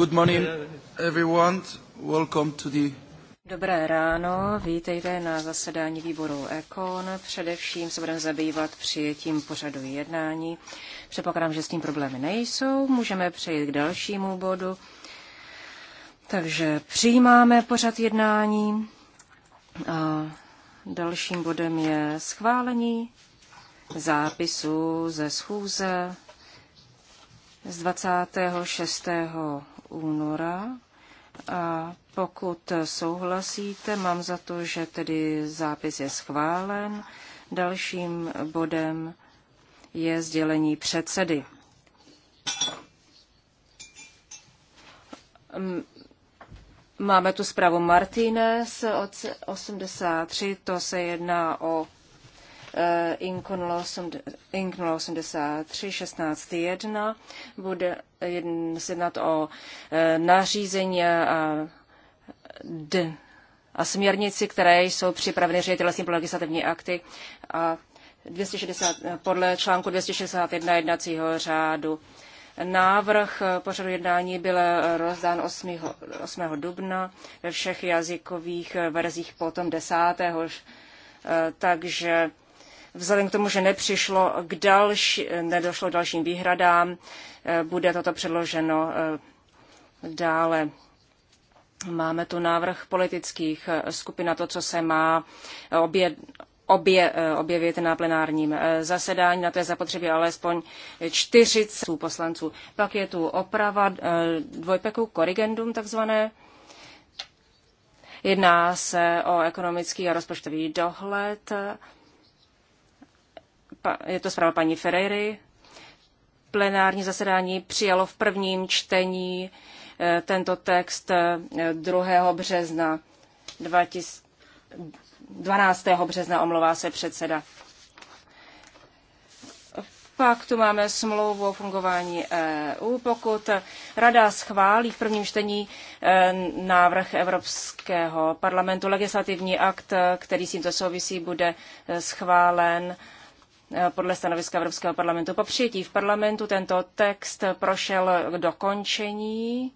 Good morning, everyone. Welcome to the... Dobré ráno, vítejte na zasedání výboru EKON. Především se budeme zabývat přijetím pořadu jednání. Předpokládám, že s tím problémy nejsou. Můžeme přejít k dalšímu bodu. Takže přijímáme pořad jednání. A dalším bodem je schválení zápisu ze schůze z 26 února. A pokud souhlasíte, mám za to, že tedy zápis je schválen. Dalším bodem je sdělení předsedy. Máme tu zprávu Martínez od 83, to se jedná o Inknul 83 16.1 bude jednat o eh, nařízení a, d, a směrnici, které jsou připraveny ředitelství pro legislativní akty a 260, eh, podle článku 261 jednacího řádu. Návrh eh, pořadu jednání byl rozdán 8. 8. dubna ve všech jazykových verzích potom 10. takže Vzhledem k tomu, že nepřišlo k další, nedošlo k dalším výhradám, eh, bude toto předloženo eh, dále. Máme tu návrh politických eh, skupin na to, co se má obě, obě, objevit na plenárním zasedání. Na to je zapotřebí alespoň 40 poslanců. Pak je tu oprava dvojpeku korrigendum takzvané. Jedná se o ekonomický a rozpočtový dohled je to zpráva paní Ferreiry. Plenární zasedání přijalo v prvním čtení eh, tento text 2. Eh, března 12. března, omlouvá se předseda. Pak tu máme smlouvu o fungování EU. Pokud Rada schválí v prvním čtení eh, návrh Evropského parlamentu, legislativní akt, který s tímto souvisí, bude schválen podle stanoviska Evropského parlamentu. Po přijetí v parlamentu tento text prošel k dokončení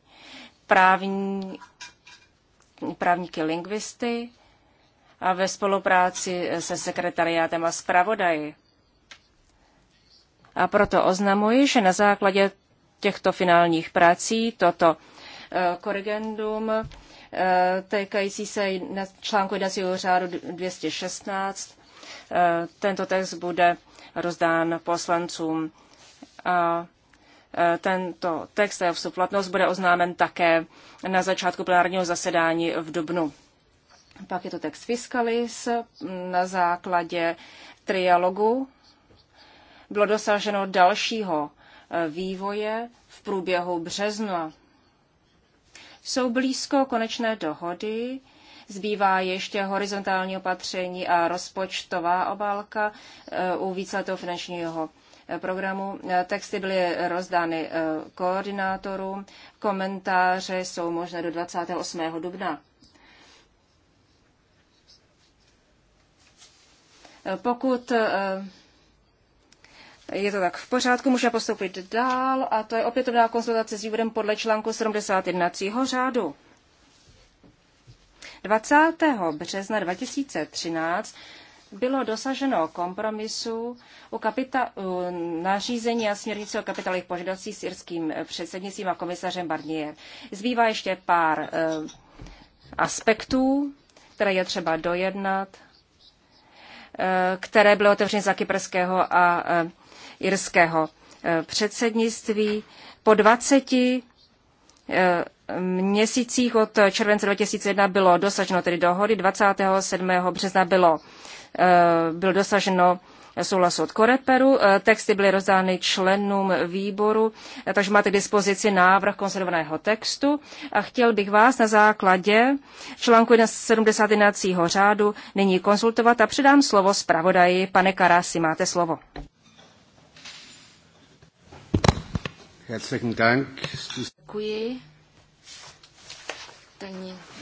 právní, právníky lingvisty a ve spolupráci se sekretariátem a zpravodaji. A proto oznamuji, že na základě těchto finálních prací toto eh, korrigendum eh, týkající se článku jednacího řádu 216 Eh, tento text bude rozdán poslancům. A eh, tento text a jeho platnost bude oznámen také na začátku plenárního zasedání v Dubnu. Pak je to text Fiscalis na základě trialogu. Bylo dosaženo dalšího eh, vývoje v průběhu března. Jsou blízko konečné dohody Zbývá ještě horizontální opatření a rozpočtová obálka eh, u víceletého finančního eh, programu. Eh, texty byly rozdány koordinátorům, komentáře jsou možné do 28. dubna. Pokud je to tak v pořádku, můžeme postoupit dál a to je opětovná konzultace s výborem podle článku 71. řádu. 20. března 2013 bylo dosaženo kompromisu u, kapita- u nařízení a směrnice o kapitálových požadavcích s irským předsednictvím a komisařem Barnier. Zbývá ještě pár e, aspektů, které je třeba dojednat, e, které bylo otevřeny za kyperského a e, irského předsednictví. Po 20 e, měsících od července 2001 bylo dosaženo tedy dohody, 27. března bylo, eh, bylo dosaženo souhlasu od Koreperu. Eh, texty byly rozdány členům výboru, eh, takže máte k dispozici návrh konsolidovaného textu. A chtěl bych vás na základě článku 70 jednacího řádu nyní konsultovat a předám slovo zpravodaji. Pane Karasi, máte slovo. Děkuji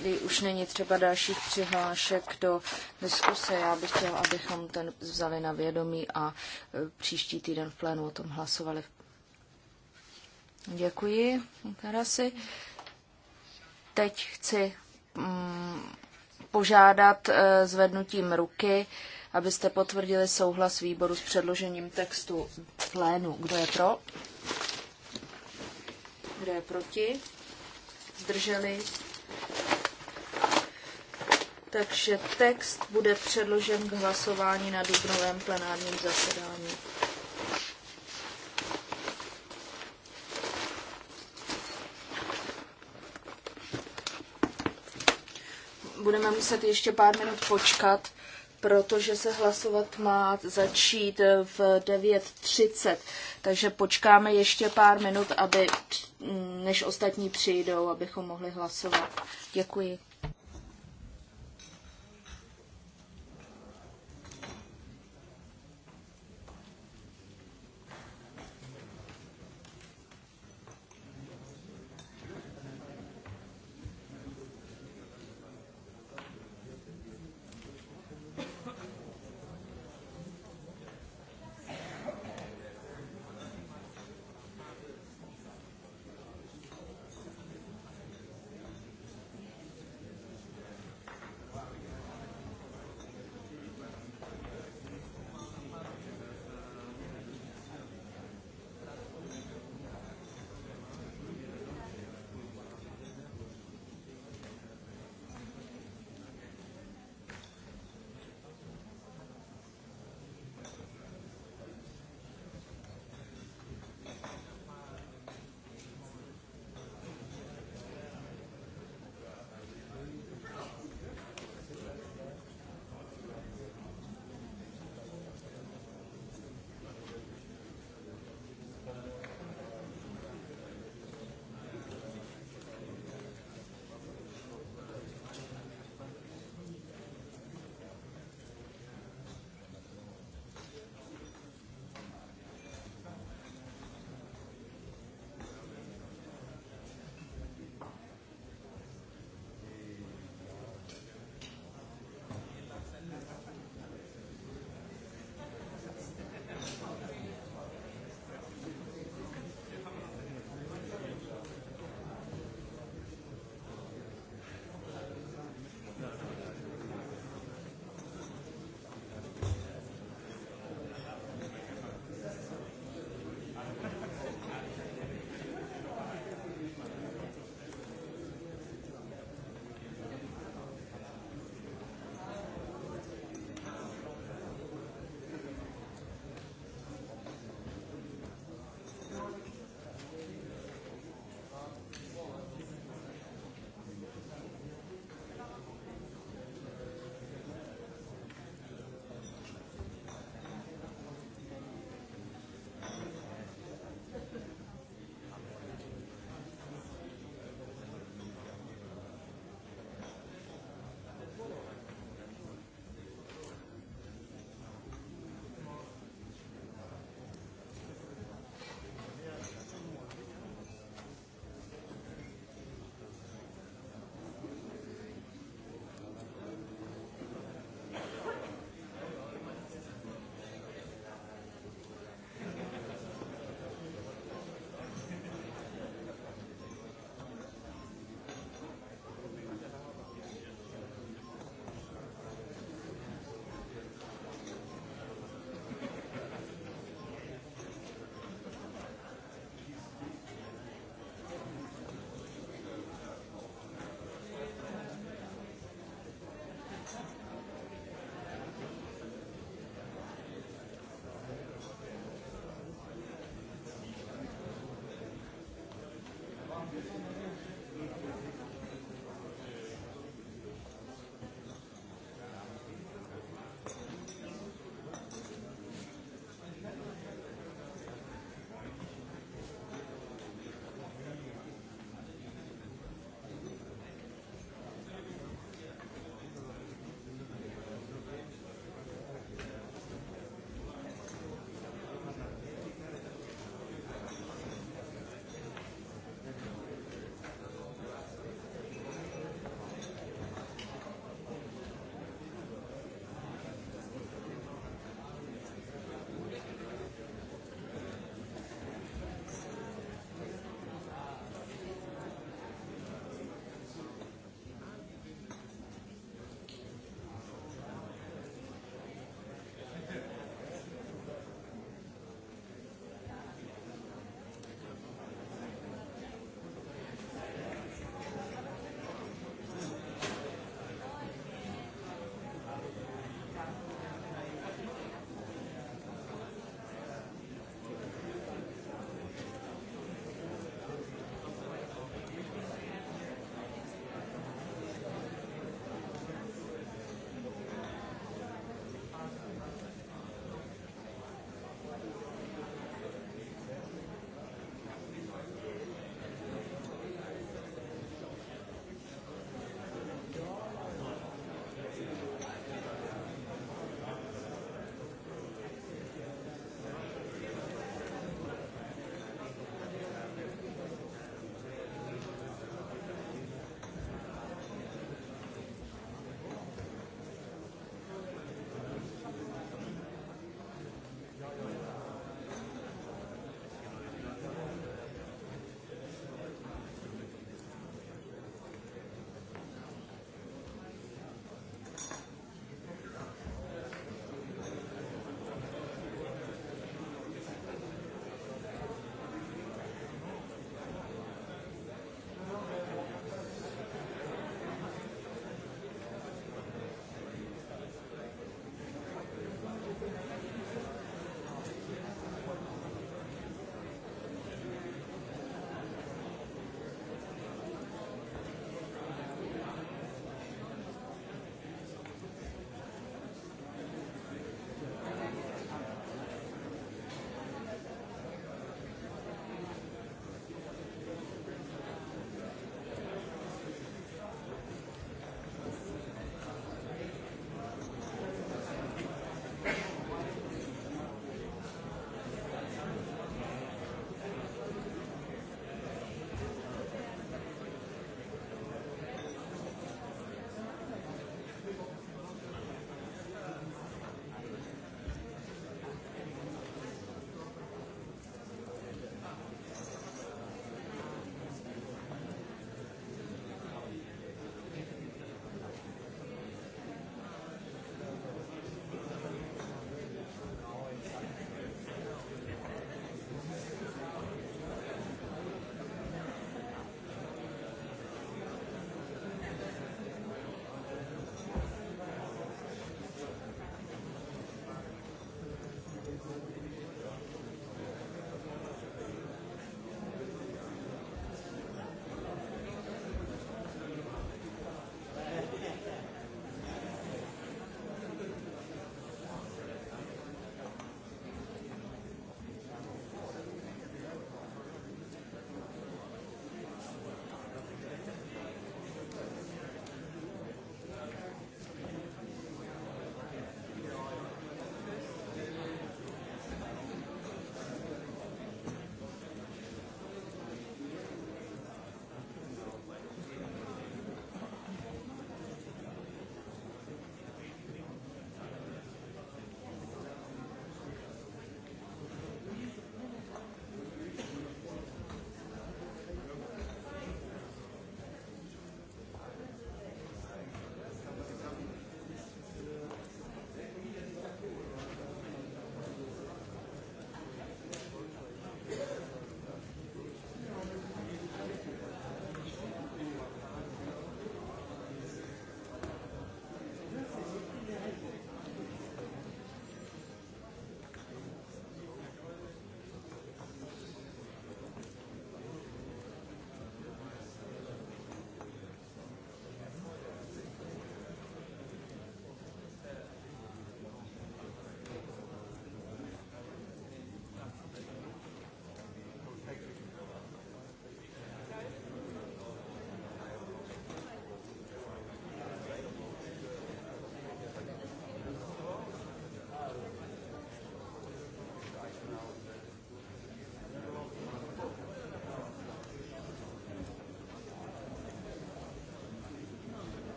kdy už není třeba dalších přihlášek do diskuse. Já bych chtěl, abychom ten vzali na vědomí a e, příští týden v plénu o tom hlasovali. Děkuji, Karasi. Teď chci mm, požádat e, zvednutím ruky, abyste potvrdili souhlas výboru s předložením textu plénu. Kdo je pro? Kdo je proti? Zdrželi? takže text bude předložen k hlasování na dubnovém plenárním zasedání. Budeme muset ještě pár minut počkat, protože se hlasovat má začít v 9.30. Takže počkáme ještě pár minut, aby, než ostatní přijdou, abychom mohli hlasovat. Děkuji.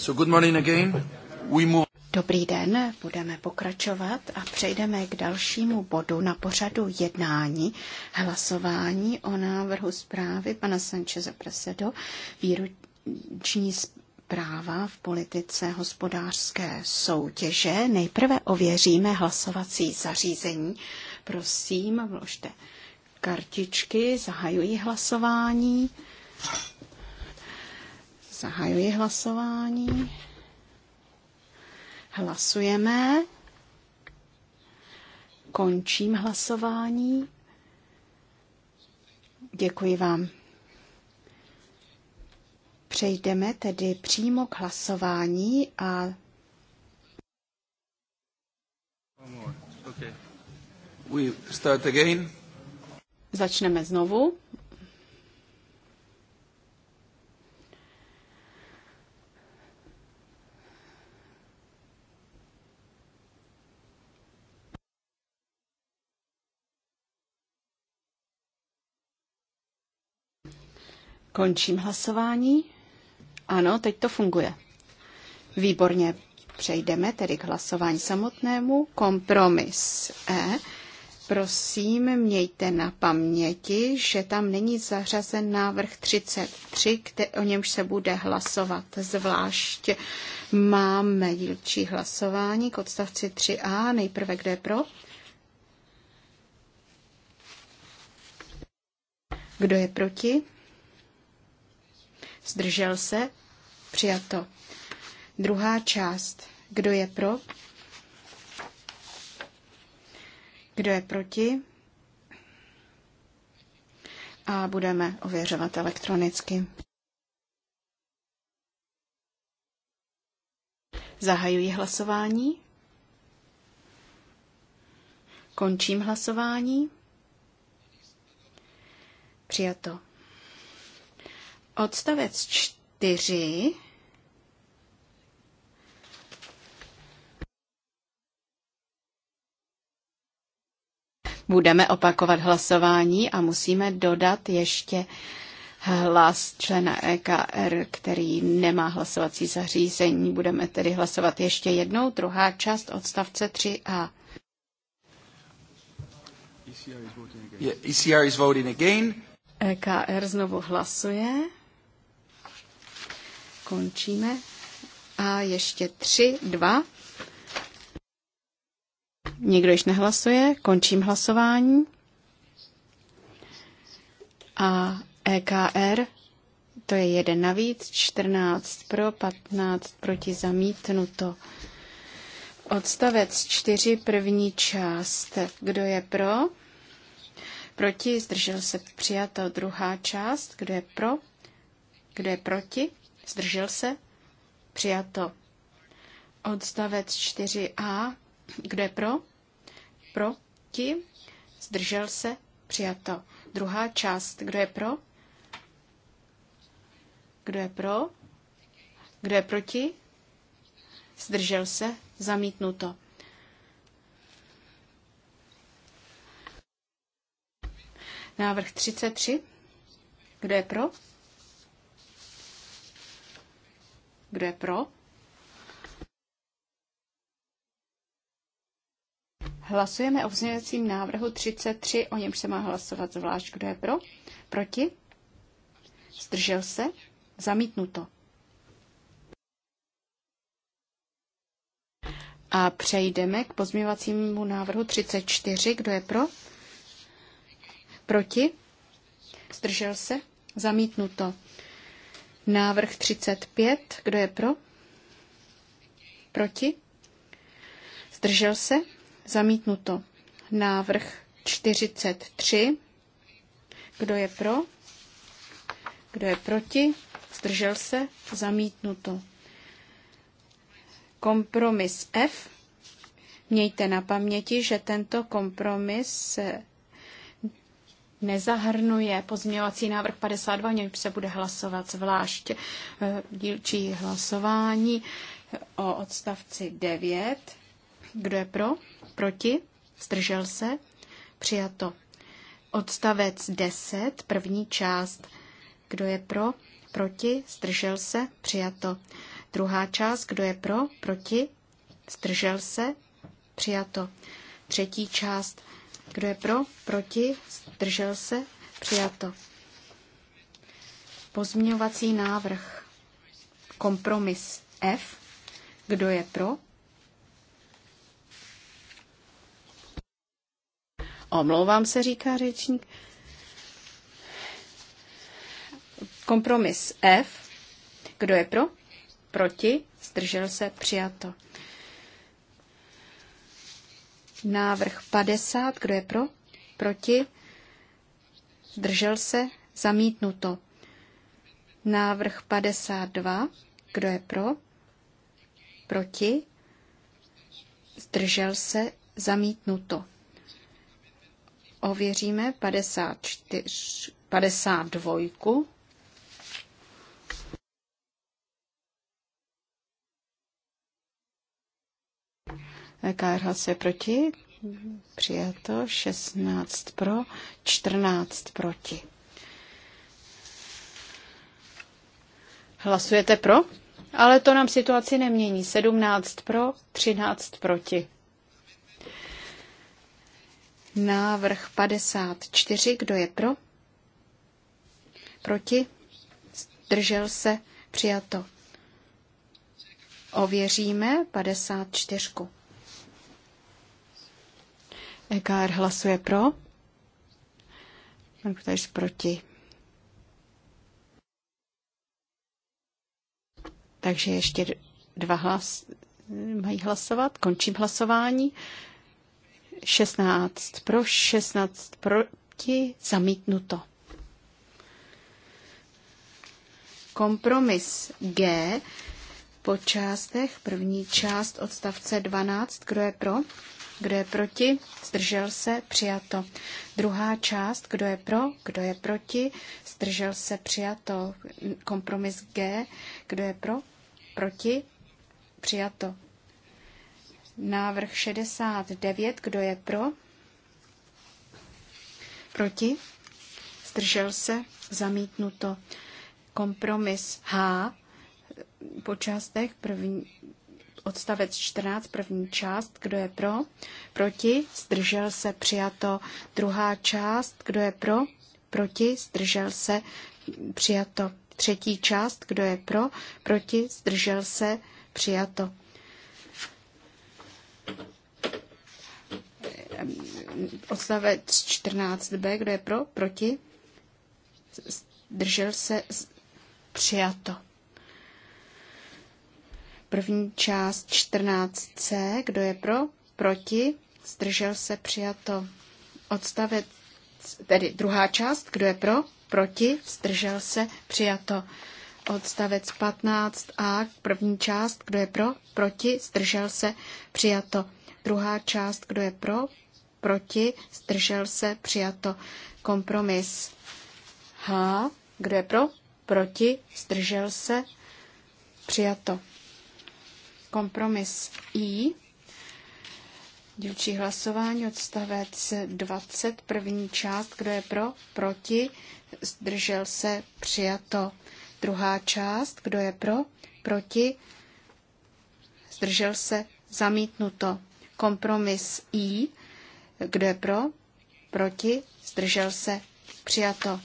So good morning again. We move... Dobrý den, budeme pokračovat a přejdeme k dalšímu bodu na pořadu jednání, hlasování o návrhu zprávy pana Sancheze Presedo, výroční zpráva v politice hospodářské soutěže. Nejprve ověříme hlasovací zařízení. Prosím, vložte kartičky, zahajuji hlasování. Zahajuji hlasování. Hlasujeme. Končím hlasování. Děkuji vám. Přejdeme tedy přímo k hlasování a Okay. We start again. Začneme znovu. Končím hlasování. Ano, teď to funguje. Výborně. Přejdeme tedy k hlasování samotnému. Kompromis E. Prosím, mějte na paměti, že tam není zařazen návrh 33, který, o němž se bude hlasovat zvlášť. Máme dílčí hlasování k odstavci 3a. Nejprve, kde je pro? Kdo je proti? zdržel se, přijato. Druhá část, kdo je pro, kdo je proti a budeme ověřovat elektronicky. Zahajuji hlasování. Končím hlasování. Přijato. Odstavec 4 Budeme opakovat hlasování a musíme dodat ještě hlas člena EKR, který nemá hlasovací zařízení. Budeme tedy hlasovat ještě jednou, druhá část odstavce 3a. ECR e is voting again. EKR znovu hlasuje skončíme. A ještě tři, dva. Nikdo již nehlasuje, končím hlasování. A EKR, to je jeden navíc, 14 pro, 15 proti zamítnuto. Odstavec 4, první část. Kdo je pro? Proti, zdržel se přijato druhá část. Kdo je pro? Kdo je proti? Zdržel se? Přijato. Odstavec 4a. Kdo je pro? Proti? Zdržel se? Přijato. Druhá část. Kdo je pro? Kdo je pro? Kdo je proti? Zdržel se? Zamítnuto. Návrh 33. Kdo je pro? Kdo je pro? Hlasujeme o vzněvacím návrhu 33, o němž se má hlasovat zvlášť. Kdo je pro? Proti? Zdržel se? Zamítnuto. A přejdeme k pozměvacímu návrhu 34. Kdo je pro? Proti? Zdržel se? Zamítnuto. Návrh 35. Kdo je pro? Proti? Zdržel se? Zamítnuto. Návrh 43. Kdo je pro? Kdo je proti? Zdržel se? Zamítnuto. Kompromis F. Mějte na paměti, že tento kompromis se nezahrnuje pozměňovací návrh 52, něj se bude hlasovat zvlášť e, dílčí hlasování o odstavci 9. Kdo je pro? Proti? Zdržel se? Přijato. Odstavec 10, první část. Kdo je pro? Proti? Zdržel se? Přijato. Druhá část. Kdo je pro? Proti? Zdržel se? Přijato. Třetí část. Kdo je pro? Proti? Zdržel se? Přijato. Pozměňovací návrh. Kompromis F. Kdo je pro? Omlouvám se, říká řečník. Kompromis F. Kdo je pro? Proti? Zdržel se? Přijato. Návrh 50, kdo je pro? Proti? Zdržel se? Zamítnuto. Návrh 52, kdo je pro? Proti? Zdržel se? Zamítnuto. Ověříme 54, 52. KRHC proti, přijato, 16 pro, 14 proti. Hlasujete pro? Ale to nám situaci nemění. 17 pro, 13 proti. Návrh 54, kdo je pro? Proti? Zdržel se? Přijato. Ověříme 54. EKR hlasuje pro. Pan Kutajš proti. Takže ještě dva hlas mají hlasovat. Končím hlasování. 16 pro, 16 proti, zamítnuto. Kompromis G po částech, první část odstavce 12, kdo je pro? Kdo je proti? Zdržel se? Přijato. Druhá část. Kdo je pro? Kdo je proti? Zdržel se? Přijato. Kompromis G. Kdo je pro? Proti? Přijato. Návrh 69. Kdo je pro? Proti? Zdržel se? Zamítnuto. Kompromis H. Po částech první odstavec 14, první část, kdo je pro, proti, zdržel se, přijato. Druhá část, kdo je pro, proti, zdržel se, přijato. Třetí část, kdo je pro, proti, zdržel se, přijato. Odstavec 14b, kdo je pro, proti, zdržel se, přijato. První část 14c, kdo je pro, proti, zdržel se přijato. Odstavec, tedy druhá část, kdo je pro, proti, zdržel se přijato. Odstavec 15a, první část, kdo je pro, proti, zdržel se přijato. Druhá část, kdo je pro, proti, zdržel se přijato. Kompromis H, kdo je pro, proti, zdržel se přijato. Kompromis I. Dílčí hlasování odstavec 20, první část, kdo je pro, proti, zdržel se, přijato. Druhá část, kdo je pro, proti, zdržel se, zamítnuto. Kompromis I, kdo je pro, proti, zdržel se, přijato.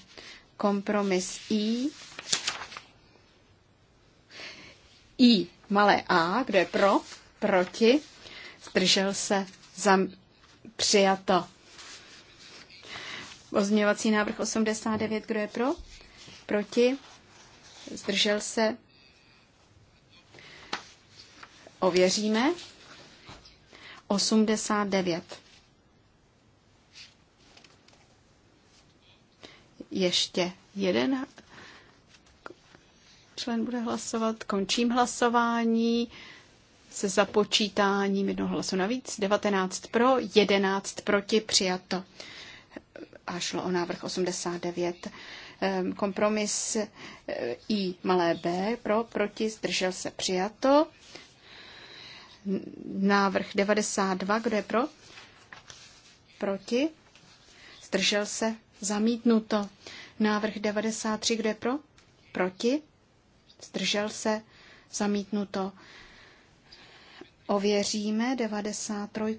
Kompromis I, I malé a, kdo je pro, proti, zdržel se, zam, přijato. Pozměňovací návrh 89, kdo je pro, proti, zdržel se, ověříme, 89. Ještě jeden člen bude hlasovat. Končím hlasování se započítáním jednoho hlasu navíc. 19 pro, 11 proti, přijato. A šlo o návrh 89. Ehm, kompromis eh, I malé b pro, proti, zdržel se, přijato. Návrh 92, kdo je pro? Proti. Zdržel se, zamítnuto. Návrh 93, kdo je pro? Proti zdržel se, zamítnuto. Ověříme 93.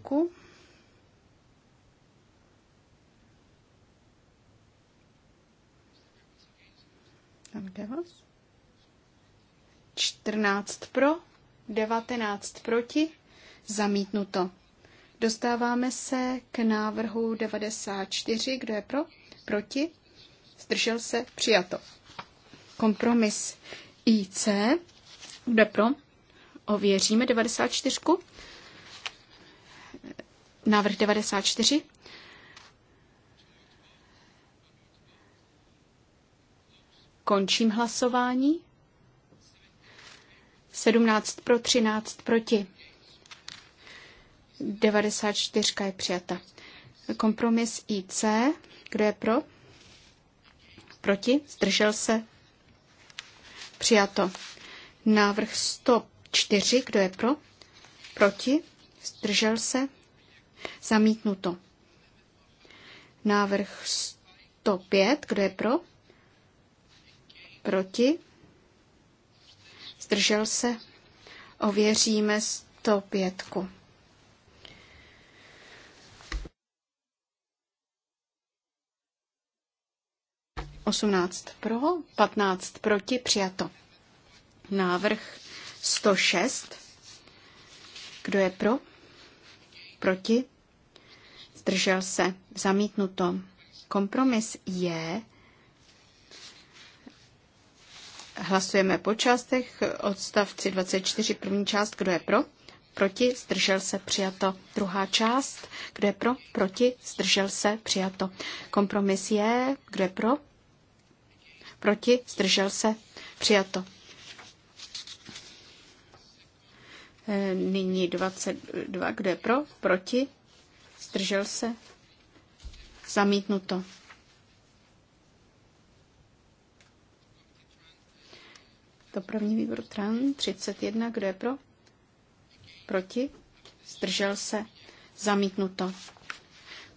Tam jde vás. 14 pro, 19 proti, zamítnuto. Dostáváme se k návrhu 94. Kdo je pro? Proti? Zdržel se? Přijato. Kompromis IC. kde pro? Ověříme 94. Návrh 94. Končím hlasování. 17 pro, 13 proti. 94 je přijata. Kompromis IC. Kdo je pro? Proti? Zdržel se? Přijato. Návrh 104, kdo je pro? Proti? Zdržel se? Zamítnuto. Návrh 105, kdo je pro? Proti? Zdržel se? Ověříme 105. 18 pro, 15 proti, přijato. Návrh 106. Kdo je pro? Proti? Zdržel se. Zamítnuto. Kompromis je. Hlasujeme po částech odstavci 24, první část, kdo je pro? Proti, zdržel se, přijato. Druhá část, kdo je pro? Proti, zdržel se, přijato. Kompromis je, kdo je pro? proti, zdržel se, přijato. E, nyní 22, kdo je pro, proti, zdržel se, zamítnuto. To první výbor TRAN 31, kdo je pro, proti, zdržel se, zamítnuto.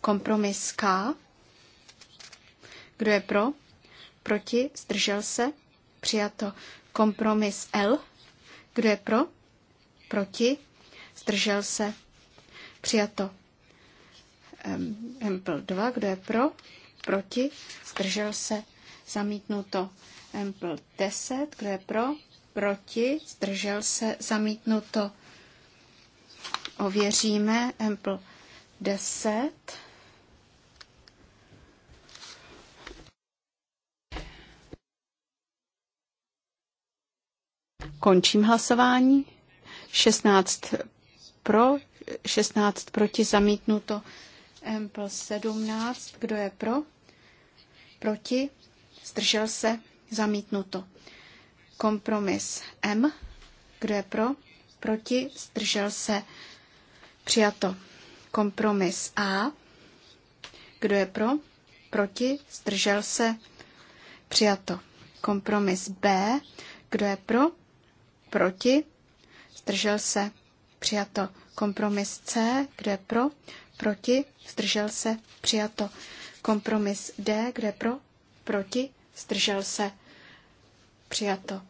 Kompromis K, kdo je pro, Proti? Zdržel se? Přijato. Kompromis L. Kdo je pro? Proti? Zdržel se? Přijato. Empl 2. Kdo je pro? Proti? Zdržel se? Zamítnuto. Empl 10. Kdo je pro? Proti? Zdržel se? Zamítnuto. Ověříme. Empl 10. Končím hlasování. 16 pro, 16 proti zamítnuto. M plus 17. Kdo je pro? Proti? Zdržel se? Zamítnuto. Kompromis M. Kdo je pro? Proti? Zdržel se? Přijato. Kompromis A. Kdo je pro? Proti? Zdržel se? Přijato. Kompromis B. Kdo je pro? Proti? Zdržel se? Přijato. Kompromis C. Kdo je pro? Proti? Zdržel se? Přijato. Kompromis D. Kdo je pro? Proti? Zdržel se? Přijato.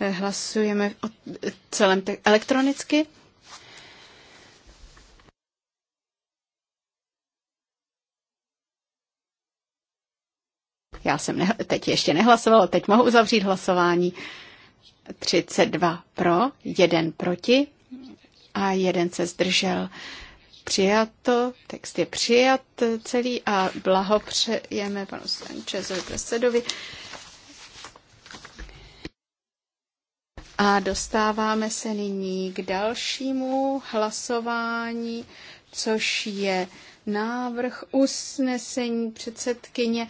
Eh, hlasujeme o eh, celém elektronicky. Já jsem ne, teď ještě nehlasoval, teď mohu uzavřít hlasování. 32 pro, 1 proti a jeden se zdržel. Přijato, text je přijat celý a blahopřejeme panu Sančezovi Presedovi. A dostáváme se nyní k dalšímu hlasování, což je návrh usnesení předsedkyně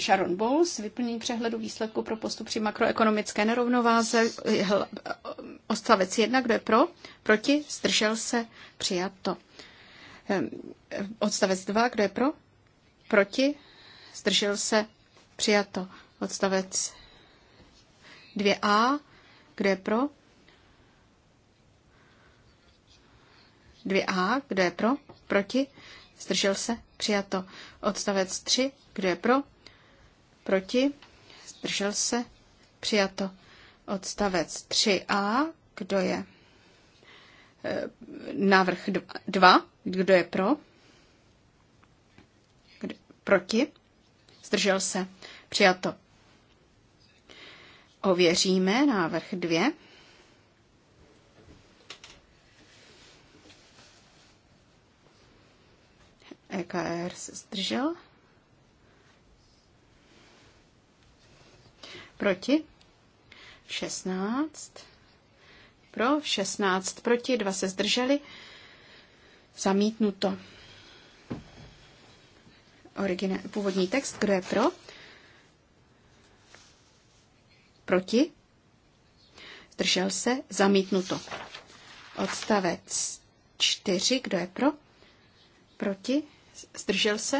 Sharon Bowles, vyplnění přehledu výsledku pro postup při makroekonomické nerovnováze, odstavec 1, kdo je pro, proti, zdržel se, přijato. Odstavec 2, kdo je pro, proti, zdržel se, přijato. Odstavec 2a, kdo je pro, 2a, kdo je pro, proti, zdržel se, přijato. Odstavec 3, kdo je pro, proti, zdržel se, přijato. Odstavec 3a, kdo je eh, návrh 2, kdo je pro, kdo, proti, zdržel se, přijato. Ověříme návrh 2. EKR se zdržel. Proti 16. Pro 16. Proti 2 se zdrželi. Zamítnuto. Origine, původní text, kdo je pro? Proti? Zdržel se? Zamítnuto. Odstavec 4, kdo je pro? Proti? Zdržel se?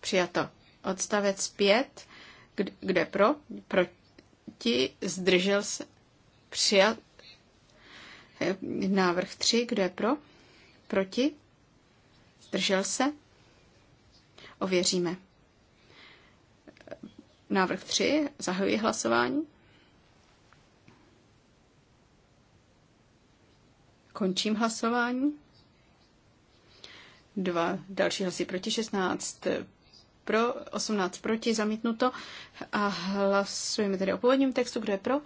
Přijato. Odstavec 5. Kde pro? Proti. Zdržel se? Přijat. Návrh 3. Kdo je pro? Proti? Zdržel se? Ověříme. Návrh 3. Zahajuji hlasování. Končím hlasování. Dva další hlasy proti 16 pro, 18 proti, zamítnuto. A hlasujeme tedy o původním textu, kdo je pro?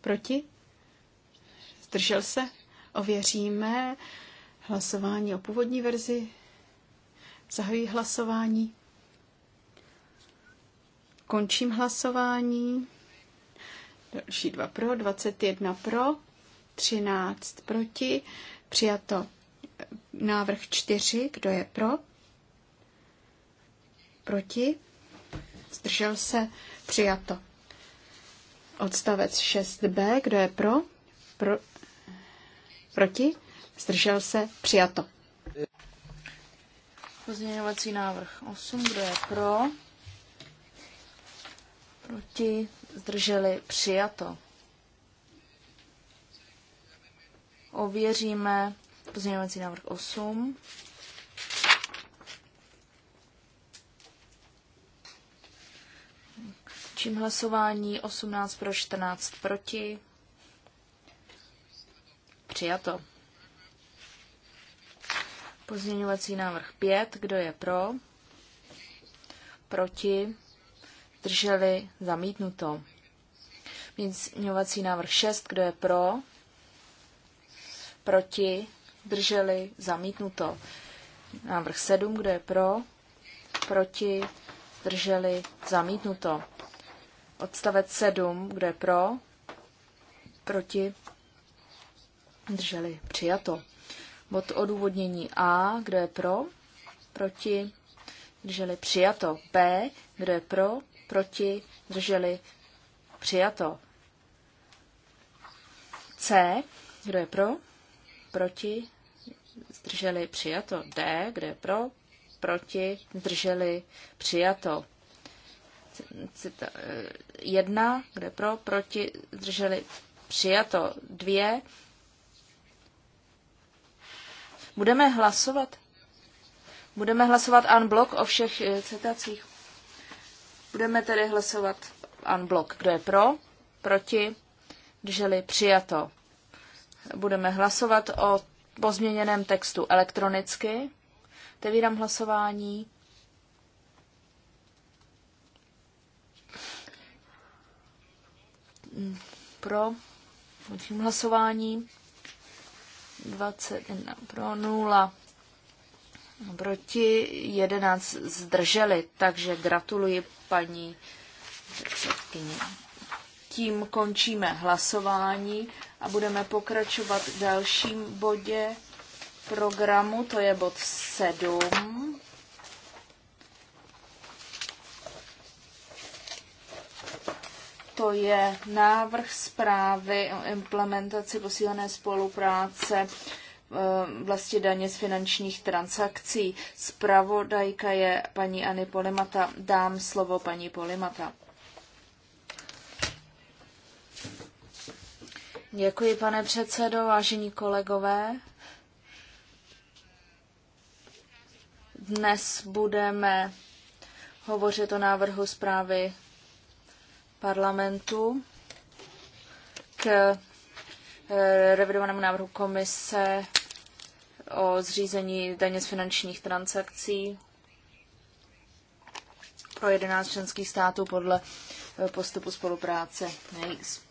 Proti? Zdržel se? Ověříme hlasování o původní verzi. Zahajuji hlasování. Končím hlasování. Další dva pro, 21 pro, 13 proti. Přijato Návrh 4. Kdo je pro? Proti? Zdržel se? Přijato. Odstavec 6b. Kdo je pro? pro proti? Zdržel se? Přijato. Pozměňovací návrh 8. Kdo je pro? Proti? Zdrželi? Přijato. Ověříme Pozměňovací návrh 8. Čím hlasování 18 pro 14 proti. Přijato. Pozměňovací návrh 5. Kdo je pro? Proti? Drželi? Zamítnuto. Pozměňovací návrh 6. Kdo je pro? Proti? drželi zamítnuto. Návrh 7, kdo je pro, proti, zdrželi, zamítnuto. Odstavec 7, kdo je pro, proti, drželi přijato. Bod odůvodnění A, kdo je pro, proti, drželi přijato. B, kdo je pro, proti, drželi přijato. C, kdo je pro, proti, zdrželi přijato. D, kde je pro, proti, zdrželi přijato. Eh, jedna, kde pro, proti, zdrželi přijato. Dvě. Budeme hlasovat? Budeme hlasovat unblock o všech eh, citacích. Budeme tedy hlasovat unblock. Kdo je pro? Proti? Drželi přijato. Budeme hlasovat o pozměněném textu elektronicky. Otevírám hlasování. Pro. Končím hlasování. 21 pro 0. Proti 11 zdrželi, takže gratuluji paní předsedkyni. Tím končíme hlasování a budeme pokračovat v dalším bodě programu, to je bod 7. To je návrh zprávy o implementaci posílené spolupráce vlastně daně z finančních transakcí. Spravodajka je paní Ani Polimata. Dám slovo paní Polimata. Děkuji, pane předsedo, vážení kolegové. Dnes budeme hovořit o návrhu zprávy parlamentu k eh, revidovanému návrhu komise o zřízení daně z finančních transakcí pro 11 členských států podle eh, postupu spolupráce NACE.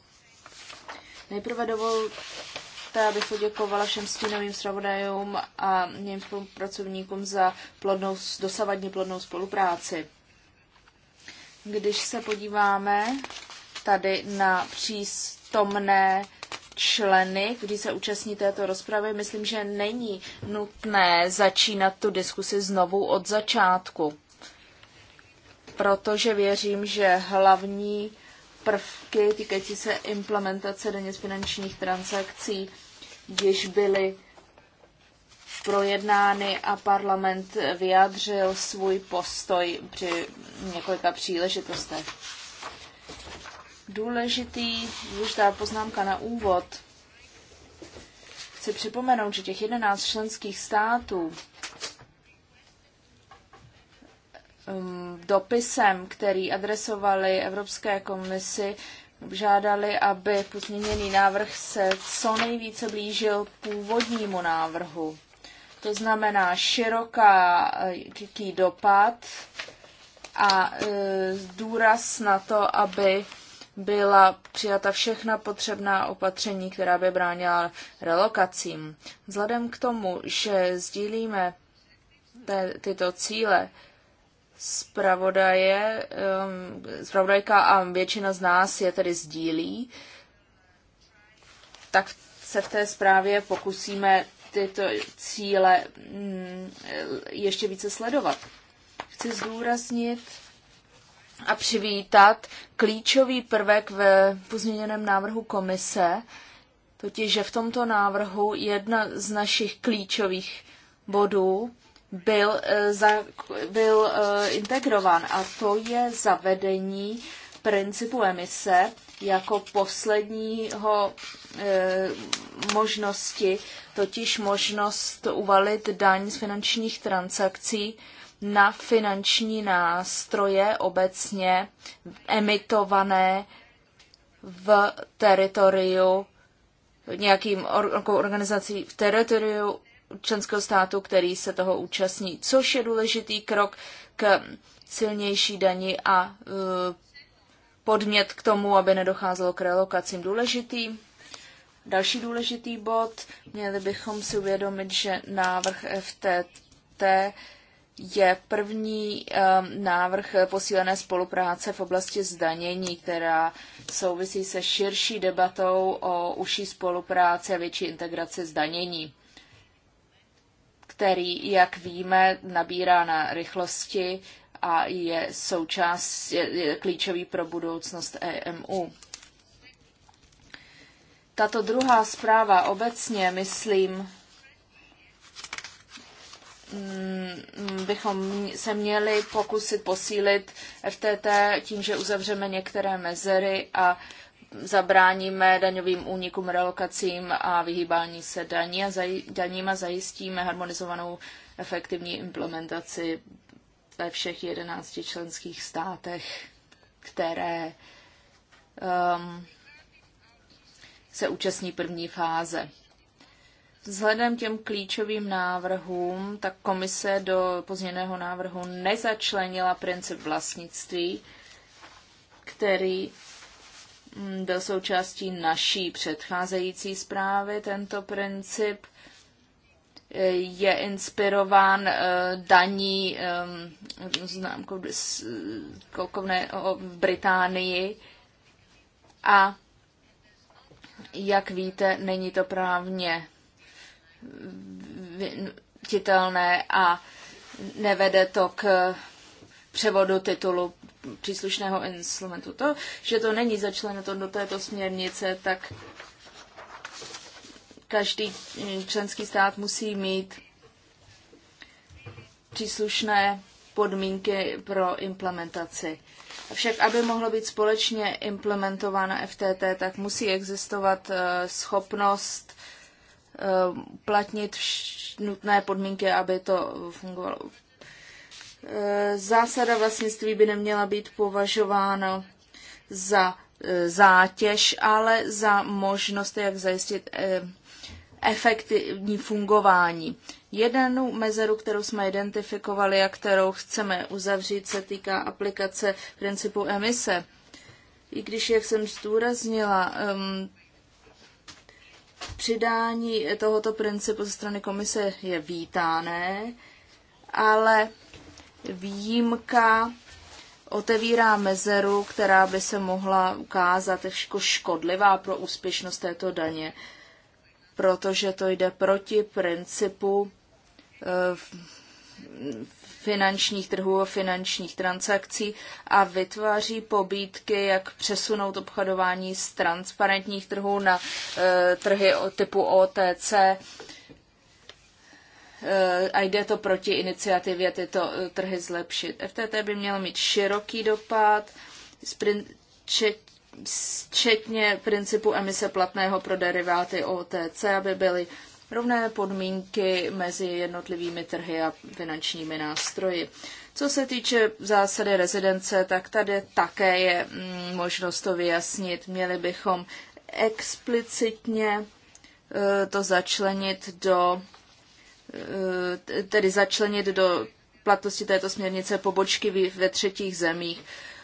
Nejprve dovolte, abych poděkovala všem stínovým zpravodajům a mým pracovníkům za plodnou, dosavadní plodnou spolupráci. Když se podíváme tady na přístomné členy, kdy se účastní této rozpravy, myslím, že není nutné začínat tu diskusi znovu od začátku, protože věřím, že hlavní prvky týkající se implementace daně z finančních transakcí již byly projednány a parlament vyjádřil svůj postoj při několika příležitostech. Důležitý, důležitá poznámka na úvod. Chci připomenout, že těch 11 členských států, Eh, dopisem, který adresovali Evropské komisi, žádali, aby pozměněný návrh se co nejvíce blížil původnímu návrhu. To znamená široký eh, dopad a eh, důraz na to, aby byla přijata všechna potřebná opatření, která by bránila relokacím. Vzhledem k tomu, že sdílíme te, tyto cíle, zpravodaje, um, zpravodajka a většina z nás je tedy sdílí, tak se v té zprávě pokusíme tyto cíle mm, ještě více sledovat. Chci zdůraznit a přivítat klíčový prvek ve pozměněném návrhu komise, totiž že v tomto návrhu jedna z našich klíčových bodů byl, eh, za, byl eh, integrován a to je zavedení principu emise jako posledního e, možnosti, totiž možnost uvalit daň z finančních transakcí na finanční nástroje obecně emitované v teritoriu nějakým or, jako organizací v teritoriu členského státu, který se toho účastní, což je důležitý krok k silnější dani a e, podmět k tomu, aby nedocházelo k relokacím. Důležitý Další důležitý bod, měli bychom si uvědomit, že návrh FTT je první um, návrh posílené spolupráce v oblasti zdanění, která souvisí se širší debatou o užší spolupráci a větší integraci zdanění který, jak víme, nabírá na rychlosti a je součást, je, je klíčový pro budoucnost EMU. Tato druhá zpráva obecně, myslím, mm, bychom se měli pokusit posílit FTT tím, že uzavřeme některé mezery a zabráníme daňovým únikům, relokacím a vyhýbání se daní a zaj, daním a zajistíme harmonizovanou efektivní implementaci ve všech 11 členských státech, které um, se účastní první fáze. Vzhledem těm klíčovým návrhům, tak komise do pozměného návrhu nezačlenila princip vlastnictví, který Mm, byl součástí naší předcházející zprávy. Tento princip eh, je inspirován eh, daní eh, známkou kolkovné v Británii a jak víte, není to právně vynutitelné a nevede to k převodu titulu příslušného instrumentu. To, že to není začleněno do této směrnice, tak každý členský stát musí mít příslušné podmínky pro implementaci. Avšak, aby mohlo být společně implementována FTT, tak musí existovat eh, schopnost eh, platnit nutné podmínky, aby to fungovalo Eh, zásada vlastnictví by neměla být považována za eh, zátěž, ale za možnost, jak zajistit eh, efektivní fungování. Jednu mezeru, kterou jsme identifikovali a kterou chceme uzavřít, se týká aplikace principu emise. I když, jak jsem zdůraznila, um, přidání tohoto principu ze strany komise je vítáné, ale výjimka otevírá mezeru, která by se mohla ukázat jako škodlivá pro úspěšnost této daně, protože to jde proti principu eh, finančních trhů a finančních transakcí a vytváří pobídky, jak přesunout obchodování z transparentních trhů na eh, trhy typu OTC, Eh, a jde to proti iniciativě tyto eh, trhy zlepšit. FTT by mělo mít široký dopad, včetně principu emise platného pro deriváty OTC, aby byly rovné podmínky mezi jednotlivými trhy a finančními nástroji. Co se týče zásady rezidence, tak tady také je mm, možnost to vyjasnit. Měli bychom explicitně eh, to začlenit do Eh, tedy začlenit do platnosti této směrnice pobočky ve třetích zemích,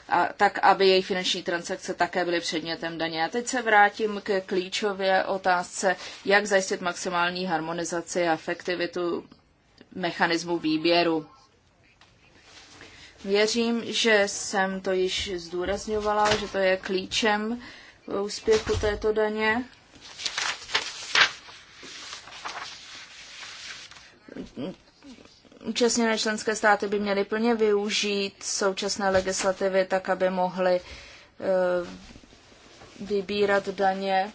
a tak, aby její finanční transakce také byly předmětem daně. A teď se vrátím k klíčové otázce, jak zajistit maximální harmonizaci a efektivitu mechanismu výběru. Věřím, že jsem to již zdůrazňovala, že to je klíčem úspěchu této daně. účastněné členské státy by měly plně využít současné legislativy tak, aby mohly eh, vybírat daně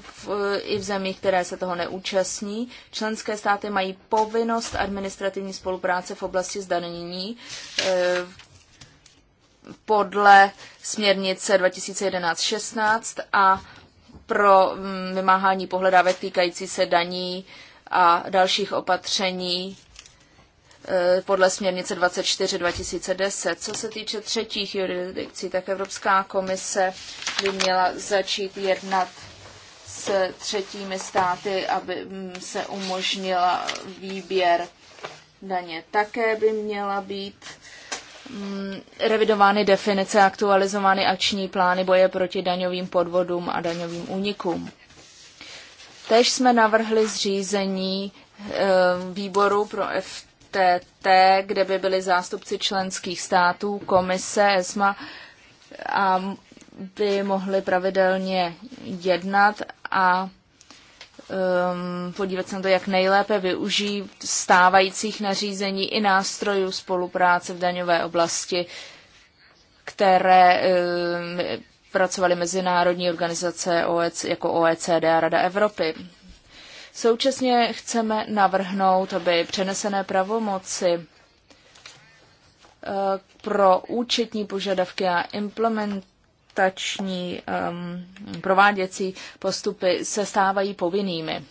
v, i v zemích, které se toho neúčastní. Členské státy mají povinnost administrativní spolupráce v oblasti zdanění eh, podle směrnice 2011-16 a pro mm, vymáhání pohledávek týkající se daní a dalších opatření e, podle směrnice 24 2010. Co se týče třetích jurisdikcí, tak Evropská komise by měla začít jednat s třetími státy, aby mm, se umožnila výběr daně. Také by měla být mm, revidovány definice, aktualizovány akční plány boje proti daňovým podvodům a daňovým únikům. Tež jsme navrhli zřízení eh, výboru pro FTT, kde by byli zástupci členských států, komise, ESMA a by mohli pravidelně jednat a um, podívat se na to, jak nejlépe využít stávajících nařízení i nástrojů spolupráce v daňové oblasti, které um, pracovaly mezinárodní organizace OEC, jako OECD a Rada Evropy. Současně chceme navrhnout, aby přenesené pravomoci eh, pro účetní požadavky a implementační um, prováděcí postupy se stávají povinnými.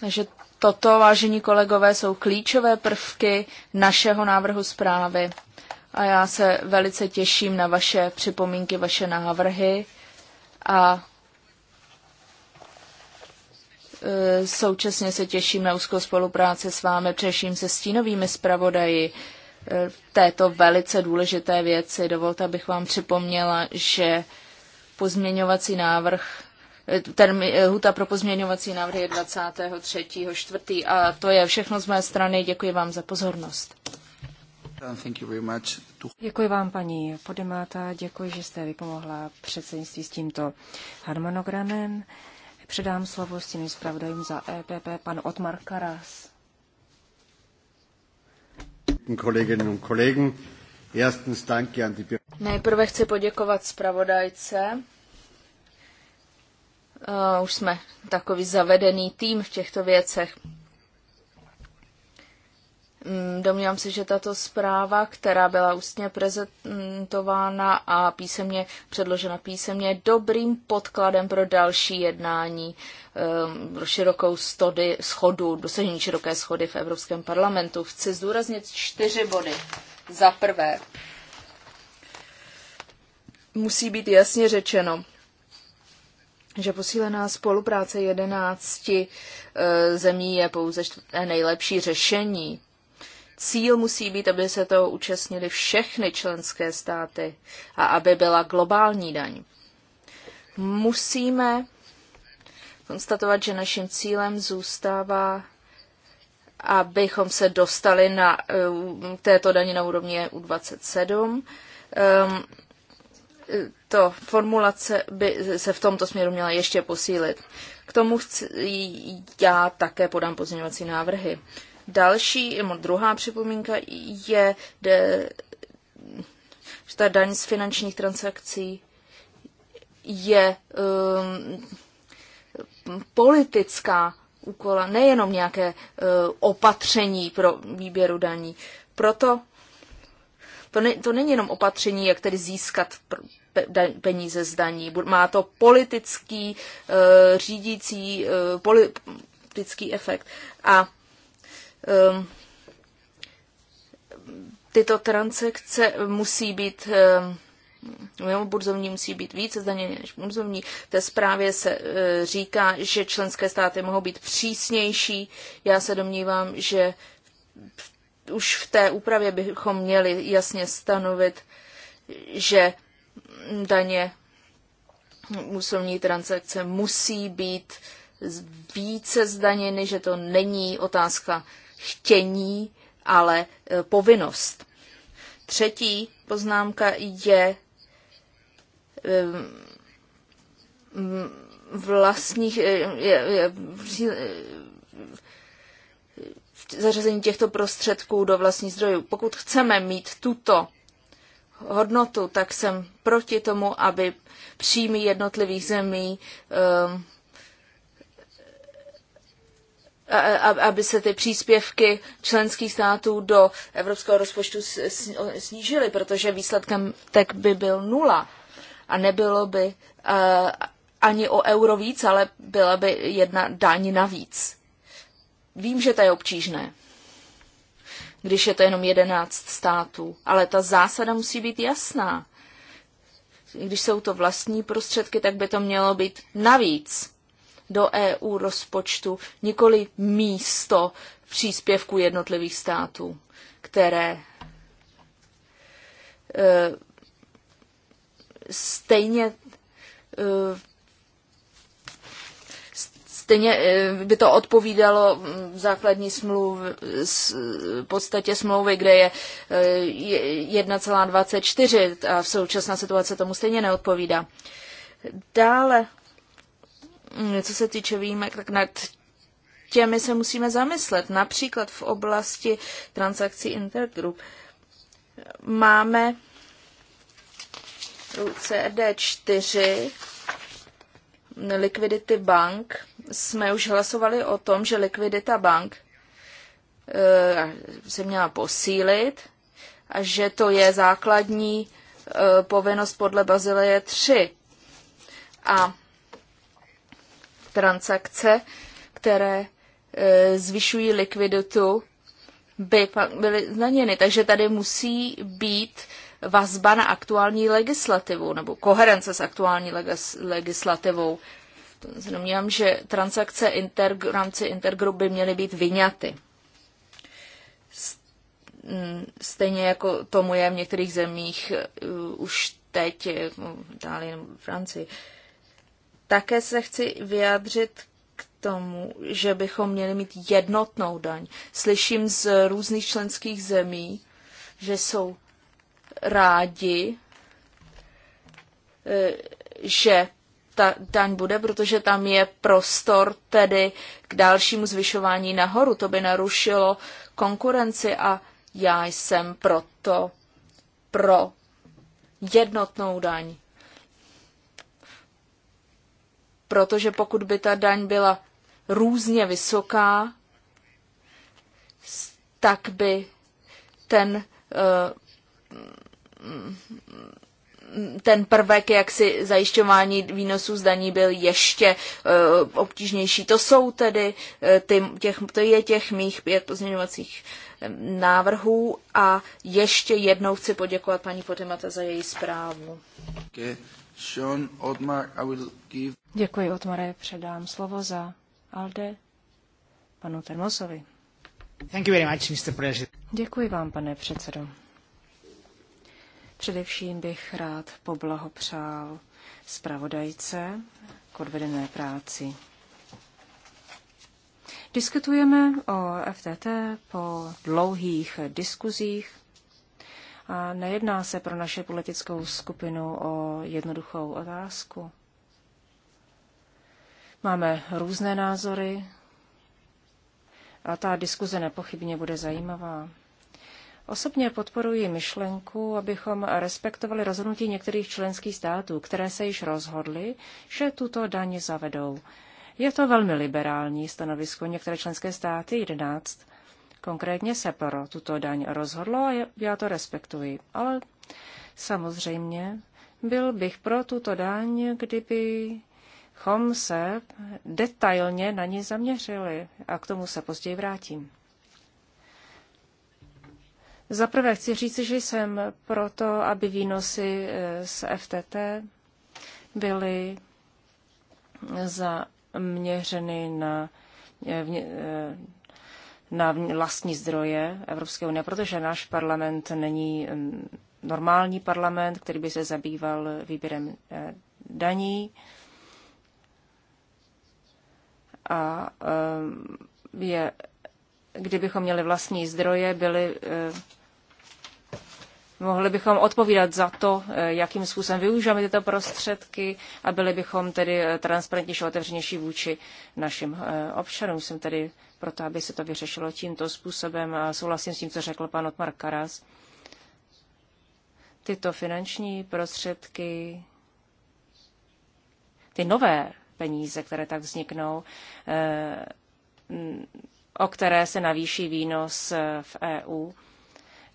Takže toto, vážení kolegové, jsou klíčové prvky našeho návrhu zprávy a já se velice těším na vaše připomínky, vaše návrhy a e, současně se těším na úzkou spolupráci s vámi, především se stínovými zpravodaji e, této velice důležité věci. Dovolte, abych vám připomněla, že pozměňovací návrh e, termi, huta pro pozměňovací návrhy je 23.4. a to je všechno z mé strany. Děkuji vám za pozornost. Děkuji vám, paní Podemáta, děkuji, že jste vypomohla předsednictví s tímto harmonogramem. Předám slovo s tím zpravodajům za EPP, pan Otmar Karas. Nejprve chci poděkovat zpravodajce. Uh, už jsme takový zavedený tým v těchto věcech. Mm, domnívám se, že tato zpráva, která byla ústně prezentována a písemně předložena písemně, je dobrým podkladem pro další jednání ehm, pro širokou stody, schodu, dosažení široké schody v Evropském parlamentu. Chci zdůraznit čtyři body. Za prvé, musí být jasně řečeno, že posílená spolupráce jedenácti eh, zemí je pouze nejlepší řešení Cíl musí být, aby se toho účastnili všechny členské státy a aby byla globální daň. Musíme konstatovat, že naším cílem zůstává, abychom se dostali na eh, této daně na úrovni u 27 ehm, To formulace by se v tomto směru měla ještě posílit. K tomu chci, já také podám pozměňovací návrhy. Další, druhá připomínka je, de, že ta daň z finančních transakcí je um, politická úkola, nejenom nějaké uh, opatření pro výběru daní. Proto to, ne, to není jenom opatření, jak tedy získat peníze z daní. Má to politický, uh, řídící, uh, politický efekt. A Ehm, tyto transakce musí být mimo ehm, burzovní musí být více zdaněny než burzovní. V té zprávě se eh, říká, že členské státy mohou být přísnější. Já se domnívám, že už v té úpravě bychom měli jasně stanovit, že daně musovní transakce musí být více zdaněny, že to není otázka chtění, ale e, povinnost. Třetí poznámka je e, vlastních e, je, je, zařazení těchto prostředků do vlastních zdrojů. Pokud chceme mít tuto hodnotu, tak jsem proti tomu, aby příjmy jednotlivých zemí um, aby se ty příspěvky členských států do evropského rozpočtu snížily, protože výsledkem tak by byl nula a nebylo by ani o euro víc, ale byla by jedna daň navíc. Vím, že to je obtížné, když je to jenom 11 států, ale ta zásada musí být jasná. Když jsou to vlastní prostředky, tak by to mělo být navíc do EU rozpočtu, nikoli místo příspěvku jednotlivých států, které eh, stejně eh, stejně eh, by to odpovídalo hm, základní smluv, podstatě smlouvy, kde je 1,24 a v současné situaci tomu stejně neodpovídá. Dále Mm, co se týče výjimek, tak nad těmi se musíme zamyslet. Například v oblasti transakcí Intergroup máme CD4, likvidity bank, jsme už hlasovali o tom, že likvidita bank eh, se měla posílit a že to je základní eh, povinnost podle Bazileje 3. A transakce, které e, zvyšují likviditu, by byly zdaněny. Takže tady musí být vazba na aktuální legislativu nebo koherence s aktuální legislativou. Znamenám, že transakce inter, v rámci intergrup by měly být vyňaty. Stejně jako tomu je v některých zemích e, už teď, jako v Itálii nebo v Francii. Také se chci vyjádřit k tomu, že bychom měli mít jednotnou daň. Slyším z různých členských zemí, že jsou rádi, eh, že ta daň bude, protože tam je prostor tedy k dalšímu zvyšování nahoru. To by narušilo konkurenci a já jsem proto pro jednotnou daň protože pokud by ta daň byla různě vysoká, tak by ten eh, ten prvek jak si zajišťování výnosů z daní byl ještě eh, obtížnější. To jsou tedy eh, ty, těch, to je těch mých pět pozměňovacích návrhů a ještě jednou chci poděkovat paní Potemata za její zprávu. Okay. Sean, Otmar, I will give... Děkuji, Otmare. Předám slovo za Alde panu Termosovi. Thank you very much, Mr. President. Děkuji vám, pane předsedo. Především bych rád poblahopřál zpravodajce k odvedené práci. Diskutujeme o FTT po dlouhých diskuzích a nejedná se pro naše politickou skupinu o jednoduchou otázku. Máme různé názory a ta diskuze nepochybně bude zajímavá. Osobně podporuji myšlenku, abychom respektovali rozhodnutí některých členských států, které se již rozhodly, že tuto daň zavedou. Je to velmi liberální stanovisko. Některé členské státy, 11, konkrétně se pro tuto daň rozhodlo a já to respektuji. Ale samozřejmě byl bych pro tuto daň, kdyby chom se detailně na ní zaměřili a k tomu se později vrátím. Za prvé chci říct, že jsem proto, aby výnosy eh, z FTT byly zaměřeny na, eh, eh, na vlastní zdroje Evropské unie, protože náš parlament není mm, normální parlament, který by se zabýval výběrem daní a eh, je, kdybychom měli vlastní zdroje, byli, eh, mohli bychom odpovídat za to, eh, jakým způsobem využíváme tyto prostředky a byli bychom tedy transparentnější, otevřenější vůči našim občanům. Jsem tedy proto, aby se to vyřešilo tímto způsobem a souhlasím s tím, co řekl pan Otmar Karas. Tyto finanční prostředky, ty nové peníze, které tak vzniknou, eh, o které se navýší výnos eh, v EU,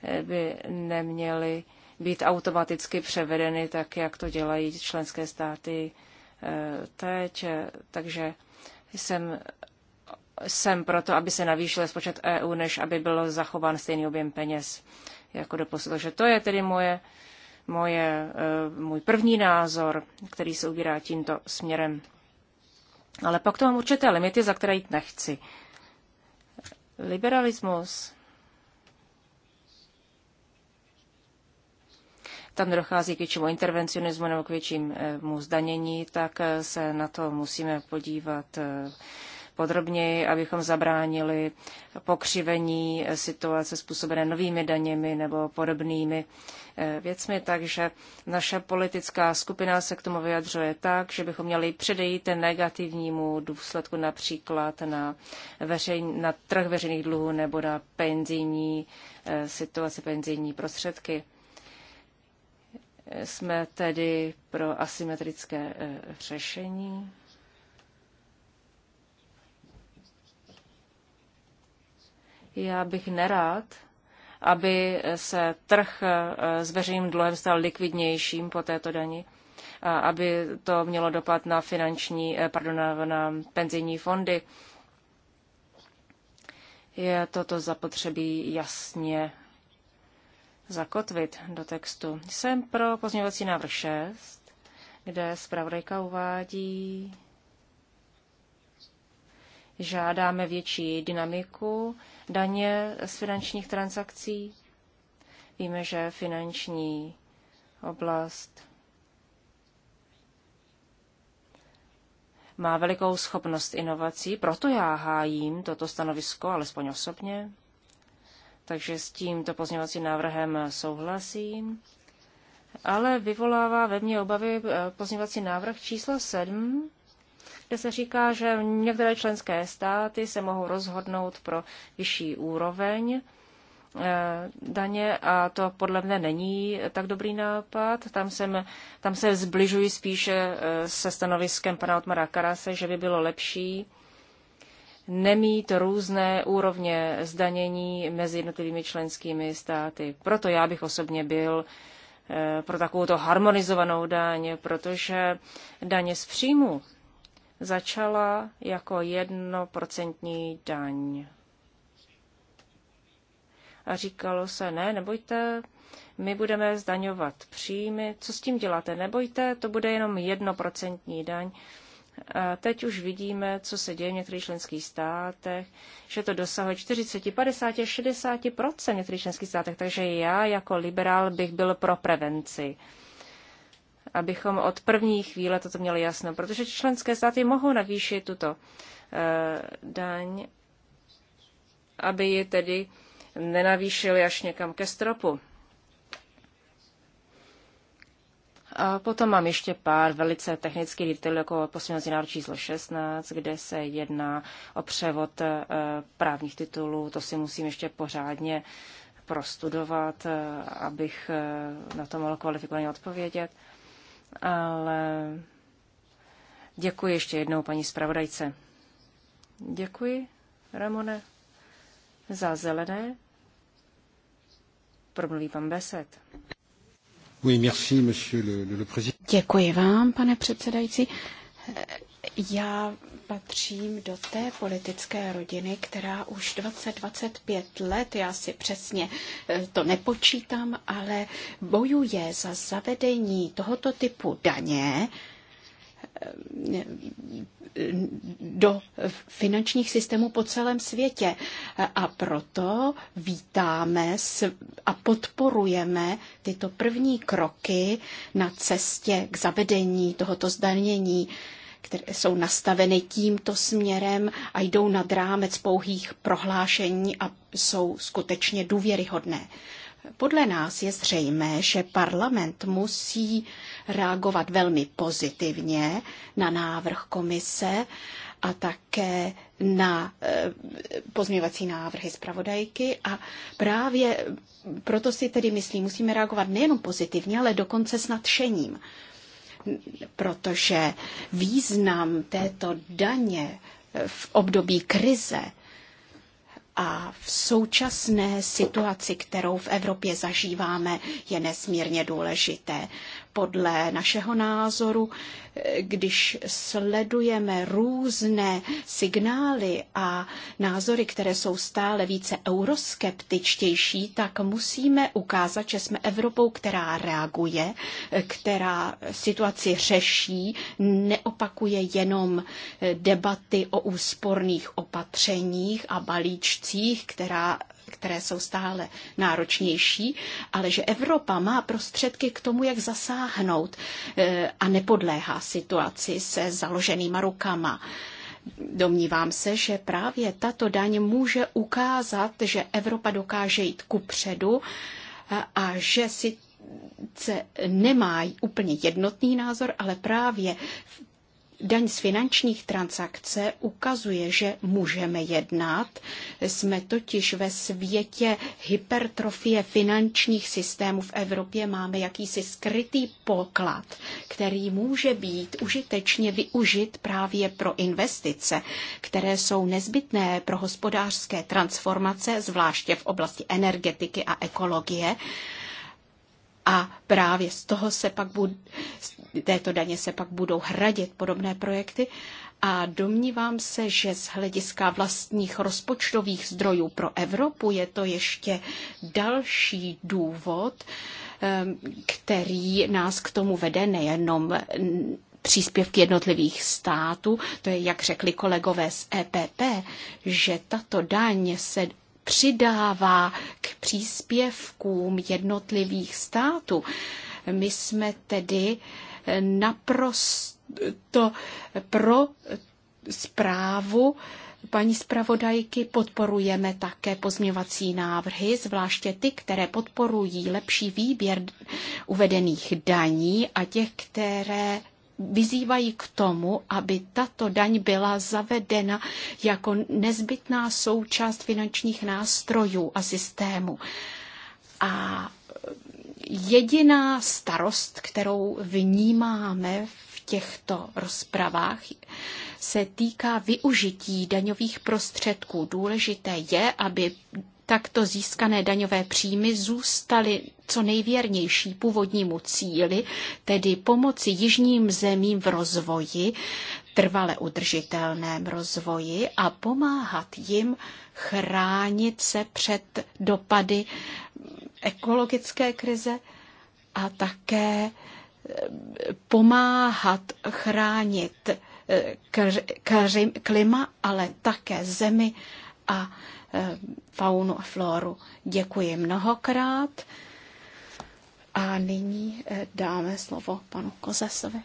eh, by neměly být automaticky převedeny tak, jak to dělají členské státy teď. Takže jsem, jsem proto, aby se navýšil rozpočet EU, než aby byl zachován stejný objem peněz jako doposud. Takže to je tedy moje, moje, můj první názor, který se ubírá tímto směrem. Ale pak to mám určité limity, za které jít nechci. Liberalismus. Tam dochází k většímu intervencionismu nebo k většímu eh, zdanění, tak eh, se na to musíme podívat eh, podrobněji, abychom zabránili pokřivení situace způsobené novými daněmi nebo podobnými eh, věcmi. Takže naše politická skupina se k tomu vyjadřuje tak, že bychom měli předejít negativnímu důsledku například na, veřejn, na trh veřejných dluhů nebo na penzijní eh, situaci, penzijní prostředky eh, jsme tedy pro asymetrické řešení. Já bych nerád, aby se trh eh, s veřejným dluhem stal likvidnějším po této dani a aby to mělo dopad na finanční, eh, pardon, na, na penzijní fondy. Je toto zapotřebí jasně zakotvit do textu. Jsem pro pozměňovací návrh 6, kde zpravodajka uvádí, Žádáme větší dynamiku daně z finančních transakcí. Víme, že finanční oblast má velikou schopnost inovací, proto já hájím toto stanovisko, alespoň osobně. Takže s tímto pozměňovacím návrhem souhlasím. Ale vyvolává ve mně obavy eh, pozměňovací návrh číslo 7, kde se říká, že některé členské státy se mohou rozhodnout pro vyšší úroveň eh, daně a to podle mne není tak dobrý nápad. Tam, jsem, tam se zbližuji spíše eh, se stanoviskem pana Otmara Karase, že by bylo lepší nemít různé úrovně zdanění mezi jednotlivými členskými státy. Proto já bych osobně byl eh, pro takovouto harmonizovanou daň, protože daně z příjmu začala jako jednoprocentní daň. A říkalo se, ne, nebojte, my budeme zdaňovat příjmy. Co s tím děláte? Nebojte, to bude jenom jednoprocentní daň. A teď už vidíme, co se děje v některých členských státech, že to dosahuje 40, 50, 60 procent v některých členských státech. Takže já jako liberál bych byl pro prevenci abychom od první chvíle toto měli jasno, protože členské státy mohou navýšit tuto eh, daň, aby ji tedy nenavýšili až někam ke stropu. A potom mám ještě pár velice technických detailů, jako poslední návrh číslo 16, kde se jedná o převod eh, právních titulů. To si musím ještě pořádně prostudovat, eh, abych na to mohl kvalifikovaně odpovědět ale děkuji ještě jednou paní zpravodajce. Děkuji, Ramone, za zelené. Promluví pan Beset. Děkuji vám, pane předsedající. Já patřím do té politické rodiny, která už 20-25 let, já si přesně eh, to nepočítám, ale bojuje za zavedení tohoto typu daně eh, do finančních systémů po celém světě. A proto vítáme a podporujeme tyto první kroky na cestě k zavedení tohoto zdanění které jsou nastaveny tímto směrem a jdou nad rámec pouhých prohlášení a jsou skutečně důvěryhodné. Podle nás je zřejmé, že parlament musí reagovat velmi pozitivně na návrh komise a také na eh, pozměňovací návrhy zpravodajky a právě proto si tedy myslím, musíme reagovat nejenom pozitivně, ale dokonce s nadšením protože význam této daně v období krize a v současné situaci, kterou v Evropě zažíváme, je nesmírně důležité. Podle našeho názoru když sledujeme různé signály a názory, které jsou stále více euroskeptičtější, tak musíme ukázat, že jsme Evropou, která reaguje, která situaci řeší, neopakuje jenom debaty o úsporných opatřeních a balíčcích, která které jsou stále náročnější, ale že Evropa má prostředky k tomu, jak zasáhnout eh, a nepodléhá situaci se založenýma rukama. Domnívám se, že právě tato daň může ukázat, že Evropa dokáže jít ku předu a že si nemá úplně jednotný názor, ale právě daň z finančních transakce ukazuje, že můžeme jednat. Jsme totiž ve světě hypertrofie finančních systémů. V Evropě máme jakýsi skrytý poklad, který může být užitečně využit právě pro investice, které jsou nezbytné pro hospodářské transformace, zvláště v oblasti energetiky a ekologie a právě z toho se pak bud, z této daně se pak budou hradit podobné projekty a domnívám se, že z hlediska vlastních rozpočtových zdrojů pro Evropu je to ještě další důvod, ehm, který nás k tomu vede nejenom příspěvky jednotlivých států, to je, jak řekli kolegové z EPP, že tato daň se přidává k příspěvkům jednotlivých států. My jsme tedy naprosto pro zprávu paní zpravodajky podporujeme také pozměvací návrhy, zvláště ty, které podporují lepší výběr uvedených daní a těch, které vyzývají k tomu, aby tato daň byla zavedena jako nezbytná součást finančních nástrojů a systému. A jediná starost, kterou vnímáme v těchto rozpravách, se týká využití daňových prostředků. Důležité je, aby takto získané daňové příjmy zůstaly co nejvěrnější původnímu cíli, tedy pomoci jižním zemím v rozvoji, trvale udržitelném rozvoji a pomáhat jim chránit se před dopady ekologické krize a také eh, pomáhat chránit eh, klima, ale také zemi a Eh, faunu a floru. Děkuji mnohokrát a nyní eh, dáme slovo panu Kozesovi.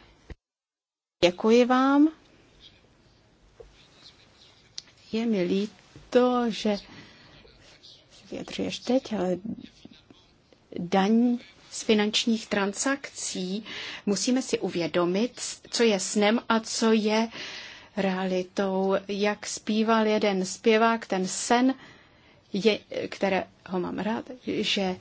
Děkuji vám. Je mi líto, že vědřuješ teď, ale daň z finančních transakcí musíme si uvědomit, co je snem a co je uh, realitou. Jak zpíval jeden zpěvák, ten sen, je, kterého mám rád, že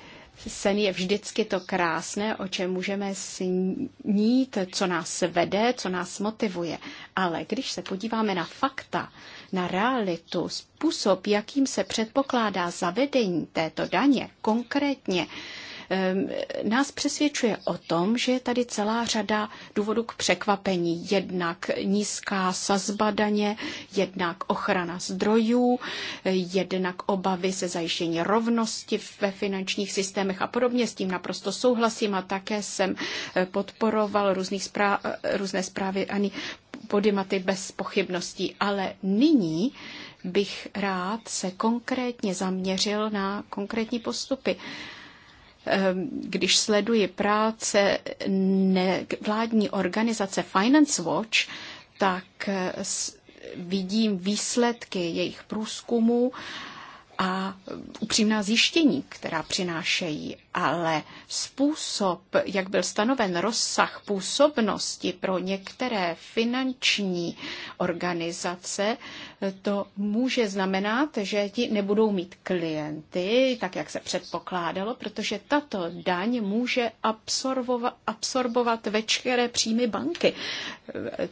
sen je vždycky to krásné, o čem můžeme snít, co nás vede, co nás motivuje. Ale když se podíváme na fakta, na realitu, způsob, jakým se předpokládá zavedení této daně konkrétně, nás přesvědčuje o tom, že je tady celá řada důvodů k překvapení. Jednak nízká sazba daně, jednak ochrana zdrojů, jednak obavy se zajištění rovnosti ve finančních systémech a podobně. S tím naprosto souhlasím a také jsem eh, podporoval různých zpráv, eh, různé zprávy ani podimaty bez pochybností. Ale nyní bych rád se konkrétně zaměřil na konkrétní postupy. Ehm, když sleduji práce vládní organizace Finance Watch, tak eh, vidím výsledky jejich průzkumu a upřímná zjištění, která přinášejí, ale způsob, jak byl stanoven rozsah působnosti pro některé finanční organizace, to může znamenat, že ti nebudou mít klienty, tak jak se předpokládalo, protože tato daň může absorbovat, absorbovat veškeré příjmy banky.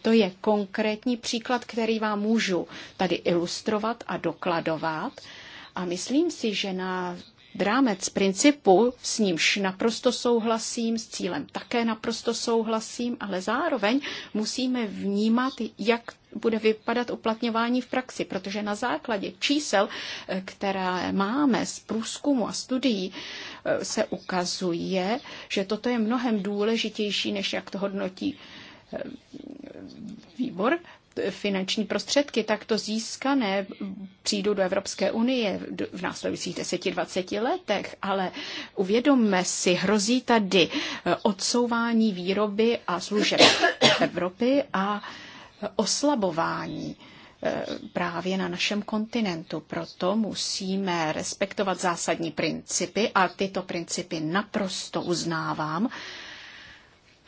To je konkrétní příklad, který vám můžu tady ilustrovat a dokladovat. A myslím si, že na rámec principu, s nímž naprosto souhlasím, s cílem také naprosto souhlasím, ale zároveň musíme vnímat, jak bude vypadat uplatňování v praxi, protože na základě čísel, eh, které máme z průzkumu a studií, eh, se ukazuje, že toto je mnohem důležitější, než jak to hodnotí eh, výbor finanční prostředky takto získané přijdou do Evropské unie v následujících 10-20 letech, ale uvědomme si, hrozí tady eh, odsouvání výroby a služeb Evropy a eh, oslabování eh, právě na našem kontinentu. Proto musíme respektovat zásadní principy a tyto principy naprosto uznávám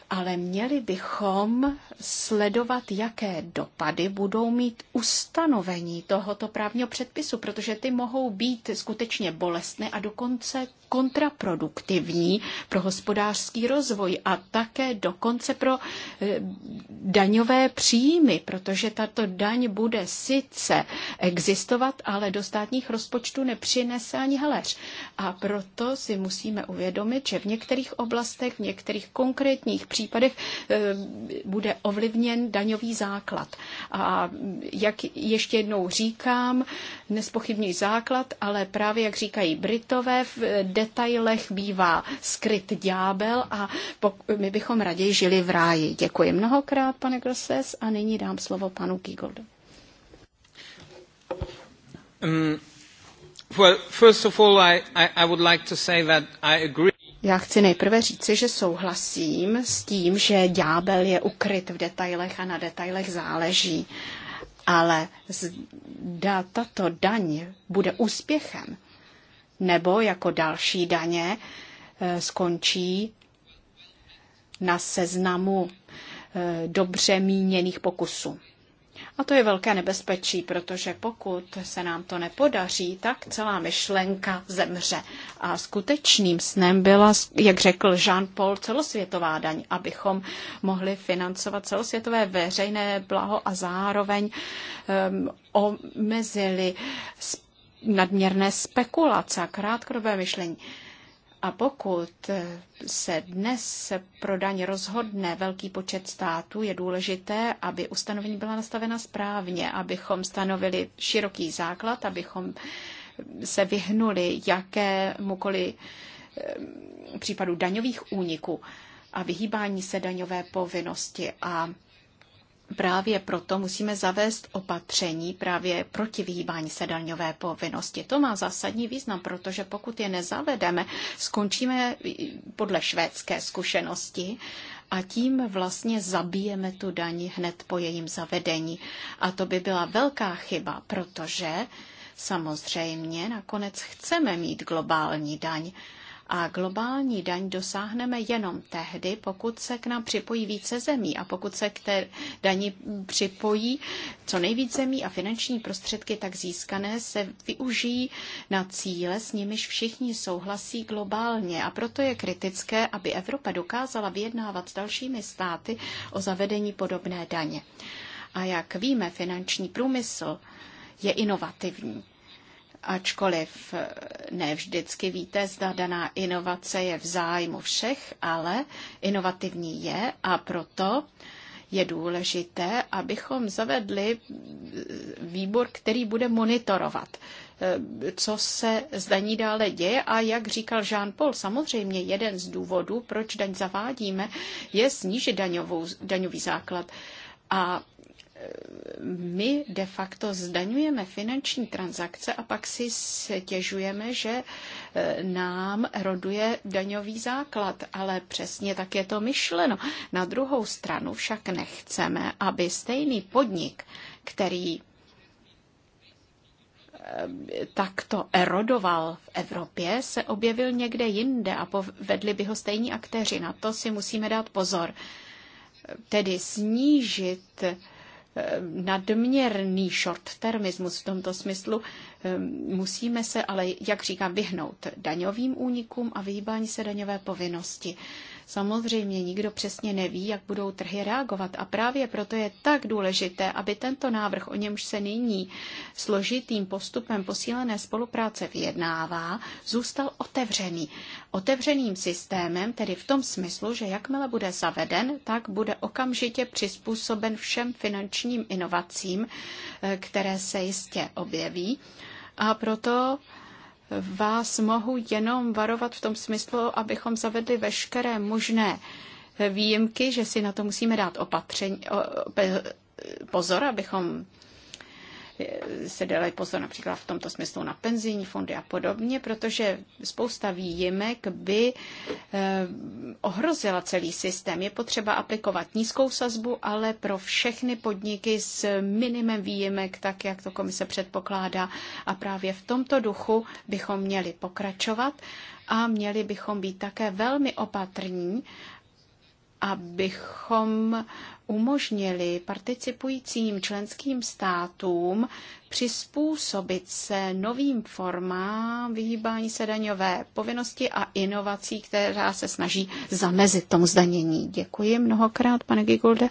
ale měli bychom sledovat, jaké dopady budou mít ustanovení tohoto právního předpisu, protože ty mohou být skutečně bolestné a dokonce kontraproduktivní pro hospodářský rozvoj a také dokonce pro eh, daňové příjmy, protože tato daň bude sice existovat, ale do státních rozpočtů nepřinese ani heleř. A proto si musíme uvědomit, že v některých oblastech, v některých konkrétních případech eh, bude ovlivněn daňový základ. A jak ještě jednou říkám, nespochybný základ, ale právě jak říkají Britové, v detailech bývá skryt ďábel a my bychom raději žili v ráji. Děkuji mnohokrát, pane Grosses, a nyní dám slovo panu Gigoldu. Um, well, first of all, I, I, I would like to say that I agree. Já chci nejprve říci, že souhlasím s tím, že ďábel je ukryt v detailech a na detailech záleží. Ale zda tato daň bude úspěchem, nebo jako další daně eh, skončí na seznamu eh, dobře míněných pokusů. A to je velké nebezpečí, protože pokud se nám to nepodaří, tak celá myšlenka zemře. A skutečným snem byla, jak řekl Jean-Paul, celosvětová daň, abychom mohli financovat celosvětové veřejné blaho a zároveň um, omezili nadměrné spekulace a krátkodobé myšlení. A pokud se dnes pro daň rozhodne velký počet států, je důležité, aby ustanovení byla nastavena správně, abychom stanovili široký základ, abychom se vyhnuli jakémukoliv eh, případu daňových úniků a vyhýbání se daňové povinnosti. A Právě proto musíme zavést opatření právě proti vyhýbání se daňové povinnosti. To má zásadní význam, protože pokud je nezavedeme, skončíme podle švédské zkušenosti a tím vlastně zabijeme tu daň hned po jejím zavedení. A to by byla velká chyba, protože samozřejmě nakonec chceme mít globální daň a globální daň dosáhneme jenom tehdy, pokud se k nám připojí více zemí a pokud se k té dani připojí co nejvíc zemí a finanční prostředky tak získané se využijí na cíle, s nimiž všichni souhlasí globálně. A proto je kritické, aby Evropa dokázala vyjednávat s dalšími státy o zavedení podobné daně. A jak víme, finanční průmysl je inovativní ačkoliv eh, ne vždycky víte, zda daná inovace je v zájmu všech, ale inovativní je a proto je důležité, abychom zavedli eh, výbor, který bude monitorovat, eh, co se s daní dále děje a jak říkal Jean-Paul, samozřejmě jeden z důvodů, proč daň zavádíme, je snížit daňovou, daňový základ. A my de facto zdaňujeme finanční transakce a pak si stěžujeme, že e, nám roduje daňový základ, ale přesně tak je to myšleno. Na druhou stranu však nechceme, aby stejný podnik, který e, takto erodoval v Evropě, se objevil někde jinde a povedli by ho stejní aktéři. Na to si musíme dát pozor. Tedy snížit Eh, nadměrný short-termismus v tomto smyslu. Eh, musíme se ale, jak říkám, vyhnout daňovým únikům a vyhýbání se daňové povinnosti. Samozřejmě nikdo přesně neví, jak budou trhy reagovat a právě proto je tak důležité, aby tento návrh, o němž se nyní složitým postupem posílené spolupráce vyjednává, zůstal otevřený otevřeným systémem, tedy v tom smyslu, že jakmile bude zaveden, tak bude okamžitě přizpůsoben všem finančním inovacím, eh, které se jistě objeví. A proto vás mohu jenom varovat v tom smyslu, abychom zavedli veškeré možné výjimky, že si na to musíme dát opatření, pozor, abychom se dali pozor například v tomto smyslu na penzijní fondy a podobně, protože spousta výjimek by eh, ohrozila celý systém. Je potřeba aplikovat nízkou sazbu, ale pro všechny podniky s minimem výjimek, tak jak to komise předpokládá. A právě v tomto duchu bychom měli pokračovat a měli bychom být také velmi opatrní, abychom umožnili participujícím členským státům přizpůsobit se novým formám vyhýbání se daňové povinnosti a inovací, která se snaží zamezit tomu zdanění. Děkuji mnohokrát, pane Gigolde.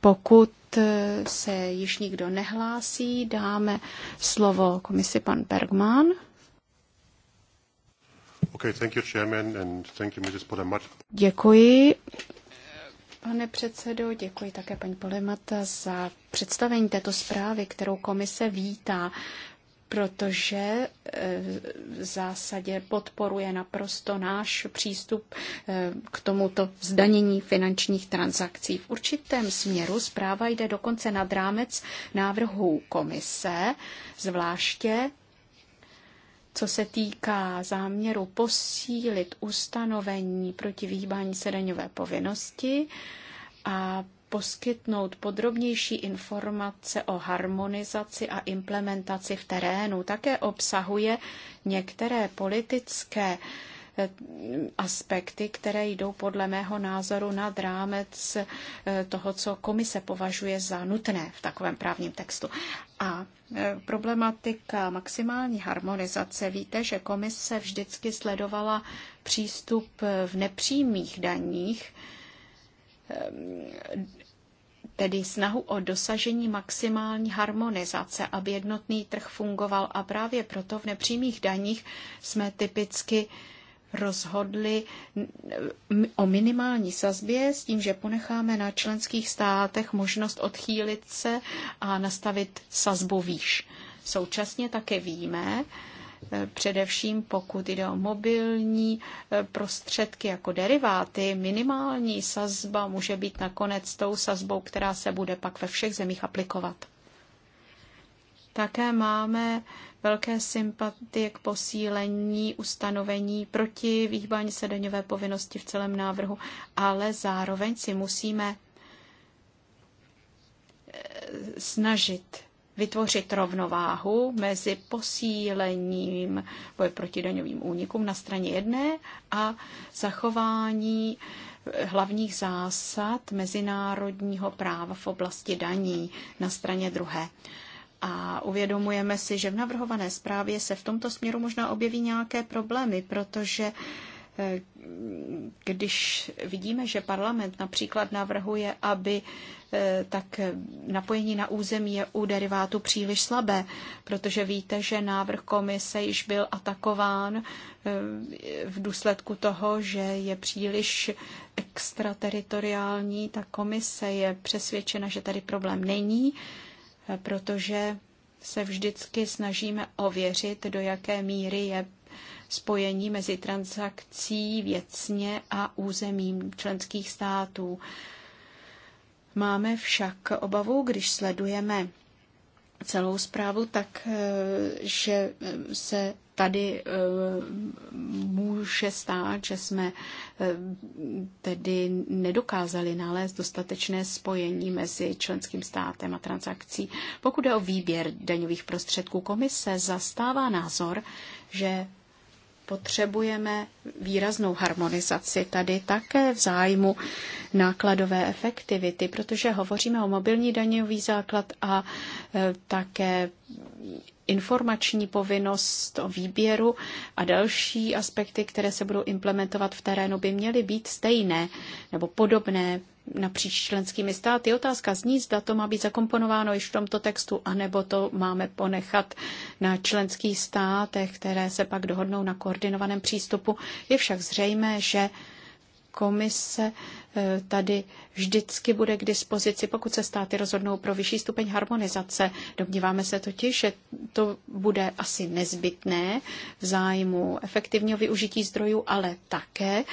Pokud eh, se již nikdo nehlásí, dáme slovo komisi pan Bergman. Okay, thank you, chairman, and thank you, Mrs. Děkuji, Pane předsedo, děkuji také paní Polemata za představení této zprávy, kterou komise vítá protože eh, v zásadě podporuje naprosto náš přístup eh, k tomuto zdanění finančních transakcí. V určitém směru zpráva jde dokonce nad rámec návrhů komise, zvláště co se týká záměru posílit ustanovení proti vyhýbání se daňové povinnosti a poskytnout podrobnější informace o harmonizaci a implementaci v terénu. Také obsahuje některé politické uh, Eh, aspekty, které jdou podle mého názoru nad rámec eh, toho, co komise považuje za nutné v takovém právním textu. A eh, problematika maximální harmonizace. Víte, že komise vždycky sledovala přístup v nepřímých daních, tedy snahu o dosažení maximální harmonizace, aby jednotný trh fungoval a právě proto v nepřímých daních jsme typicky uh, rozhodli o minimální sazbě s tím, že ponecháme na členských státech možnost odchýlit se a nastavit sazbu výš. Současně také víme, e, především pokud jde o mobilní e, prostředky jako deriváty, minimální sazba může být nakonec tou sazbou, která se bude pak ve všech zemích aplikovat. Také máme velké sympatie k posílení ustanovení proti výhbání se daňové povinnosti v celém návrhu, ale zároveň si musíme eh, snažit vytvořit rovnováhu mezi posílením boje proti daňovým únikům na straně jedné a zachování eh, hlavních zásad mezinárodního práva v oblasti daní na straně druhé. A uvědomujeme si, že v navrhované zprávě se v tomto směru možná objeví nějaké problémy, protože eh, když vidíme, že parlament například navrhuje, aby eh, tak napojení na území je u derivátu příliš slabé, protože víte, že návrh komise již byl atakován eh, v důsledku toho, že je příliš extrateritoriální. Ta komise je přesvědčena, že tady problém není protože se vždycky snažíme ověřit, do jaké míry je spojení mezi transakcí věcně a územím členských států. Máme však obavu, když sledujeme celou zprávu, tak eh, že eh, se tady eh, může stát, že jsme eh, tedy nedokázali nalézt dostatečné spojení mezi členským státem a transakcí. Pokud je o výběr daňových prostředků, komise zastává názor, že potřebujeme výraznou harmonizaci tady také v zájmu nákladové efektivity, protože hovoříme o mobilní daňový základ a e, také informační povinnost o výběru a další aspekty, které se budou implementovat v terénu, by měly být stejné nebo podobné napříč členskými státy. Otázka zní, zda to má být zakomponováno již v tomto textu, anebo to máme ponechat na členských státech, které se pak dohodnou na koordinovaném přístupu. Je však zřejmé, že komise eh, tady vždycky bude k dispozici, pokud se státy rozhodnou pro vyšší stupeň harmonizace. Domníváme se totiž, že to bude asi nezbytné v zájmu efektivního využití zdrojů, ale také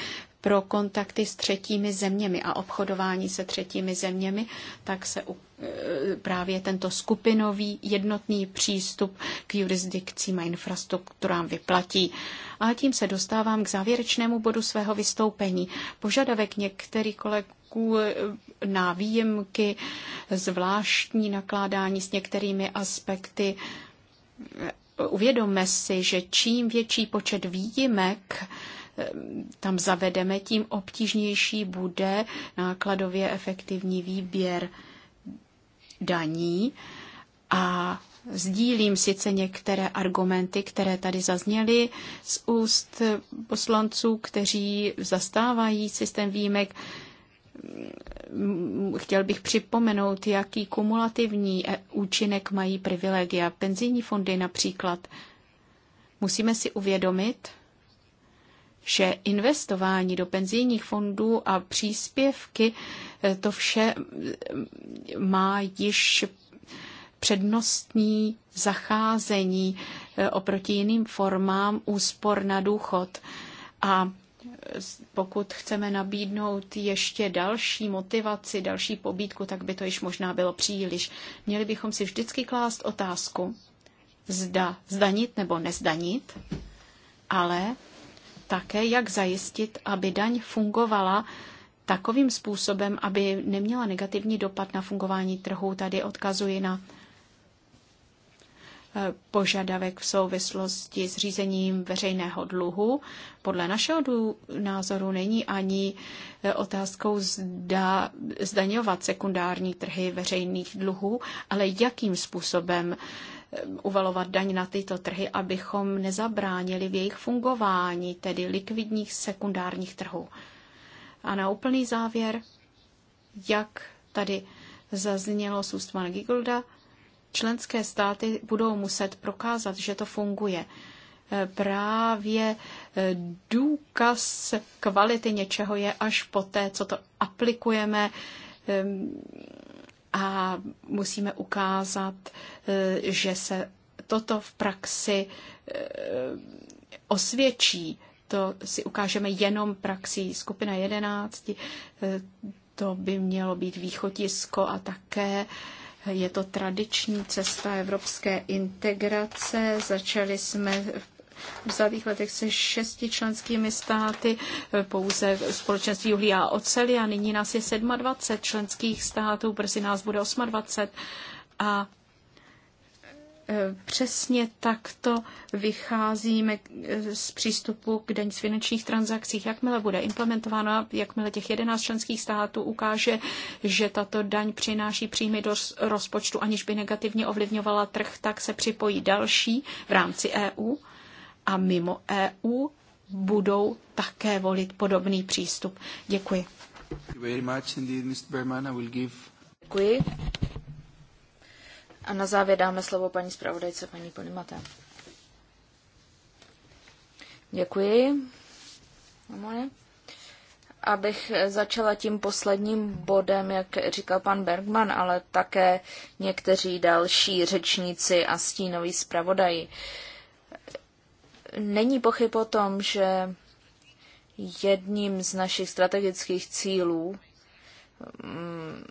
pro kontakty s třetími zeměmi a obchodování se třetími zeměmi, tak se e, právě tento skupinový jednotný přístup k jurisdikcím a infrastrukturám vyplatí. A tím se dostávám k závěrečnému bodu svého vystoupení. Požadavek některých kolegů e, na výjimky, zvláštní nakládání s některými aspekty e, uvědomme si, že čím větší počet výjimek, Eh, tam zavedeme, tím obtížnější bude nákladově efektivní výběr daní. A sdílím sice některé argumenty, které tady zazněly z úst poslanců, kteří zastávají systém výjimek. Chtěl bych připomenout, jaký kumulativní eh, účinek mají privilegia. Penzijní fondy například. Musíme si uvědomit, že investování do penzijních fondů a příspěvky, eh, to vše mm, má již přednostní zacházení eh, oproti jiným formám úspor na důchod. A eh, pokud chceme nabídnout ještě další motivaci, další pobídku, tak by to již možná bylo příliš. Měli bychom si vždycky klást otázku, zda zdanit nebo nezdanit, ale také, jak zajistit, aby daň fungovala takovým způsobem, aby neměla negativní dopad na fungování trhu. Tady odkazuji na eh, požadavek v souvislosti s řízením veřejného dluhu. Podle našeho názoru není ani eh, otázkou zda, zdaňovat sekundární trhy veřejných dluhů, ale jakým způsobem eh, uvalovat daň na tyto trhy, abychom nezabránili v jejich fungování, tedy likvidních sekundárních trhů. A na úplný závěr, jak tady zaznělo z úst Gigolda, členské státy budou muset prokázat, že to funguje. Právě eh, důkaz kvality něčeho je až poté, co to aplikujeme, ehm, a musíme ukázat, eh, že se toto v praxi eh, osvědčí. To si ukážeme jenom praxí. Skupina 11, eh, to by mělo být východisko a také je to tradiční cesta evropské integrace. Začali jsme v v zadých letech se šesti členskými státy, eh, pouze společenství uhlí a oceli a nyní nás je 27 členských států, brzy nás bude 28 a eh, Přesně takto vycházíme eh, z přístupu k daň z finančních transakcích. Jakmile bude implementována, jakmile těch 11 členských států ukáže, že tato daň přináší příjmy do rozpočtu, aniž by negativně ovlivňovala trh, tak se připojí další v rámci EU a mimo EU budou také volit podobný přístup. Děkuji. Děkuji. A na závěr dáme slovo paní zpravodajce, paní Polimaté. Děkuji. Abych začala tím posledním bodem, jak říkal pan Bergman, ale také někteří další řečníci a stínoví zpravodaji. Uh, Není pochyb o tom, že jedním z našich strategických cílů mm,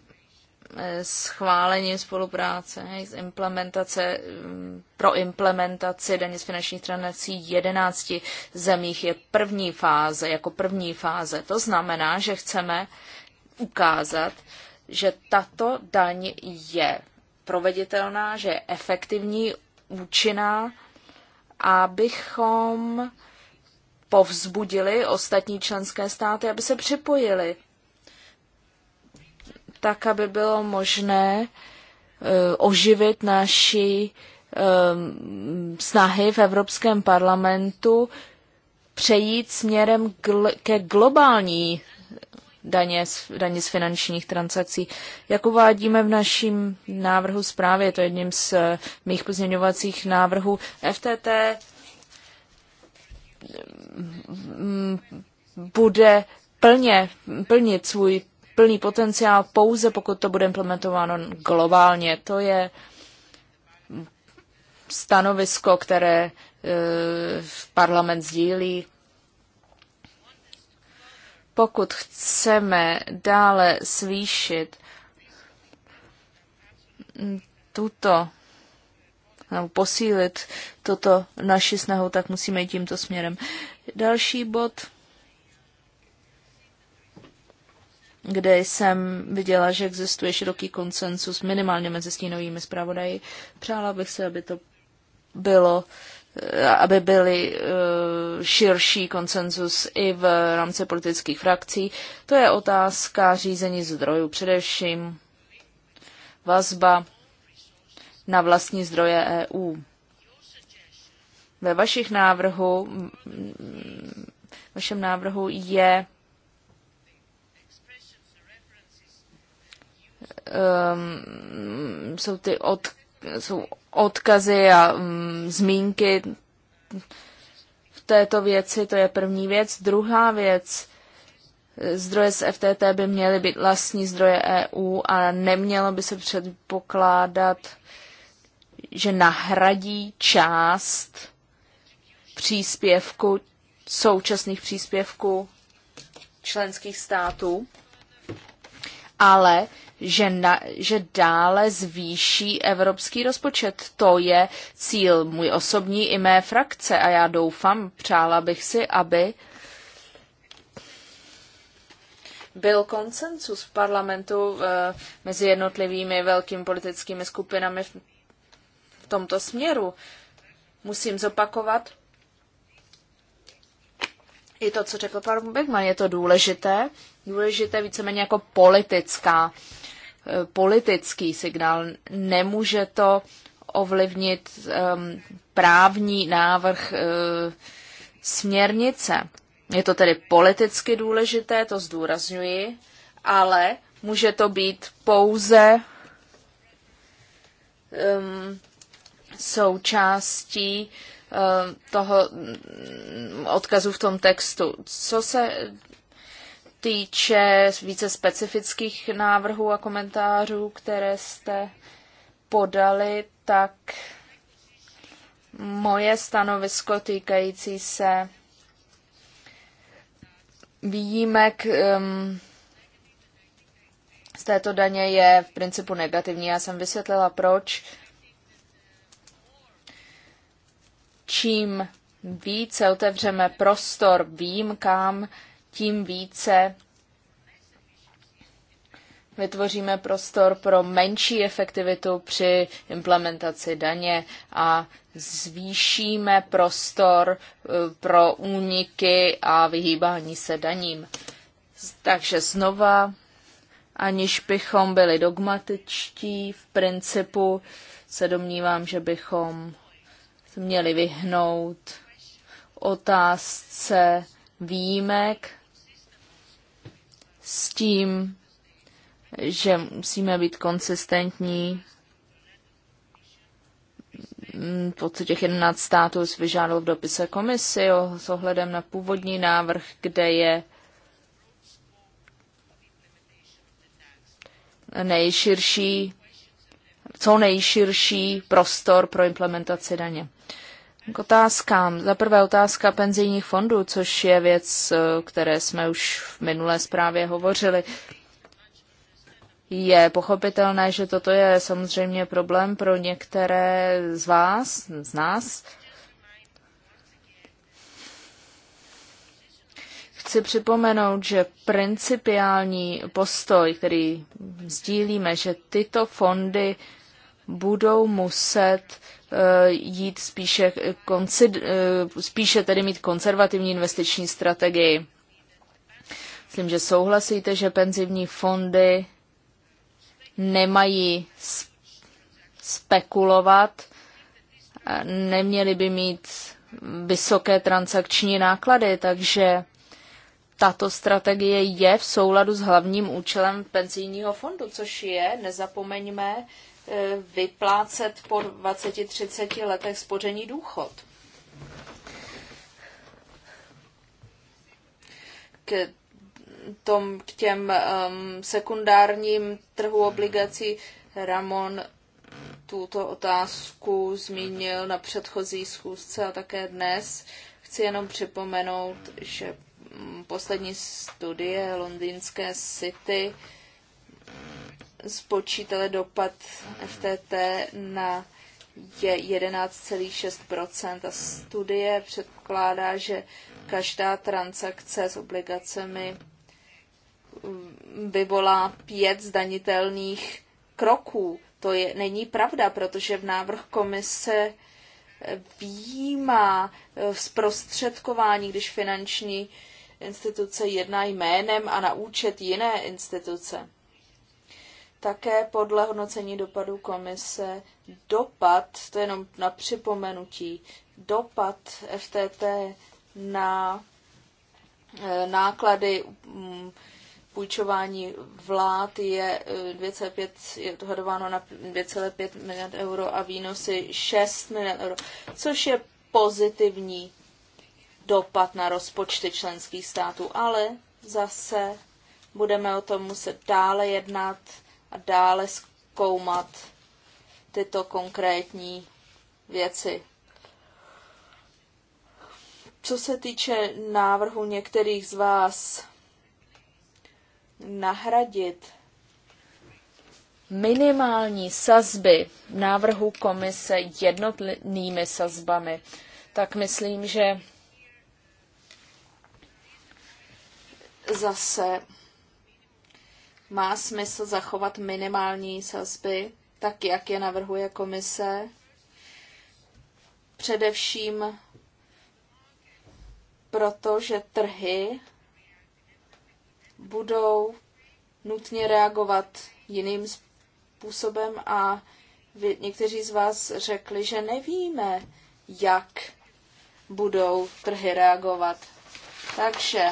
eh, schválením spolupráce, z implementace, mm, pro implementaci daně z finančních transakcí 11 zemích je první fáze, jako první fáze. To znamená, že chceme ukázat, že tato daň je proveditelná, že je efektivní, účinná abychom povzbudili ostatní členské státy, aby se připojili, tak aby bylo možné eh, oživit naši eh, snahy v Evropském parlamentu přejít směrem ke globální daně, daně z finančních transakcí. Jak uvádíme v našem návrhu zprávy, je to jedním z eh, mých pozměňovacích návrhů, FTT mm, bude plně, plnit svůj plný potenciál pouze, pokud to bude implementováno globálně. To je stanovisko, které eh, parlament sdílí pokud chceme dále zvýšit tuto nebo posílit toto naši snahu, tak musíme jít tímto směrem. Další bod, kde jsem viděla, že existuje široký konsensus minimálně mezi stínovými zpravodaji. Přála bych se, aby to bylo Eh, aby byly eh, širší konsenzus i v rámci politických frakcí. To je otázka řízení zdrojů především, vazba na vlastní zdroje EU. Ve vašich návrhu, vašem návrhu je um, jsou ty odkazy jsou odkazy a mm, zmínky v této věci, to je první věc. Druhá věc, zdroje z FTT by měly být vlastní zdroje EU a nemělo by se předpokládat, že nahradí část příspěvku, současných příspěvků členských států, ale že, na, že dále zvýší evropský rozpočet. To je cíl můj osobní i mé frakce a já doufám, přála bych si, aby byl konsensus v parlamentu e, mezi jednotlivými velkými politickými skupinami v, v tomto směru. Musím zopakovat i to, co řekl pan Beckman, je to důležité, důležité víceméně jako politická politický signál. Nemůže to ovlivnit um, právní návrh uh, směrnice. Je to tedy politicky důležité, to zdůrazňuji, ale může to být pouze um, součástí uh, toho mm, odkazu v tom textu. Co se týče více specifických návrhů a komentářů, které jste podali, tak moje stanovisko týkající se výjimek um, z této daně je v principu negativní. Já jsem vysvětlila, proč. Čím více otevřeme prostor výjimkám, tím více vytvoříme prostor pro menší efektivitu při implementaci daně a zvýšíme prostor eh, pro úniky a vyhýbání se daním. Takže znova, aniž bychom byli dogmatičtí, v principu se domnívám, že bychom měli vyhnout otázce výjimek s tím, že musíme být konsistentní. Mm, v podstatě těch 11 států vyžádalo v dopise komisi o, s ohledem na původní návrh, kde je nejširší, co nejširší prostor pro implementaci daně. K otázkám. Za prvé otázka penzijních fondů, což je věc, eh, které jsme už v minulé zprávě hovořili. Je pochopitelné, že toto je samozřejmě problém pro některé z vás, z nás. Chci připomenout, že principiální postoj, který sdílíme, že tyto fondy uh, budou muset eh, jít spíše, eh, spíše tedy mít konzervativní investiční strategii. Myslím, že souhlasíte, že penzivní fondy nemají spekulovat, neměly by mít vysoké transakční náklady, takže tato strategie je v souladu s hlavním účelem penzijního fondu, což je, nezapomeňme, E, vyplácet po 20-30 letech spoření důchod. K, tom, k těm um, sekundárním trhu obligací Ramon tuto otázku zmínil na předchozí schůzce a také dnes. Chci jenom připomenout, že mm, poslední studie londýnské City spočítali dopad FTT na je 11,6 a studie předpokládá, že každá transakce s obligacemi mm, vyvolá pět zdanitelných kroků. To je, není pravda, protože v návrh komise výjímá eh, zprostředkování, když finanční instituce jedná jménem a na účet jiné instituce. Také podle hodnocení dopadů komise dopad, to je jenom na připomenutí, dopad FTT na eh, náklady mm, půjčování vlád je 2,5, eh, je odhadováno na 2,5 miliard euro a výnosy 6 miliard euro, což je pozitivní dopad na rozpočty členských států, ale zase budeme o tom muset dále jednat a dále zkoumat tyto konkrétní věci. Co se týče návrhu některých z vás nahradit minimální sazby návrhu komise jednotnými sazbami, tak myslím, že zase má smysl zachovat minimální sazby, tak jak je navrhuje komise, především proto, že trhy budou nutně reagovat jiným způsobem a vy, někteří z vás řekli, že nevíme, jak budou trhy reagovat. Takže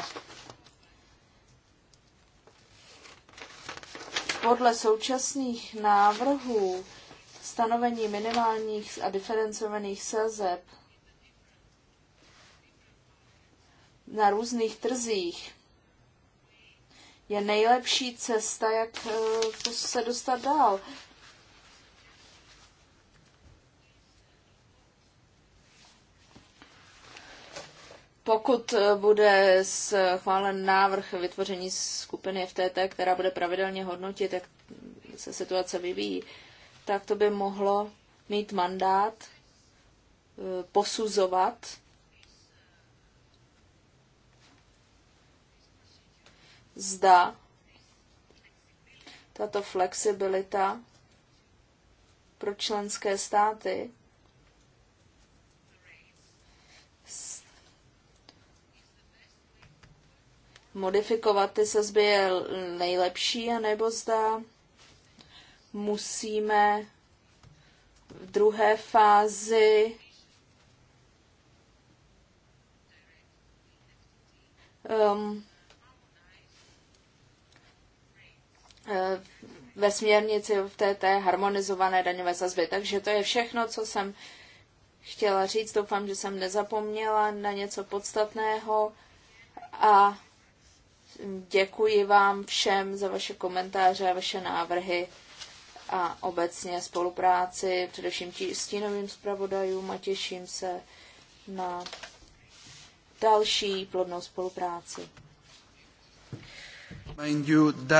podle současných návrhů stanovení minimálních a diferencovaných sazeb na různých trzích je nejlepší cesta, jak eh, se dostat dál. Pokud eh, bude schválen návrh vytvoření skupiny FTT, která bude pravidelně hodnotit, jak se situace vyvíjí, tak to by mohlo mít mandát eh, posuzovat zda tato flexibilita pro členské státy modifikovat ty sazby je nejlepší, anebo zda musíme v druhé fázi um, eh, ve směrnici v té, té harmonizované daňové sazby. Takže to je všechno, co jsem chtěla říct. Doufám, že jsem nezapomněla na něco podstatného a Děkuji vám všem za vaše komentáře a vaše návrhy a obecně spolupráci, především tí stínovým zpravodajům a těším se na další plodnou spolupráci.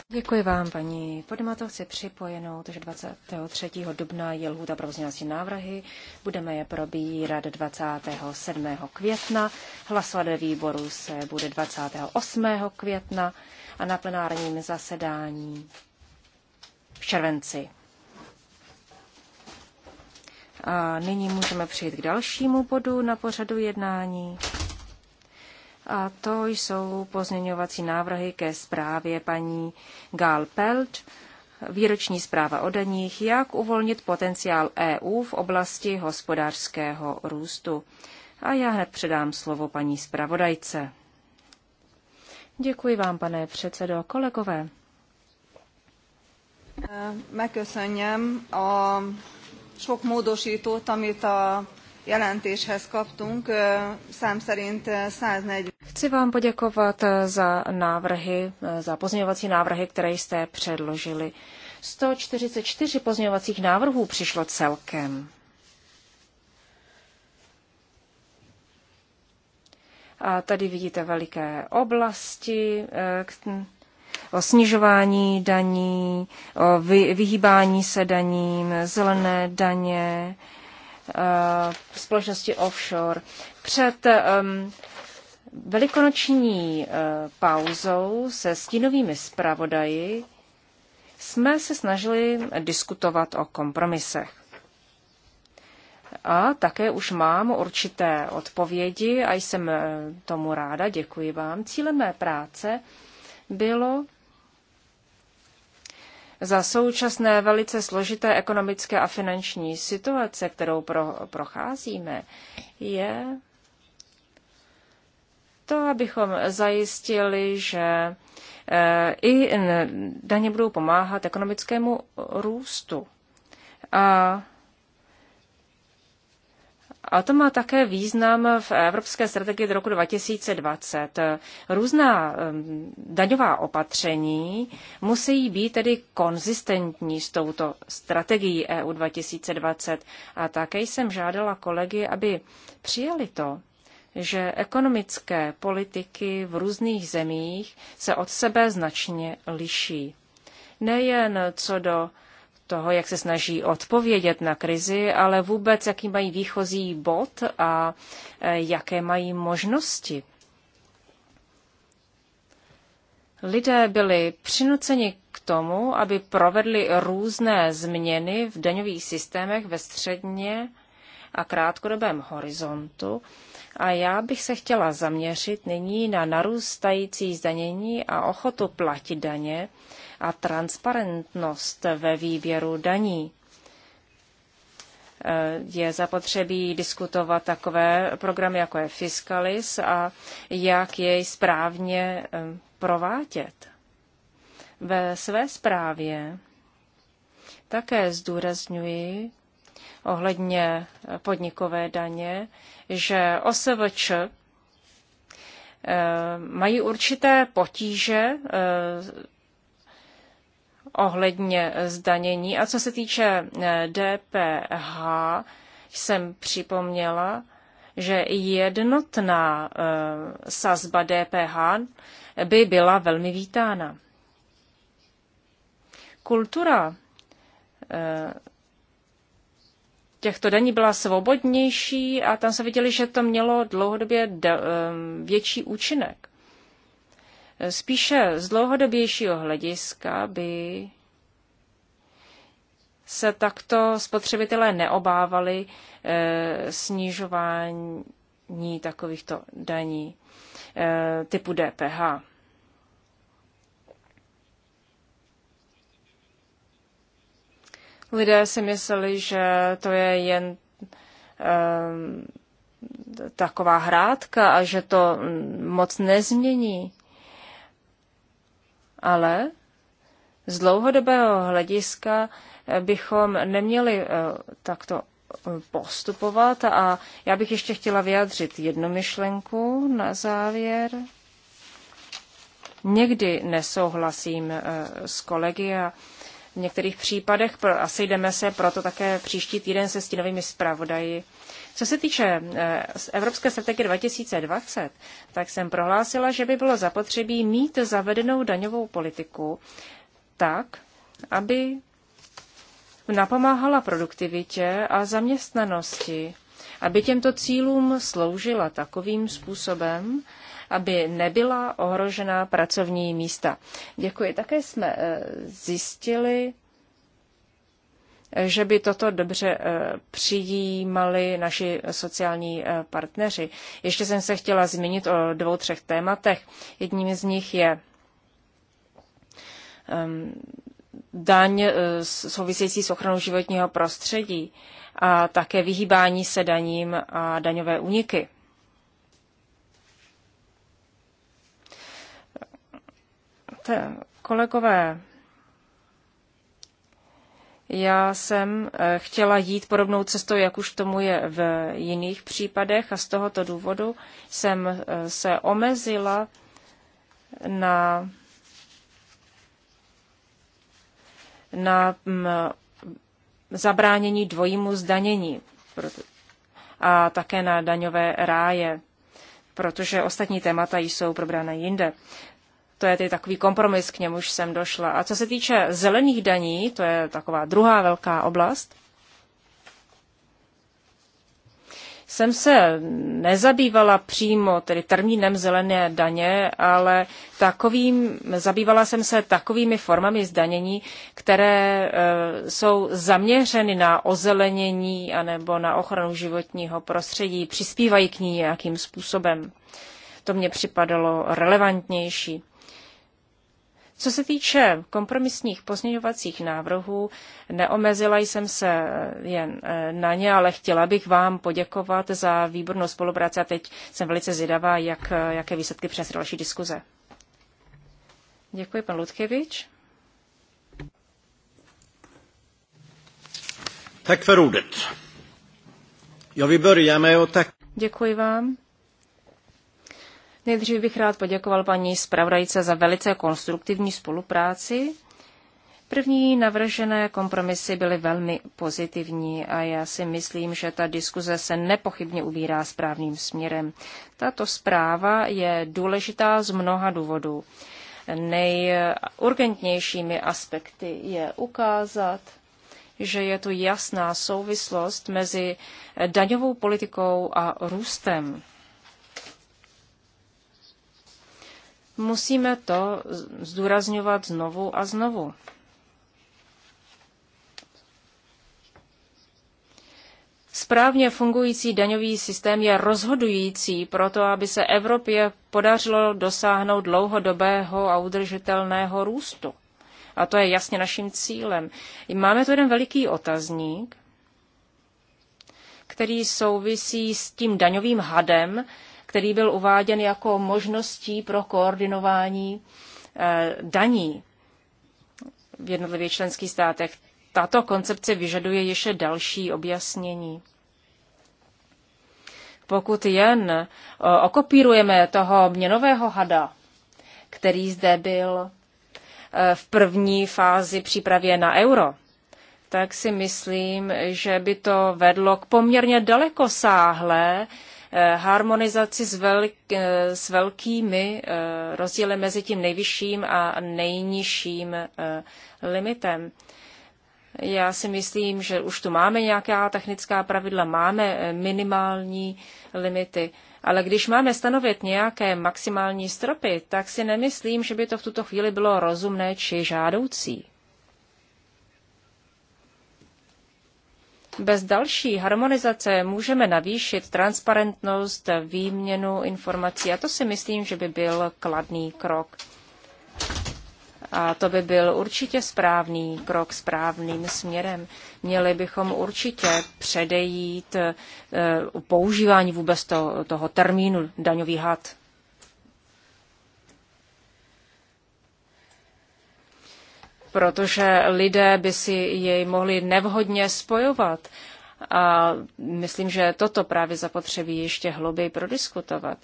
Děkuji vám, paní Podmato. připojenou. připojenout, že 23. dubna je lhůta pro vznělací návrhy. Budeme je probírat 27. května. Hlasovat ve výboru se bude 28. května a na plenárním zasedání v červenci. A nyní můžeme přijít k dalšímu bodu na pořadu jednání. A to jsou pozměňovací návrhy ke zprávě paní Gál Pelt, výroční zpráva o daních, jak uvolnit potenciál EU v oblasti hospodářského růstu. A já hned předám slovo paní zpravodajce. Děkuji vám, pane předsedo, kolegové. Megköszönjem a sok módosítót, amit a jelentéshez kaptunk, szám szerint 140. Chci vám poděkovat za návrhy, za pozměňovací návrhy, které jste předložili. 144 pozměňovacích návrhů přišlo celkem. A tady vidíte veliké oblasti o snižování daní, o vyhýbání se daním, zelené daně, Eh, společnosti offshore. Před velikonoční eh, pauzou se stínovými zpravodaji jsme se snažili diskutovat o kompromisech. A také už mám určité odpovědi a jsem eh, tomu ráda, děkuji vám. Cílem mé práce bylo za současné velice složité ekonomické a finanční situace, kterou pro, procházíme, je to, abychom zajistili, že eh, i daně budou pomáhat ekonomickému růstu. A a to má také význam v Evropské strategii do roku 2020. Různá daňová opatření musí být tedy konzistentní s touto strategií EU 2020. A také jsem žádala kolegy, aby přijali to, že ekonomické politiky v různých zemích se od sebe značně liší. Nejen co do toho, jak se snaží odpovědět na krizi, ale vůbec, jaký mají výchozí bod a e, jaké mají možnosti. Lidé byli přinuceni k tomu, aby provedli různé změny v daňových systémech ve středně a krátkodobém horizontu. A já bych se chtěla zaměřit nyní na narůstající zdanění a ochotu platit daně, a transparentnost ve výběru daní. E, je zapotřebí diskutovat takové programy, jako je Fiscalis a jak jej správně e, provádět. Ve své zprávě také zdůrazňuji ohledně podnikové daně, že OSVČ e, mají určité potíže ohledně zdanění. A co se týče DPH, eh, jsem připomněla, že jednotná eh, sazba DPH by byla velmi vítána. Kultura eh, těchto daní byla svobodnější a tam se viděli, že to mělo dlouhodobě větší účinek. Spíše z dlouhodobějšího hlediska by se takto spotřebitelé neobávali e, snižování takovýchto daní e, typu DPH. Lidé si mysleli, že to je jen e, taková hrádka a že to hm, moc nezmění ale z dlouhodobého hlediska bychom neměli eh, takto eh, postupovat a já bych ještě chtěla vyjádřit jednu myšlenku na závěr. Někdy nesouhlasím eh, s kolegy a v některých případech asi jdeme se proto také příští týden se stínovými zpravodaji co se týče eh, Evropské strategie 2020, tak jsem prohlásila, že by bylo zapotřebí mít zavedenou daňovou politiku tak, aby napomáhala produktivitě a zaměstnanosti, aby těmto cílům sloužila takovým způsobem, aby nebyla ohrožena pracovní místa. Děkuji. Také jsme eh, zjistili, že by toto dobře eh, přijímali naši sociální eh, partneři. Ještě jsem se chtěla zmínit o dvou, třech tématech. Jedním z nich je ehm, daň eh, související s ochranou životního prostředí a také vyhýbání se daním a daňové úniky. Kolegové, já jsem eh, chtěla jít podobnou cestou, jak už tomu je v jiných případech a z tohoto důvodu jsem eh, se omezila na, na mm, zabránění dvojímu zdanění a také na daňové ráje, protože ostatní témata jsou probrané jinde to je tedy takový kompromis, k němuž jsem došla. A co se týče zelených daní, to je taková druhá velká oblast, jsem se nezabývala přímo tedy termínem zelené daně, ale takovým, zabývala jsem se takovými formami zdanění, které e, jsou zaměřeny na ozelenění anebo na ochranu životního prostředí, přispívají k ní nějakým způsobem. To mě připadalo relevantnější. Co se týče kompromisních pozměňovacích návrhů, neomezila jsem se jen e, na ně, ale chtěla bych vám poděkovat za výbornou spolupráci a teď jsem velice zvědavá, jak, e, jaké výsledky přes další diskuze. Děkuji, pan Ludkevič. Tak för ordet. Já vill tak. Děkuji vám. Nejdřív bych rád poděkoval paní zpravodajce za velice konstruktivní spolupráci. První navržené kompromisy byly velmi pozitivní a já si myslím, že ta diskuze se nepochybně ubírá správným směrem. Tato zpráva je důležitá z mnoha důvodů. Nejurgentnějšími aspekty je ukázat, že je tu jasná souvislost mezi daňovou politikou a růstem. Musíme to zdůrazňovat znovu a znovu. Správně fungující daňový systém je rozhodující pro to, aby se Evropě podařilo dosáhnout dlouhodobého a udržitelného růstu. A to je jasně naším cílem. Máme tu jeden veliký otazník, který souvisí s tím daňovým hadem, který byl uváděn jako možností pro koordinování eh, daní v jednotlivých členských státech. Tato koncepce vyžaduje ještě další objasnění. Pokud jen eh, okopírujeme toho měnového hada, který zde byl eh, v první fázi přípravě na euro, tak si myslím, že by to vedlo k poměrně dalekosáhlé Eh, harmonizaci s, velk, eh, s velkými eh, rozdíly mezi tím nejvyšším a nejnižším limitem. Já si myslím, že už tu máme nějaká technická pravidla, máme minimální limity. Ale když máme stanovit nějaké maximální stropy, tak si nemyslím, že by to v tuto chvíli bylo rozumné či žádoucí. Bez další harmonizace můžeme navýšit transparentnost, výměnu informací a to si myslím, že by byl kladný krok. A to by byl určitě správný krok správným směrem. Měli bychom určitě předejít eh, používání vůbec to, toho termínu daňový had. protože lidé by si jej mohli nevhodně spojovat. A myslím, že toto právě zapotřebí ještě hlouběji prodiskutovat.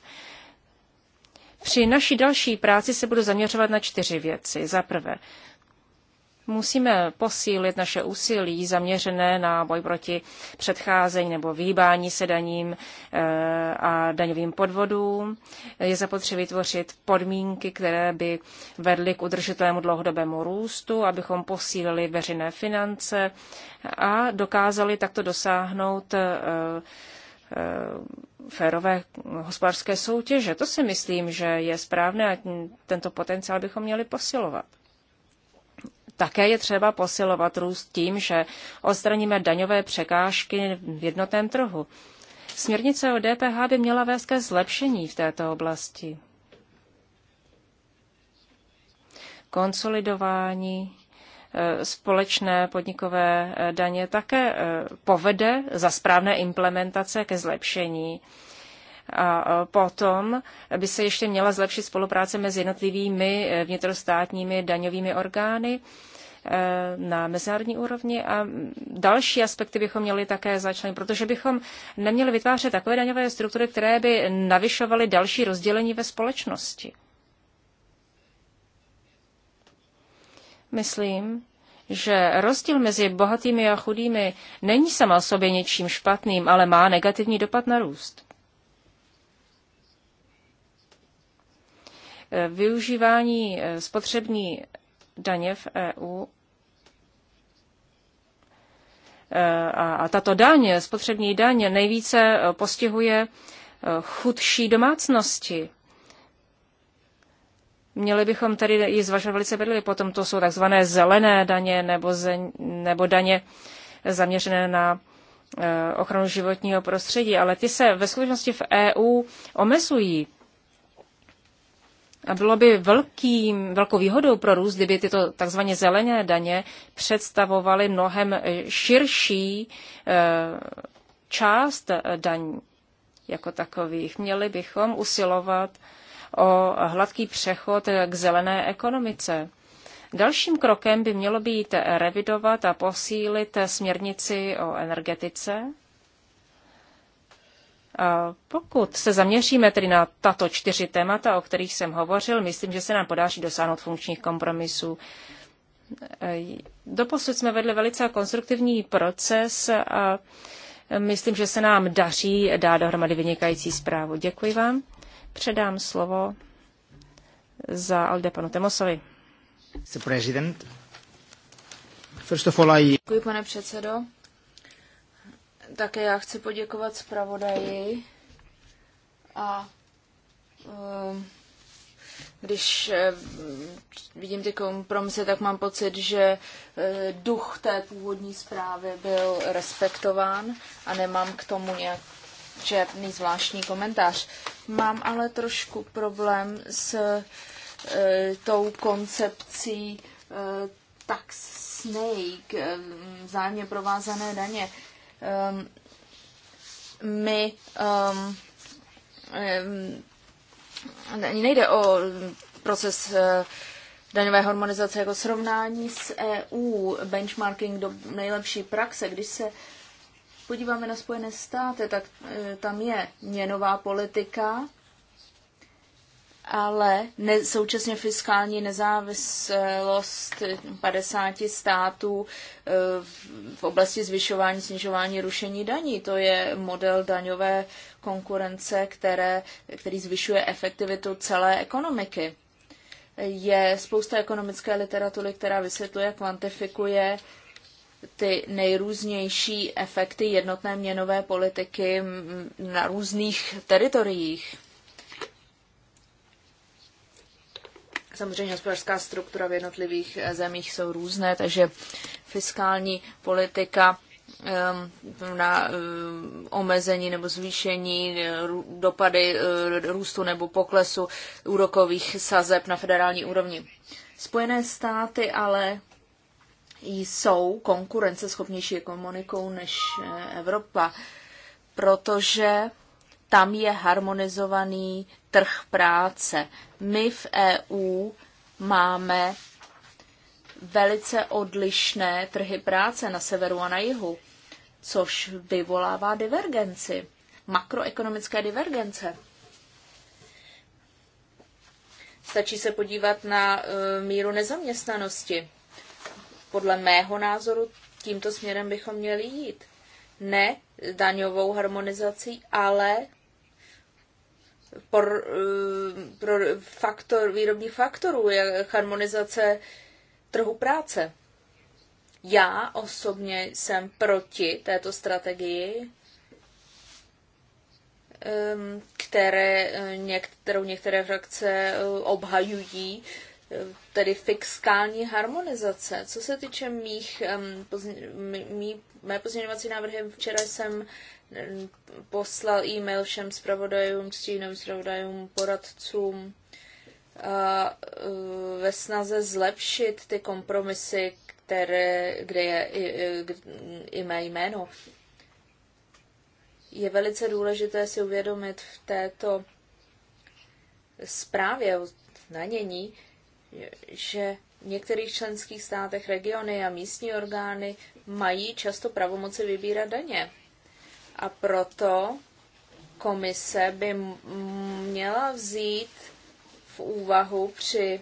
Při naší další práci se budu zaměřovat na čtyři věci. Za prvé, Musíme posílit naše úsilí zaměřené na boj proti předcházení nebo výbání se daním eh, a daňovým podvodům. Je zapotřebí tvořit podmínky, které by vedly k udržitelnému dlouhodobému růstu, abychom posílili veřejné finance a dokázali takto dosáhnout eh, eh, férové hospodářské soutěže. To si myslím, že je správné a tento potenciál bychom měli posilovat. Také je třeba posilovat růst tím, že odstraníme daňové překážky v jednotném trhu. Směrnice o DPH by měla vést ke zlepšení v této oblasti. Konsolidování eh, společné podnikové eh, daně také eh, povede za správné implementace ke zlepšení a potom by se ještě měla zlepšit spolupráce mezi jednotlivými eh, vnitrostátními daňovými orgány eh, na mezinárodní úrovni a další aspekty bychom měli také začlenit, protože bychom neměli vytvářet takové daňové struktury, které by navyšovaly další rozdělení ve společnosti. Myslím, že rozdíl mezi bohatými a chudými není sama o sobě něčím špatným, ale má negativní dopad na růst. Využívání eh, spotřební daně v EU eh, a tato daň, spotřební daň, nejvíce eh, postihuje chudší domácnosti. Měli bychom tedy ji zvažovat velice bedlivě. Potom to jsou takzvané zelené daně nebo, ze, nebo daně zaměřené na ochranu životního prostředí, ale ty se ve skutečnosti v EU omezují. A bylo by velkým, velkou výhodou pro růst, kdyby tyto takzvaně zelené daně představovaly mnohem eh, širší eh, část eh, daní jako takových. Měli bychom usilovat o hladký přechod k zelené ekonomice. Dalším krokem by mělo být revidovat a posílit směrnici o energetice, pokud se zaměříme tedy na tato čtyři témata, o kterých jsem hovořil, myslím, že se nám podaří dosáhnout funkčních kompromisů. Doposud jsme vedli velice konstruktivní proces a myslím, že se nám daří dát dohromady vynikající zprávu. Děkuji vám. Předám slovo za Alde panu Temosovi. Děkuji, pane předsedo. Také já chci poděkovat zpravodaji a um, když eh, vidím ty kompromisy, tak mám pocit, že eh, duch té původní zprávy byl respektován a nemám k tomu nějak černý zvláštní komentář. Mám ale trošku problém s e, tou koncepcí e, tax snake, e, vzájemně provázané daně. Um, my um, um, nejde o proces uh, daňové harmonizace jako srovnání s EU, benchmarking do nejlepší praxe. Když se podíváme na Spojené státy, tak uh, tam je měnová politika, ale ne, současně fiskální nezávislost 50 států eh, v oblasti zvyšování, snižování, rušení daní. To je model daňové konkurence, které, který zvyšuje efektivitu celé ekonomiky. Je spousta ekonomické literatury, která vysvětluje, kvantifikuje ty nejrůznější efekty jednotné měnové politiky na různých teritoriích Samozřejmě hospodářská struktura v jednotlivých eh, zemích jsou různé, takže fiskální politika ehm, na ehm, omezení nebo zvýšení eh, dopady eh, růstu nebo poklesu úrokových sazeb na federální úrovni. Spojené státy ale jsou konkurenceschopnější ekonomikou než Evropa, protože tam je harmonizovaný trh práce. My v EU máme velice odlišné trhy práce na severu a na jihu, což vyvolává divergenci, makroekonomické divergence. Stačí se podívat na e, míru nezaměstnanosti. Podle mého názoru tímto směrem bychom měli jít. Ne daňovou harmonizací, ale por, eh, pro faktor, výrobních faktorů, je harmonizace trhu práce. Já osobně jsem proti této strategii, které, eh, kterou některé frakce eh, obhajují, tedy fiskální harmonizace. Co se týče mých, mý, mé pozměňovací návrhy, včera jsem poslal e-mail všem zpravodajům, stínovým zpravodajům, poradcům a e, ve snaze zlepšit ty kompromisy, které, kde je i, i, i mé jméno. Je velice důležité si uvědomit v této zprávě o nanění, že v některých členských státech regiony a místní orgány mají často pravomoci vybírat daně. A proto komise by měla vzít v úvahu při,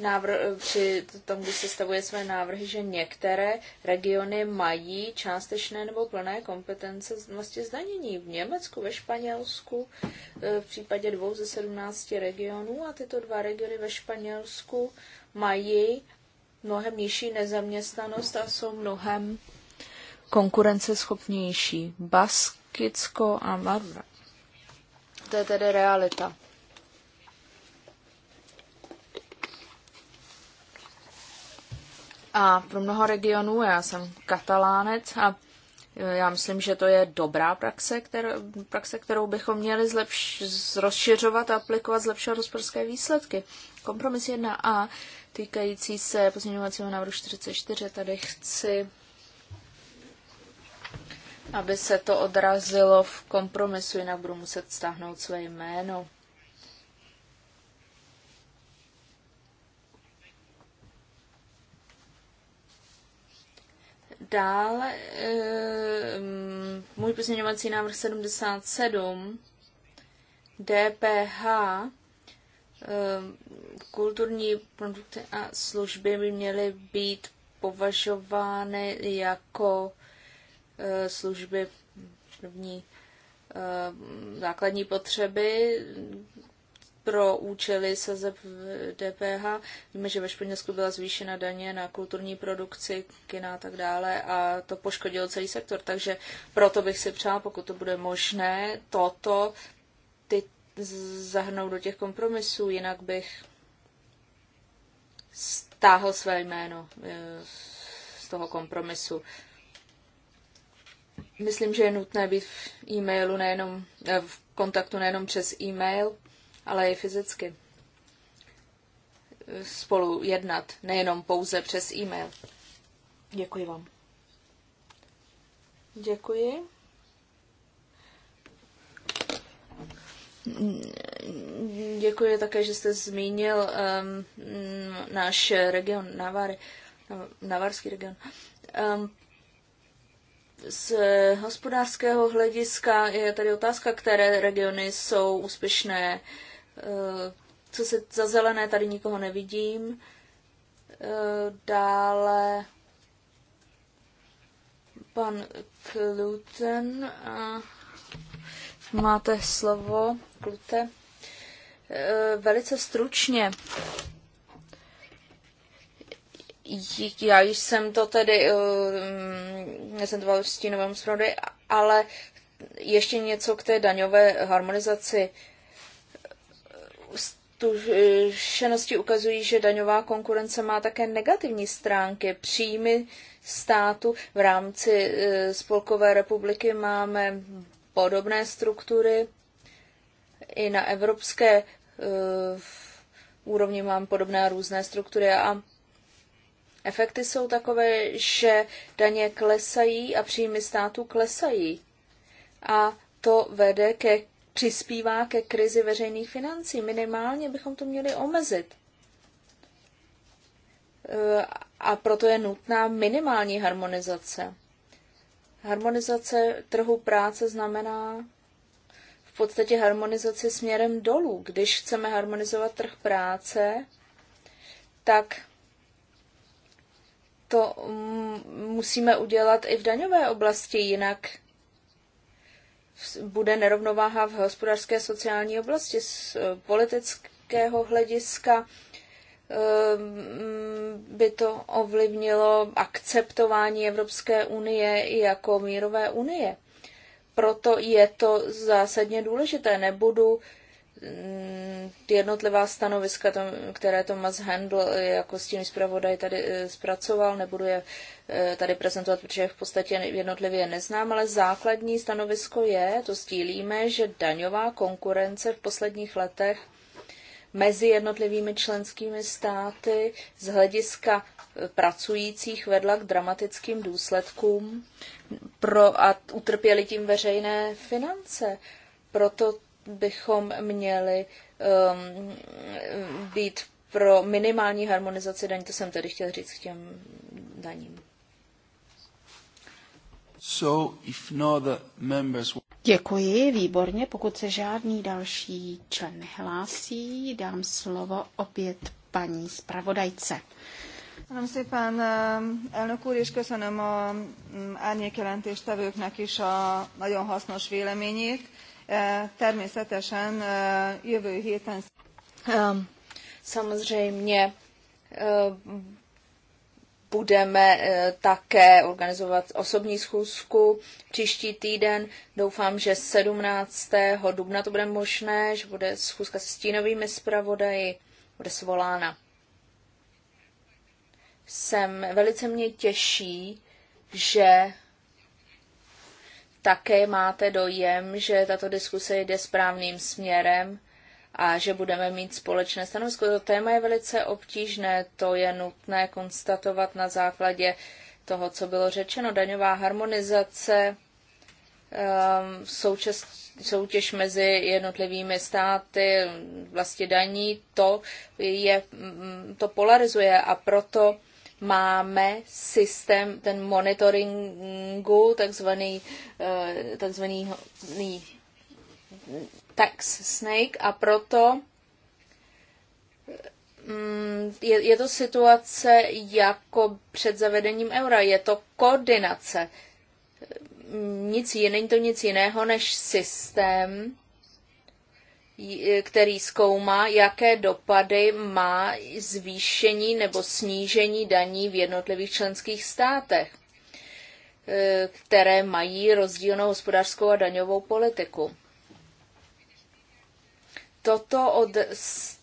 návr- při tom, se sestavuje své návrhy, že některé regiony mají částečné nebo plné kompetence vlastně zdanění v Německu, ve Španělsku, e, v případě dvou ze sedmnácti regionů a tyto dva regiony ve Španělsku mají mnohem nižší nezaměstnanost a jsou mnohem konkurenceschopnější. Baskicko a Marmara. To je tedy realita. A pro mnoho regionů, já jsem katalánec a já myslím, že to je dobrá praxe, kterou, praxe, kterou bychom měli zlepš, rozšiřovat a aplikovat, zlepšovat rozporské výsledky. Kompromis 1a týkající se pozměňovacího návrhu 44, tady chci aby se to odrazilo v kompromisu, jinak budu muset stáhnout své jméno. Dále eh, můj pozměňovací návrh 77 DPH eh, kulturní produkty a služby by měly být považovány jako Eh, služby první eh, základní potřeby pro účely sazeb DPH. Víme, že ve Španělsku byla zvýšena daně na kulturní produkci, kina a tak dále a to poškodilo celý sektor. Takže proto bych si přál, pokud to bude možné, toto ty zahrnout do těch kompromisů, jinak bych stáhl své jméno eh, z toho kompromisu. Myslím, že je nutné být v e-mailu nejenom, eh, v kontaktu nejenom přes e-mail, ale i fyzicky spolu jednat, nejenom pouze přes e-mail. Děkuji vám. Děkuji. Děkuji také, že jste zmínil um, náš region Navary, Navarský region. Um, z hospodářského hlediska je tady otázka, které regiony jsou úspěšné. Eh, co se za zelené, tady nikoho nevidím. Eh, dále pan Kluten. Máte slovo, Klute. Eh, velice stručně já jsem to tedy, já jsem to v stínovém ale ještě něco k té daňové harmonizaci. Tušenosti ukazují, že daňová konkurence má také negativní stránky. Příjmy státu v rámci eh, Spolkové republiky máme podobné struktury. I na evropské eh, úrovni mám podobné různé struktury a Efekty jsou takové, že daně klesají a příjmy států klesají. A to vede ke, přispívá ke krizi veřejných financí. Minimálně bychom to měli omezit. Eh, a proto je nutná minimální harmonizace. Harmonizace trhu práce znamená v podstatě harmonizaci směrem dolů. Když chceme harmonizovat trh práce, tak to mm, musíme udělat i v daňové oblasti, jinak bude nerovnováha v hospodářské sociální oblasti z eh, politického hlediska ehm, mm, by to ovlivnilo akceptování Evropské unie jako mírové unie. Proto je to zásadně důležité. Nebudu Mm, jednotlivá stanoviska, které Thomas Handel jako stínový zpravodaj tady eh, zpracoval, nebudu je eh, tady prezentovat, protože je v podstatě jednotlivě neznám, ale základní stanovisko je, to sdílíme, že daňová konkurence v posledních letech mezi jednotlivými členskými státy z hlediska eh, pracujících vedla k dramatickým důsledkům pro a utrpěli tím veřejné finance. Proto bychom měli um, být pro minimální harmonizaci daní. To jsem tedy chtěl říct k těm daním. So if no the members... Děkuji, výborně. Pokud se žádný další člen nehlásí, dám slovo opět paní zpravodajce. Köszönöm szépen, um, elnök úr, és köszönöm a mm, árnyékjelentéstevőknek is a nagyon hasznos véleményét Eh, természetesen eh, jövő héten. Ehm, samozřejmě eh, budeme také organizovat osobní schůzku příští týden. Doufám, že 17. dubna to bude možné, že bude schůzka s stínovými zpravodaji, bude svolána. Jsem velice mě těší, že také máte dojem, že tato diskuse jde správným směrem a že budeme mít společné stanovisko. To téma je velice obtížné, to je nutné konstatovat na základě toho, co bylo řečeno. Daňová harmonizace, ehm, součas, soutěž mezi jednotlivými státy, vlastně daní, to, je, mm, to polarizuje a proto máme systém, ten monitoringu, takzvaný, eh, takzvaný tax snake a proto mm, je, je to situace jako před zavedením eura. Je to koordinace. Nic, není to nic jiného než systém, který zkoumá, jaké dopady má zvýšení nebo snížení daní v jednotlivých členských státech, eh, které mají rozdílnou hospodářskou a daňovou politiku. Toto, od,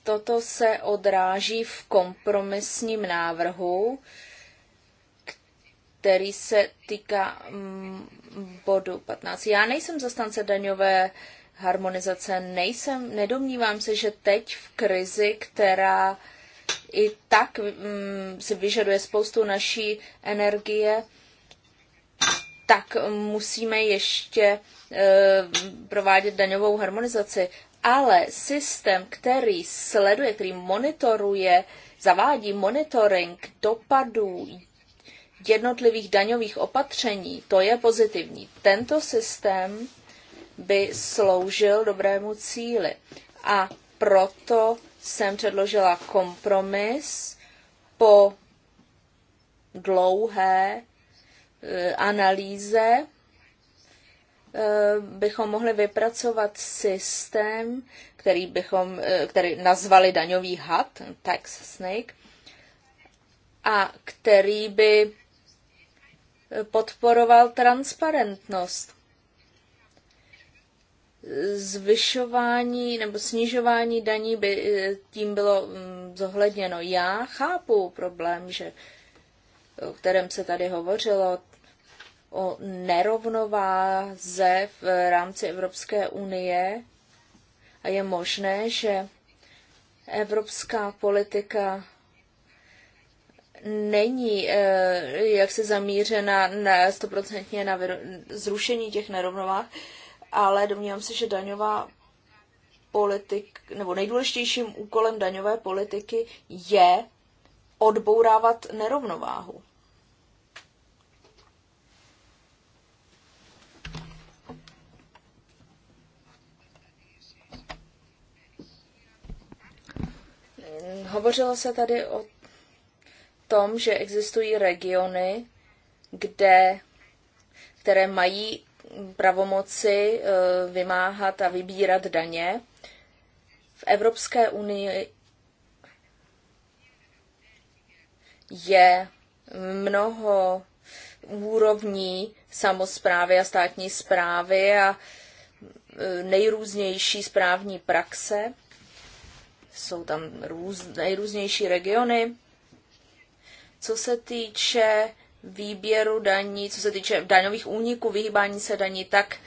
toto se odráží v kompromisním návrhu, který se týká mm, bodu 15. Já nejsem zastance daňové harmonizace. Nejsem, nedomnívám se, že teď v krizi, která i tak mm, si vyžaduje spoustu naší energie, tak musíme ještě e, provádět daňovou harmonizaci. Ale systém, který sleduje, který monitoruje, zavádí monitoring dopadů jednotlivých daňových opatření, to je pozitivní. Tento systém by sloužil dobrému cíli. A proto jsem předložila kompromis po dlouhé eh, analýze eh, bychom mohli vypracovat systém, který bychom eh, který nazvali daňový had, tax snake, a který by podporoval transparentnost zvyšování nebo snižování daní by eh, tím bylo mm, zohledněno. Já chápu problém, že, o kterém se tady hovořilo, o nerovnováze v rámci Evropské unie a je možné, že evropská politika není eh, jak se zamířena na na zrušení těch nerovnovách, ale domnívám se, že daňová politik, nebo nejdůležitějším úkolem daňové politiky je odbourávat nerovnováhu. Hovořilo se tady o tom, že existují regiony, kde, které mají pravomoci eh, vymáhat a vybírat daně. V Evropské unii je mnoho úrovní samozprávy a státní zprávy a eh, nejrůznější správní praxe. Jsou tam růz, nejrůznější regiony. Co se týče výběru daní, co se týče daňových úniků, vyhýbání se daní, tak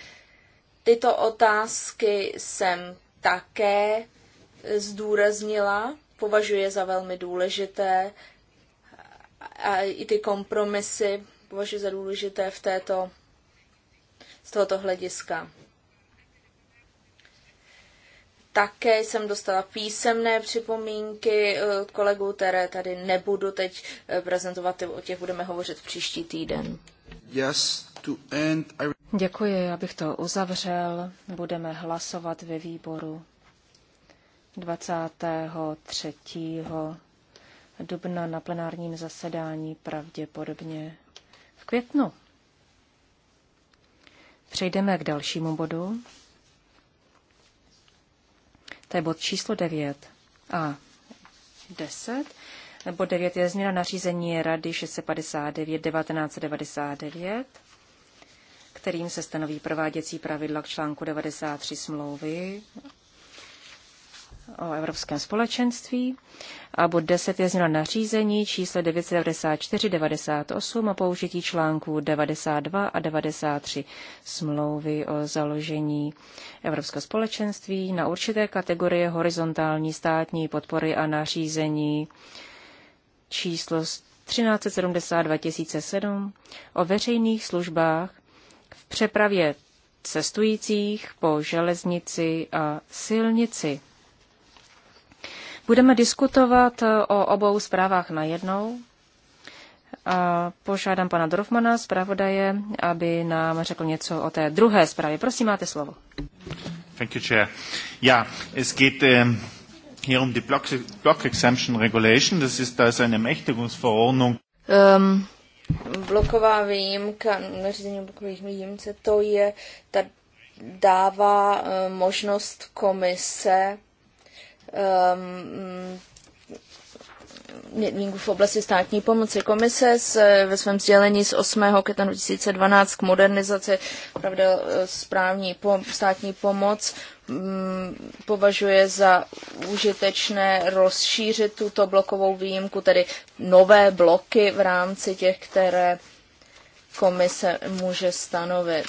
tyto otázky jsem také zdůraznila, považuje za velmi důležité a i ty kompromisy považuji za důležité v této, z tohoto hlediska. Také jsem dostala písemné připomínky od eh, kolegů, které tady nebudu teď eh, prezentovat, o těch budeme hovořit příští týden. Yes, to end, I... Děkuji, abych to uzavřel. Budeme hlasovat ve výboru 23. dubna na plenárním zasedání pravděpodobně v květnu. Přejdeme k dalšímu bodu. To je bod číslo 9 a 10. Bod 9 je změna nařízení Rady 659 1999 kterým se stanoví prováděcí pravidla k článku 93 smlouvy o Evropském společenství a bod 10 je změna nařízení číslo 994-98 a použití článků 92 a 93 smlouvy o založení Evropského společenství na určité kategorie horizontální státní podpory a nařízení číslo 1372 2007 o veřejných službách v přepravě cestujících po železnici a silnici. Budeme diskutovat e, o obou zprávách najednou. A požádám pana Dorfmana, zpravodaje, aby nám řekl něco o té druhé zprávě. Prosím, máte slovo. Thank you, Chair. Ja, es geht um, hier um die Block, Block Exemption Regulation. Das ist also eine Mächtigungsverordnung. Um, bloková výjimka, nařízení o blokových výjimce, to je, ta dává uh, možnost komise um, mm, v oblasti státní pomoci. Komise s, eh, ve svém sdělení z 8. května 2012 k modernizaci pravda, eh, správní po, státní pomoc m, mm, považuje za užitečné rozšířit tuto blokovou výjimku, tedy nové bloky v rámci těch, které komise může stanovit,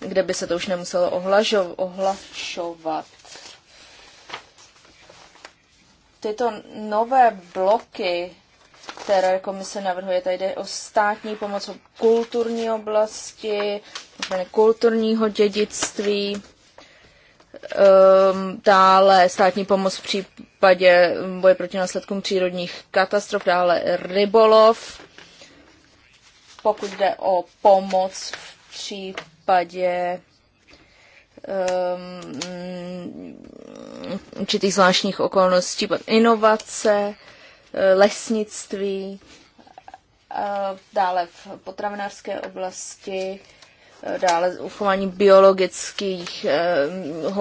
kde by se to už nemuselo ohlažo, ohlašovat tyto nové bloky, které komise navrhuje, tady jde o státní pomoc o kulturní oblasti, kulturního dědictví, um, dále státní pomoc v případě boje proti následkům přírodních katastrof, dále rybolov, pokud jde o pomoc v případě um, určitých zvláštních okolností, inovace, eh, lesnictví, dále v potravinářské oblasti, eh, dále uchování biologických eh,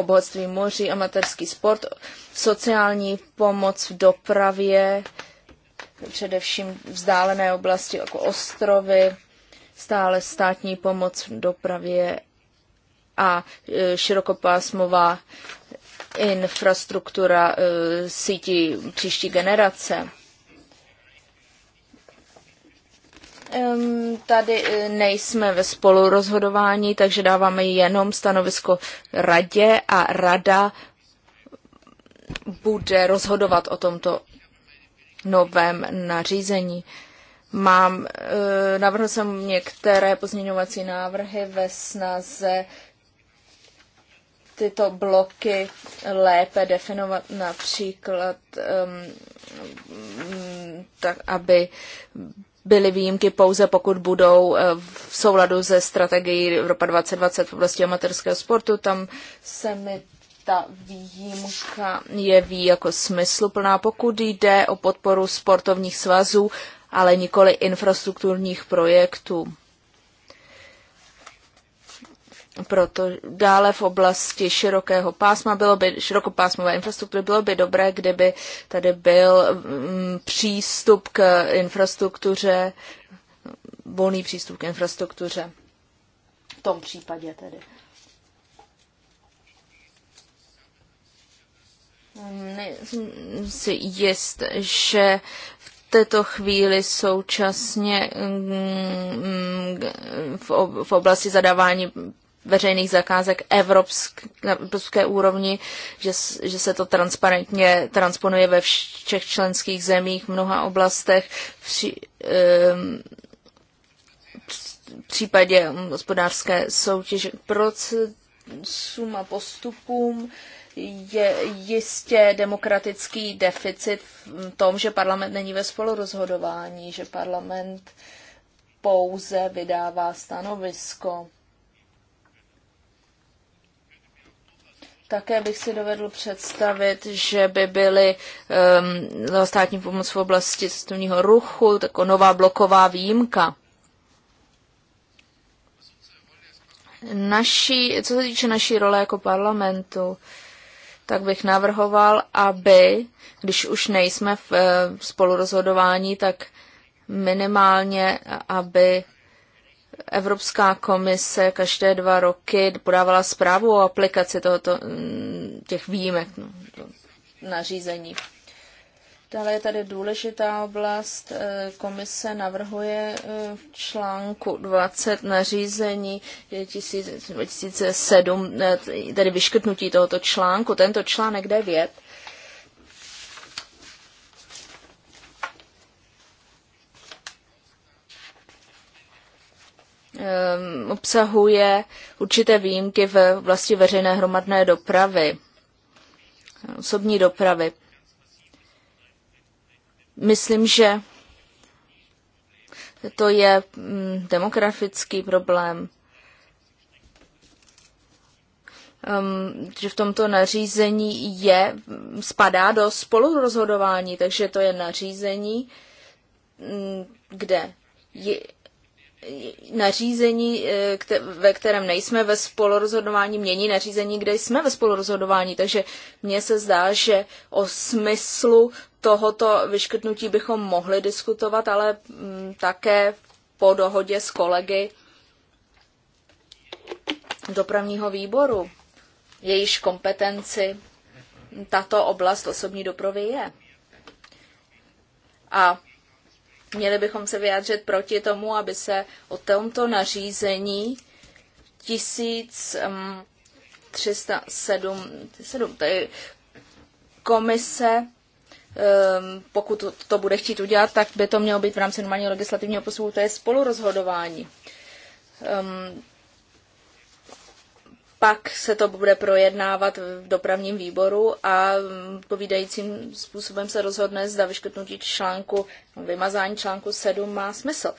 bohatství moří, amatérský sport, sociální pomoc v dopravě, především vzdálené oblasti jako ostrovy, stále státní pomoc v dopravě a e, širokopásmová infrastruktura e, sítí příští generace. Tady e, nejsme ve spolurozhodování, takže dáváme jenom stanovisko radě a rada bude rozhodovat o tomto novém nařízení. Mám, navrhl jsem některé pozměňovací návrhy ve snaze tyto bloky lépe definovat, například um, mm, tak, aby byly výjimky pouze, pokud budou uh, v souladu se strategií Evropa 2020 v oblasti amatérského sportu. Tam se mi ta výjimka jeví jako smysluplná, pokud jde o podporu sportovních svazů, ale nikoli infrastrukturních projektů. Proto dále v oblasti širokého pásma, bylo by, širokopásmové infrastruktury, bylo by dobré, kdyby tady byl m, mm, přístup k infrastruktuře, volný přístup k infrastruktuře. V tom případě tedy. Nejsem si jist, že v této chvíli současně mm, mm, v oblasti zadávání veřejných zakázek evropsk, na evropské úrovni, že, že se to transparentně transponuje ve všech členských zemích, v mnoha oblastech. Při, um, v případě hospodářské soutěže procesům a postupům je jistě demokratický deficit v tom, že parlament není ve spolurozhodování, že parlament pouze vydává stanovisko Také bych si dovedl představit, že by byly um, státní pomoc v oblasti cestovního ruchu, taková nová bloková výjimka. Naší, co se týče naší role jako parlamentu, tak bych navrhoval, aby, když už nejsme v v eh, spolurozhodování, tak minimálně, aby Evropská komise každé dva roky podávala zprávu o aplikaci tohoto, mm, těch výjimek no, nařízení. Dále je tady důležitá oblast. Eh, komise navrhuje eh, v článku 20 nařízení 2007, eh, tedy vyškrtnutí tohoto článku. Tento článek 9 Ehm, obsahuje určité výjimky v vlasti veřejné hromadné dopravy, osobní dopravy. Myslím, že to je mm, demografický problém. Um, že v tomto nařízení je, spadá do spolurozhodování, takže to je nařízení, mm, kde je, nařízení, eh, ve kterém nejsme ve spolurozhodování, mění nařízení, kde jsme ve spolurozhodování. Takže mně se zdá, že o smyslu tohoto vyškrtnutí bychom mohli diskutovat, ale mm, také po dohodě s kolegy dopravního výboru, jejíž kompetenci tato oblast osobní dopravy je. A Měli bychom se vyjádřit proti tomu, aby se o tomto nařízení 1307, mm, komise, mm, pokud to bude chtít udělat, tak by to mělo být v rámci normálního legislativního posluhu, to je spolurozhodování. Mm, pak se to bude projednávat v dopravním výboru a povídajícím způsobem se rozhodne, zda vyškrtnutí článku, vymazání článku 7 má smysl.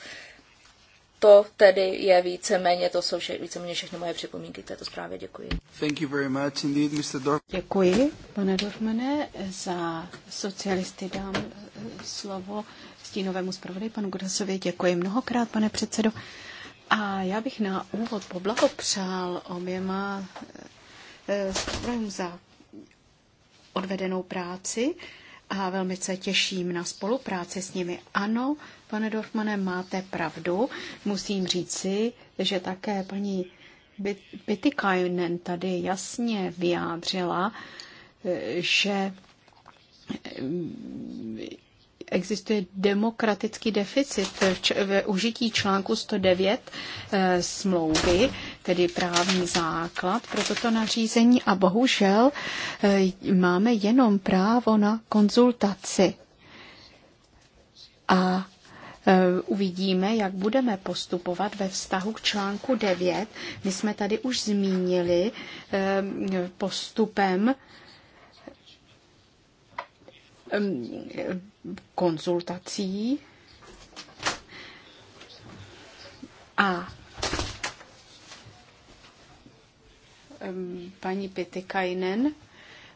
To tedy je víceméně, to jsou vše, víceméně všechny moje připomínky k této zprávě. Děkuji. Thank you very much indeed, Mr. Dorf. Děkuji, pane Dorfmane, za socialisty dám eh, slovo stínovému zpravodaji panu Grasovi. Děkuji mnohokrát, pane předsedo. A já bych na úvod poblahopřál oběma eh, eh, zpravodajům za odvedenou práci a velmi se těším na spolupráci s nimi. Ano, pane Dorfmane, máte pravdu. Musím říci, že také paní Bitikainen tady jasně vyjádřila, eh, že existuje demokratický deficit v, č- v užití článku 109 e, eh, smlouvy, tedy právní základ pro toto nařízení a bohužel e, máme jenom právo na konzultaci. A eh, uvidíme, jak budeme postupovat ve vztahu k článku 9. My jsme tady už zmínili postupem konzultací a paní Pitikainen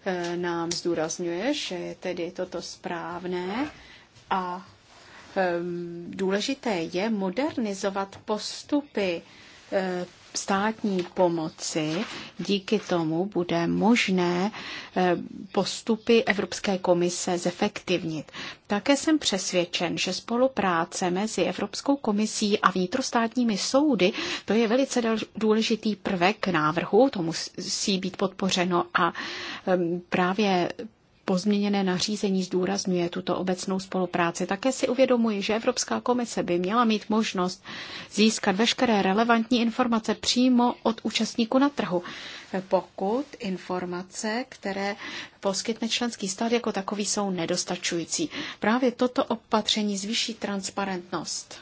eh, nám zdůrazňuje, že je tedy toto správné a důležité je modernizovat postupy eh, státní pomoci, díky tomu bude možné eh, postupy Evropské komise zefektivnit. Také jsem přesvědčen, že spolupráce mezi Evropskou komisí a vnitrostátními soudy, to je velice důležitý prvek návrhu, to musí být podpořeno a ehm, právě pozměněné nařízení zdůrazňuje tuto obecnou spolupráci. Také si uvědomuji, že Evropská komise by měla mít možnost získat veškeré relevantní informace přímo od účastníků na trhu, pokud informace, které poskytne členský stát jako takový, jsou nedostačující. Právě toto opatření zvýší transparentnost.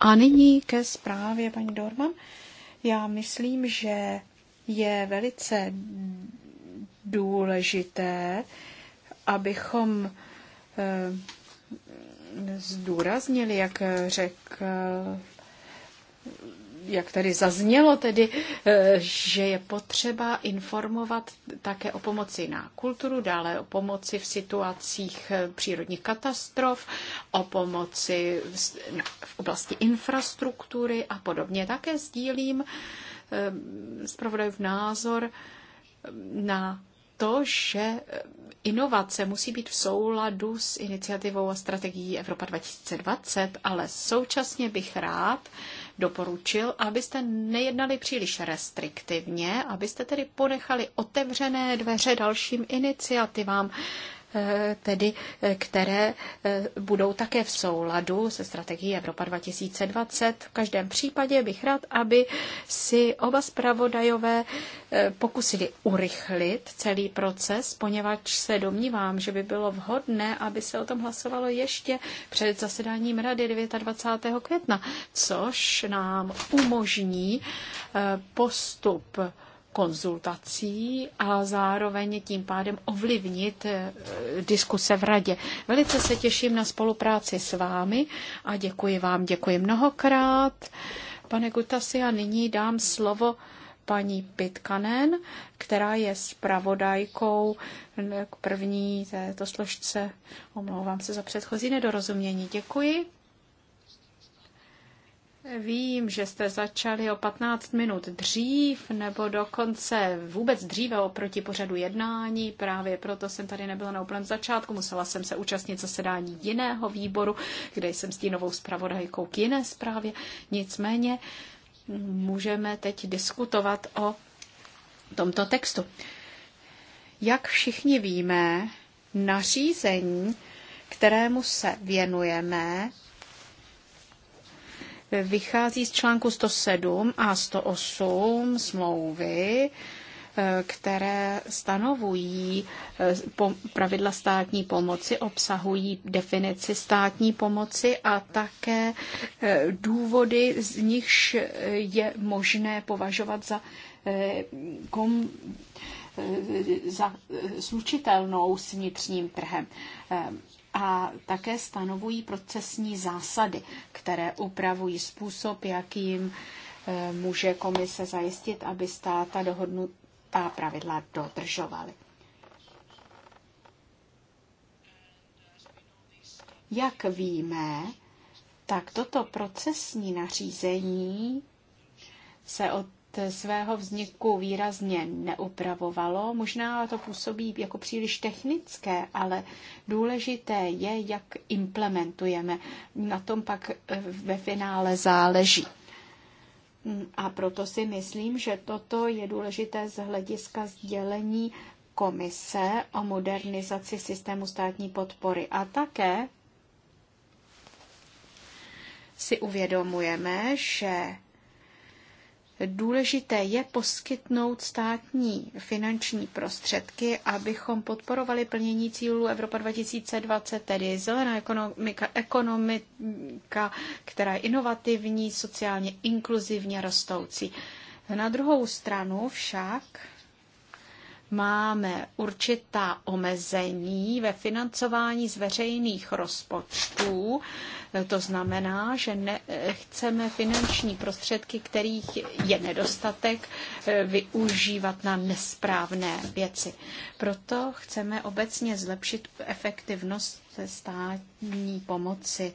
A nyní ke zprávě paní Dorman. Já myslím, že je velice důležité, abychom eh, zdůraznili, jak řekl jak tady zaznělo, tedy, eh, že je potřeba informovat také o pomoci na kulturu, dále o pomoci v situacích eh, přírodních katastrof, o pomoci v oblasti infrastruktury a podobně. Také sdílím zpravodajův názor na to, že eh, inovace musí být v souladu s iniciativou a strategií Evropa 2020, ale současně bych rád doporučil, abyste nejednali příliš restriktivně, abyste tedy ponechali otevřené dveře dalším iniciativám, Eh, tedy eh, které eh, budou také v souladu se strategií Evropa 2020. V každém případě bych rád, aby si oba zpravodajové pokusili urychlit celý proces, poněvadž se domnívám, že by bylo vhodné, aby se o tom hlasovalo ještě před zasedáním Rady 29. května, což nám umožní postup konzultací a zároveň tím pádem ovlivnit eh, diskuse v radě. Velice se těším na spolupráci s vámi a děkuji vám, děkuji mnohokrát. Pane Gutasi, a nyní dám slovo paní Pitkanen, která je zpravodajkou k první této složce. Omlouvám se za předchozí nedorozumění. Děkuji. Vím, že jste začali o 15 minut dřív, nebo dokonce vůbec dříve oproti pořadu jednání. Právě proto jsem tady nebyla na úplném začátku. Musela jsem se účastnit zasedání jiného výboru, kde jsem s novou zpravodajkou k jiné zprávě. Nicméně můžeme teď diskutovat o tomto textu. Jak všichni víme, nařízení, kterému se věnujeme, vychází z článku 107 a 108 smlouvy, eh, které stanovují eh, pravidla státní pomoci, obsahují definici státní pomoci a také eh, důvody, z nichž je možné považovat za, kom, za slučitelnou s vnitřním trhem a také stanovují procesní zásady, které upravují způsob, jakým eh, může komise zajistit, aby státa dohodnutá pravidla dodržovaly. Jak víme, tak toto procesní nařízení se od svého vzniku výrazně neupravovalo. Možná to působí jako příliš technické, ale důležité je, jak implementujeme. Na tom pak eh, ve finále záleží. Mm, a proto si myslím, že toto je důležité z hlediska sdělení komise o modernizaci systému státní podpory. A také si uvědomujeme, že Důležité je poskytnout státní finanční prostředky, abychom podporovali plnění cílů Evropa 2020, tedy zelená ekonomika, ekonomika, která je inovativní, sociálně inkluzivně rostoucí. Na druhou stranu však máme určitá omezení ve financování z veřejných rozpočtů. To znamená, že nechceme finanční prostředky, kterých je nedostatek, eh, využívat na nesprávné věci. Proto chceme obecně zlepšit efektivnost státní pomoci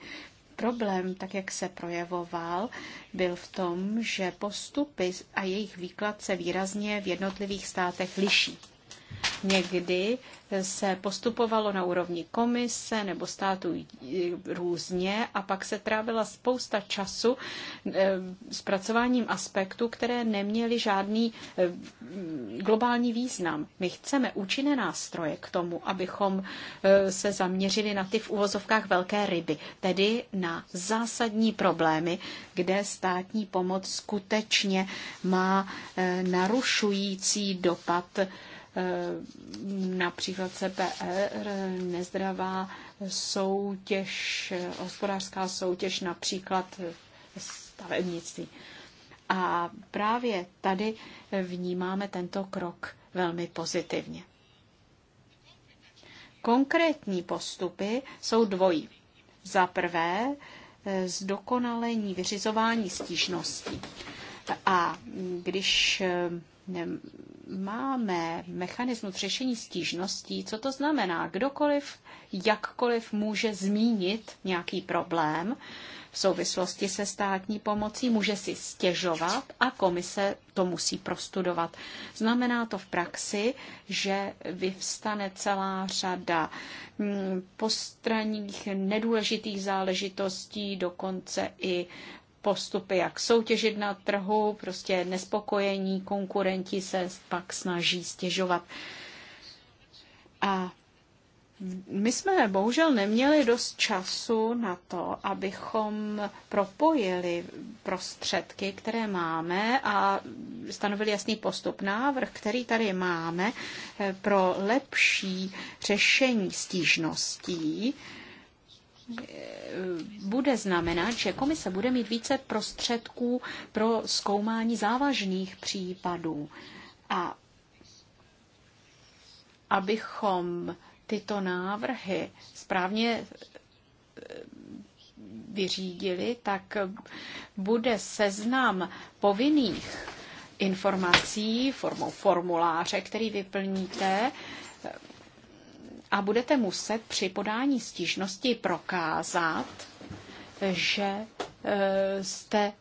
problém, tak jak se projevoval, byl v tom, že postupy a jejich výklad se výrazně v jednotlivých státech liší. Někdy se postupovalo na úrovni komise nebo státu různě a pak se trávila spousta času zpracováním eh, aspektů, které neměly žádný eh, globální význam. My chceme účinné nástroje k tomu, abychom eh, se zaměřili na ty v uvozovkách velké ryby, tedy na zásadní problémy, kde státní pomoc skutečně má narušující dopad Eh, například CPR, nezdravá soutěž, hospodářská soutěž, například stavebnictví. A právě tady vnímáme tento krok velmi pozitivně. Konkrétní postupy jsou dvojí. Za prvé, eh, zdokonalení vyřizování stížností. A když eh, máme mechanismus řešení stížností, co to znamená? Kdokoliv, jakkoliv může zmínit nějaký problém v souvislosti se státní pomocí, může si stěžovat a komise to musí prostudovat. Znamená to v praxi, že vyvstane celá řada mm, postranních nedůležitých záležitostí, dokonce i postupy, jak soutěžit na trhu, prostě nespokojení konkurenti se pak snaží stěžovat. A my jsme bohužel neměli dost času na to, abychom propojili prostředky, které máme a stanovili jasný postup. Návrh, který tady máme eh, pro lepší řešení stížností, E, bude znamenat, že komise bude mít více prostředků pro zkoumání závažných případů. A abychom tyto návrhy správně e, vyřídili, tak bude seznam povinných informací formou formuláře, který vyplníte, a budete muset při podání stížnosti prokázat, že e, jste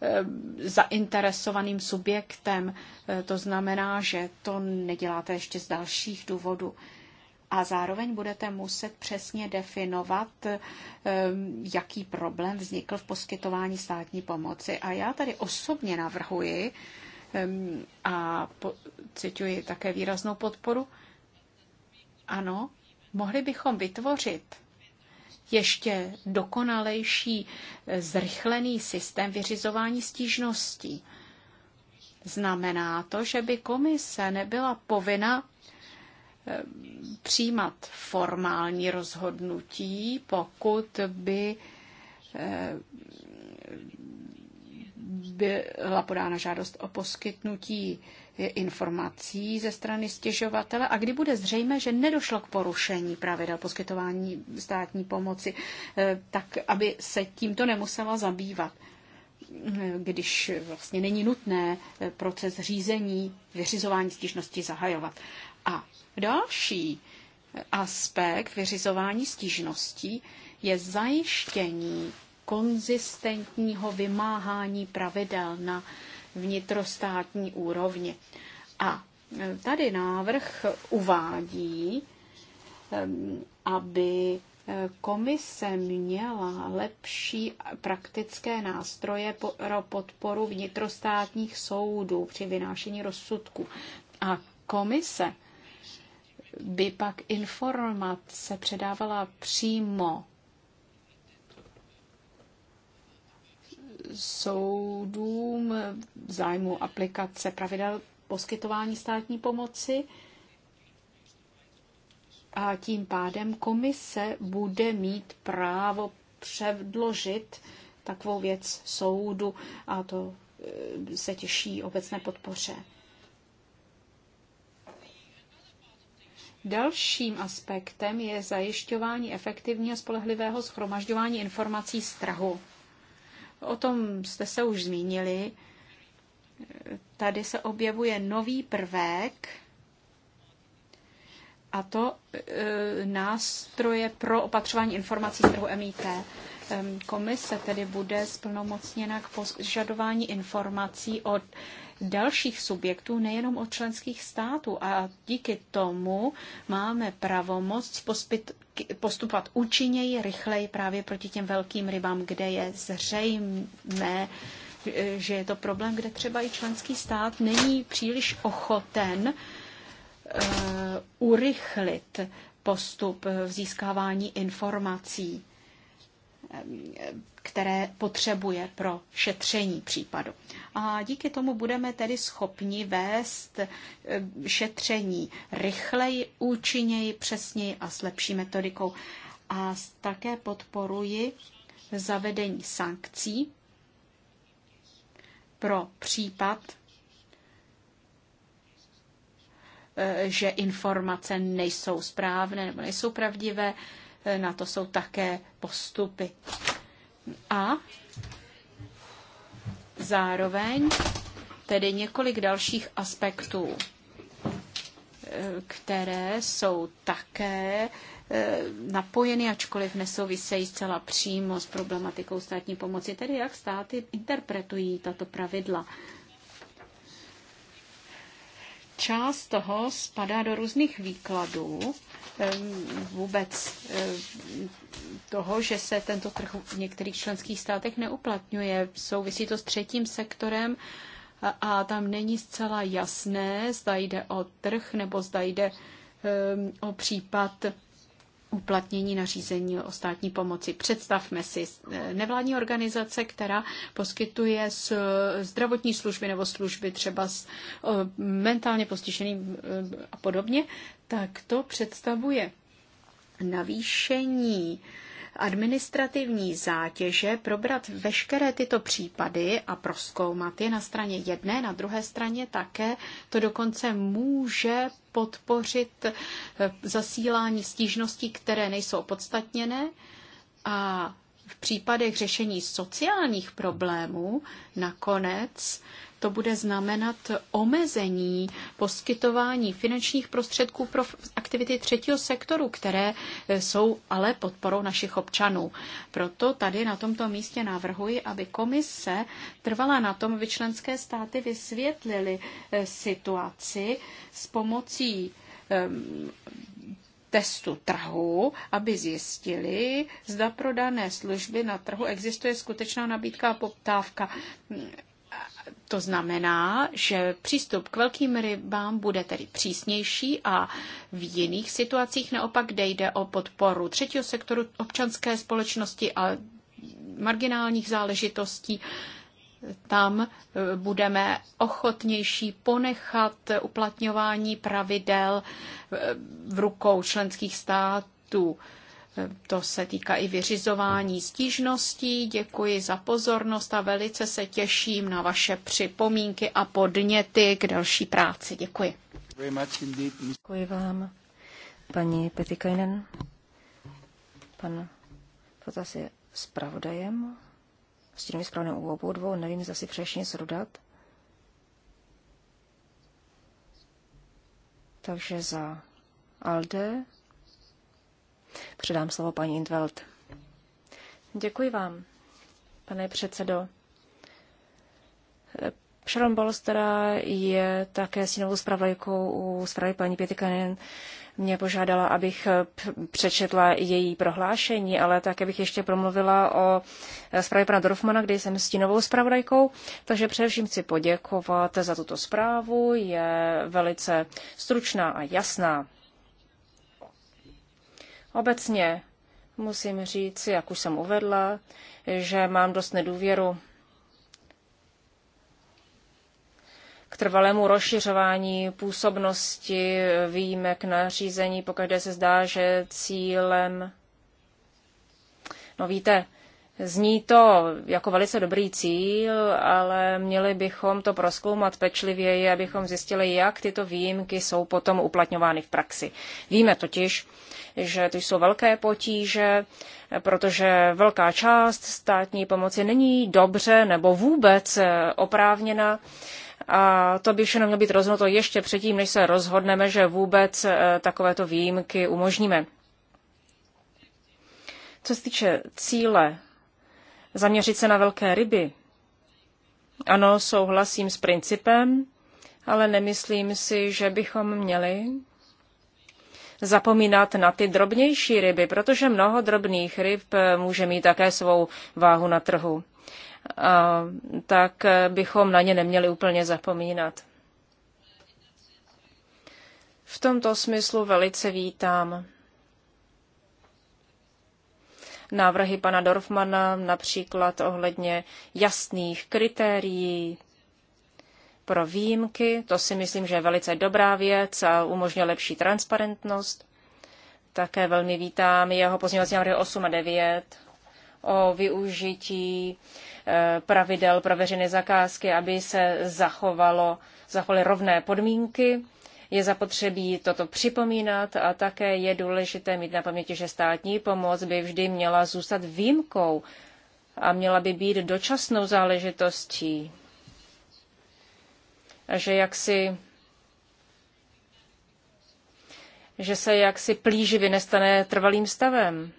e, zainteresovaným subjektem. E, to znamená, že to neděláte ještě z dalších důvodů. A zároveň budete muset přesně definovat, jaký problém vznikl v poskytování státní pomoci. A já tady osobně navrhuji a cituji také výraznou podporu, ano, mohli bychom vytvořit ještě dokonalejší eh, zrychlený systém vyřizování stížností. Znamená to, že by komise nebyla povinna eh, přijímat formální rozhodnutí, pokud by eh, byla podána žádost o poskytnutí informací ze strany stěžovatele a kdy bude zřejmé, že nedošlo k porušení pravidel poskytování státní pomoci, eh, tak aby se tímto nemusela zabývat eh, když vlastně není nutné eh, proces řízení, vyřizování stížnosti zahajovat. A další aspekt vyřizování stížností je zajištění konzistentního vymáhání pravidel na vnitrostátní úrovni. A e, tady návrh uvádí, aby e, komise měla lepší praktické nástroje pro podporu vnitrostátních soudů při vynášení rozsudku. A komise by pak informace předávala přímo soudům v zájmu aplikace pravidel poskytování státní pomoci. A tím pádem komise bude mít právo předložit takovou věc soudu a to e, se těší obecné podpoře. Dalším aspektem je zajišťování efektivního spolehlivého schromažďování informací z trhu. O tom jste se už zmínili. Tady se objevuje nový prvek, a to e, nástroje pro opatřování informací z trhu MIT. Komise tedy bude splnomocněna k požadování informací od dalších subjektů, nejenom od členských států. A díky tomu máme pravomoc postupovat účinněji, rychleji právě proti těm velkým rybám, kde je zřejmé, že je to problém, kde třeba i členský stát není příliš ochoten eh, urychlit postup v získávání informací které potřebuje pro šetření případu. A díky tomu budeme tedy schopni vést eh, šetření rychleji, účinněji, přesněji a s lepší metodikou. A také podporuji zavedení sankcí pro případ, eh, že informace nejsou správné nebo nejsou pravdivé. Eh, na to jsou také postupy. A zároveň tedy několik dalších aspektů, eh, které jsou také eh, napojeny, ačkoliv nesouvisejí zcela přímo s problematikou státní pomoci, tedy jak státy interpretují tato pravidla část toho spadá do různých výkladů vůbec toho, že se tento trh v některých členských státech neuplatňuje. Souvisí to s třetím sektorem a tam není zcela jasné, zda jde o trh nebo zda jde o případ uplatnění nařízení o státní pomoci. Představme si eh, nevládní organizace, která poskytuje eh, zdravotní služby nebo služby třeba s eh, mentálně postiženým a podobně, tak to představuje navýšení administrativní zátěže, probrat veškeré tyto případy a proskoumat je na straně jedné, na druhé straně také to dokonce může podpořit eh, zasílání stížností, které nejsou opodstatněné a v případech řešení sociálních problémů nakonec to bude znamenat omezení poskytování finančních prostředků pro aktivity třetího sektoru, které e, jsou ale podporou našich občanů. Proto tady na tomto místě navrhuji, aby komise trvala na tom, aby členské státy vysvětlili e, situaci s pomocí testu trhu, aby zjistili, zda pro dané služby na trhu existuje skutečná nabídka a poptávka. To znamená, že přístup k velkým rybám bude tedy přísnější a v jiných situacích neopak, kde jde o podporu třetího sektoru občanské společnosti a marginálních záležitostí, tam e, budeme ochotnější ponechat uplatňování pravidel e, v rukou členských států. To se týká i vyřizování stížností. Děkuji za pozornost a velice se těším na vaše připomínky a podněty k další práci. Děkuji. Děkuji vám, paní Petikainen. Pan Fotas je zpravodajem. S tím správným u obou dvou. Nevím, zda si přeješ něco dodat. Takže za Alde předám slovo paní Intveld. Děkuji vám, pane předsedo. Sharon Bolstera je také synovou zpravodajkou u zprávy paní Pětikanen, mě požádala, abych přečetla její prohlášení, ale také bych ještě promluvila o zprávě pana Dorfmana, kde jsem stínovou zpravodajkou. Takže především chci poděkovat za tuto zprávu, je velice stručná a jasná. Obecně musím říct, jak už jsem uvedla, že mám dost nedůvěru k trvalému rozšiřování působnosti výjimek nařízení, pokaždé se zdá, že cílem. No víte, Zní to jako velice dobrý cíl, ale měli bychom to proskoumat pečlivěji, abychom zjistili, jak tyto výjimky jsou potom uplatňovány v praxi. Víme totiž, že to jsou velké potíže, protože velká část státní pomoci není dobře nebo vůbec oprávněna. A to by všechno mělo být rozhodnuto ještě předtím, než se rozhodneme, že vůbec eh, takovéto výjimky umožníme. Co se týče cíle zaměřit se na velké ryby. Ano, souhlasím s principem, ale nemyslím si, že bychom měli zapomínat na ty drobnější ryby, protože mnoho drobných ryb eh, může mít také svou váhu na trhu. A tak eh, bychom na ně neměli úplně zapomínat. V tomto smyslu velice vítám návrhy pana Dorfmana, například ohledně jasných kritérií pro výjimky. To si myslím, že je velice dobrá věc a umožňuje lepší transparentnost. Také velmi vítám jeho pozměňovací návrhy 8 a 9 o využití eh, pravidel pro veřejné zakázky, aby se zachovalo, zachovaly rovné podmínky je zapotřebí toto připomínat a také je důležité mít na paměti, že státní pomoc by vždy měla zůstat výjimkou a měla by být dočasnou záležitostí. A že jaksi že se jaksi plíživě nestane trvalým stavem.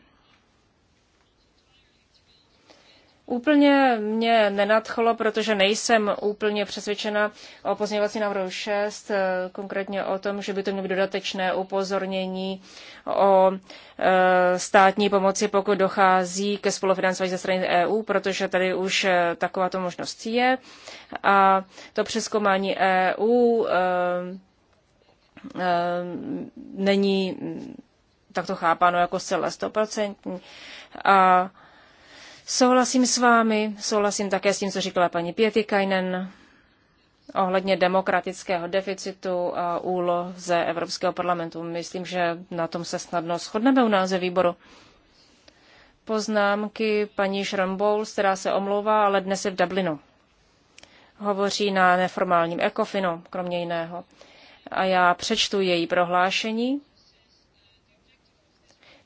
Úplně mě nenadchlo, protože nejsem úplně přesvědčena o pozměňovací návrhu 6, eh, konkrétně o tom, že by to mělo být dodatečné upozornění o eh, státní pomoci, pokud dochází ke spolufinancování ze strany EU, protože tady už eh, takováto možnost je. A to přeskoumání EU není takto chápáno jako zcela stoprocentní. A Souhlasím s vámi, souhlasím také s tím, co říkala paní Pietikainen ohledně demokratického deficitu a úloze Evropského parlamentu. Myslím, že na tom se snadno shodneme u nás ve výboru. Poznámky paní Schrambouls, která se omlouvá, ale dnes je v Dublinu. Hovoří na neformálním ekofinu, kromě jiného. A já přečtu její prohlášení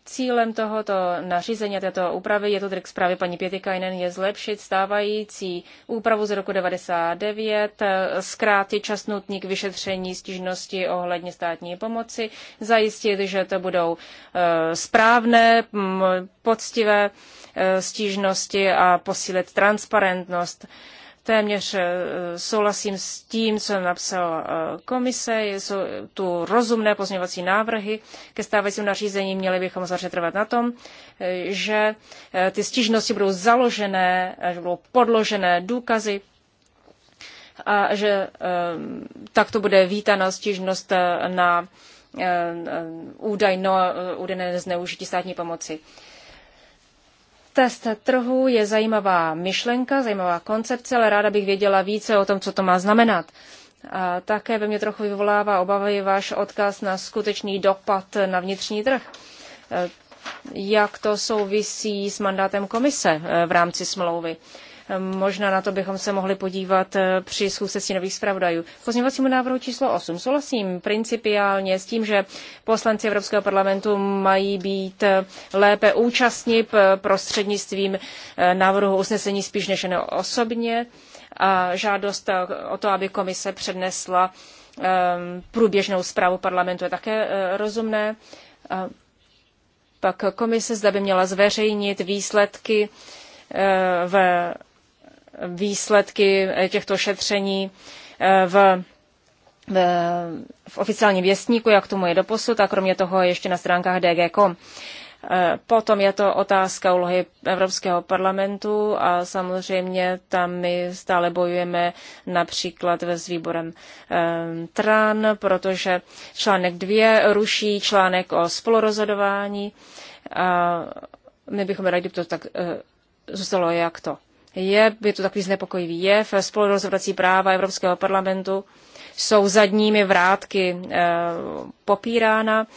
Cílem tohoto nařízení této úpravy je to trik zprávy paní Pětikajnen je zlepšit stávající úpravu z roku 99, eh, zkrátit čas nutný k vyšetření stížnosti ohledně státní pomoci, zajistit, že to budou eh, správné, mm, poctivé eh, stížnosti a posílit transparentnost. Téměř eh, souhlasím s tím, co napsal eh, komise. Jsou tu rozumné pozměňovací návrhy. Ke stávajícím nařízení měli bychom zařetrvat na tom, eh, že ty stížnosti budou založené, že budou podložené důkazy, a že takto bude vítána stížnost na údajno, údajné zneužití státní pomoci. Test trhu je zajímavá myšlenka, zajímavá koncepce, ale ráda bych věděla více o tom, co to má znamenat. A také ve mě trochu vyvolává obavy váš odkaz na skutečný dopad na vnitřní trh. E, jak to souvisí s mandátem komise e, v rámci smlouvy? Možná na to bychom se mohli podívat eh, při schůzce stínových zpravodajů. Pozměňovacímu návrhu číslo 8 souhlasím principiálně s tím, že poslanci Evropského parlamentu mají být eh, lépe účastní eh, prostřednictvím návrhu usnesení spíš než jen osobně a žádost o to, aby komise přednesla ehm, průběžnou zprávu parlamentu je také rozumné. pak komise zda by měla zveřejnit výsledky v výsledky eh, těchto šetření eh, v v oficiálním věstníku, jak tomu je doposud, a kromě toho ještě na stránkách DG.com. Eh, potom je to otázka úlohy Evropského parlamentu a samozřejmě tam my stále bojujeme například s výborem TRAN, protože článek 2 ruší článek o spolurozhodování a my bychom rádi, to tak zůstalo jak to je, je to takový znepokojivý jev. Spolurozhodovací práva Evropského parlamentu jsou zadními vrátky eh, popírána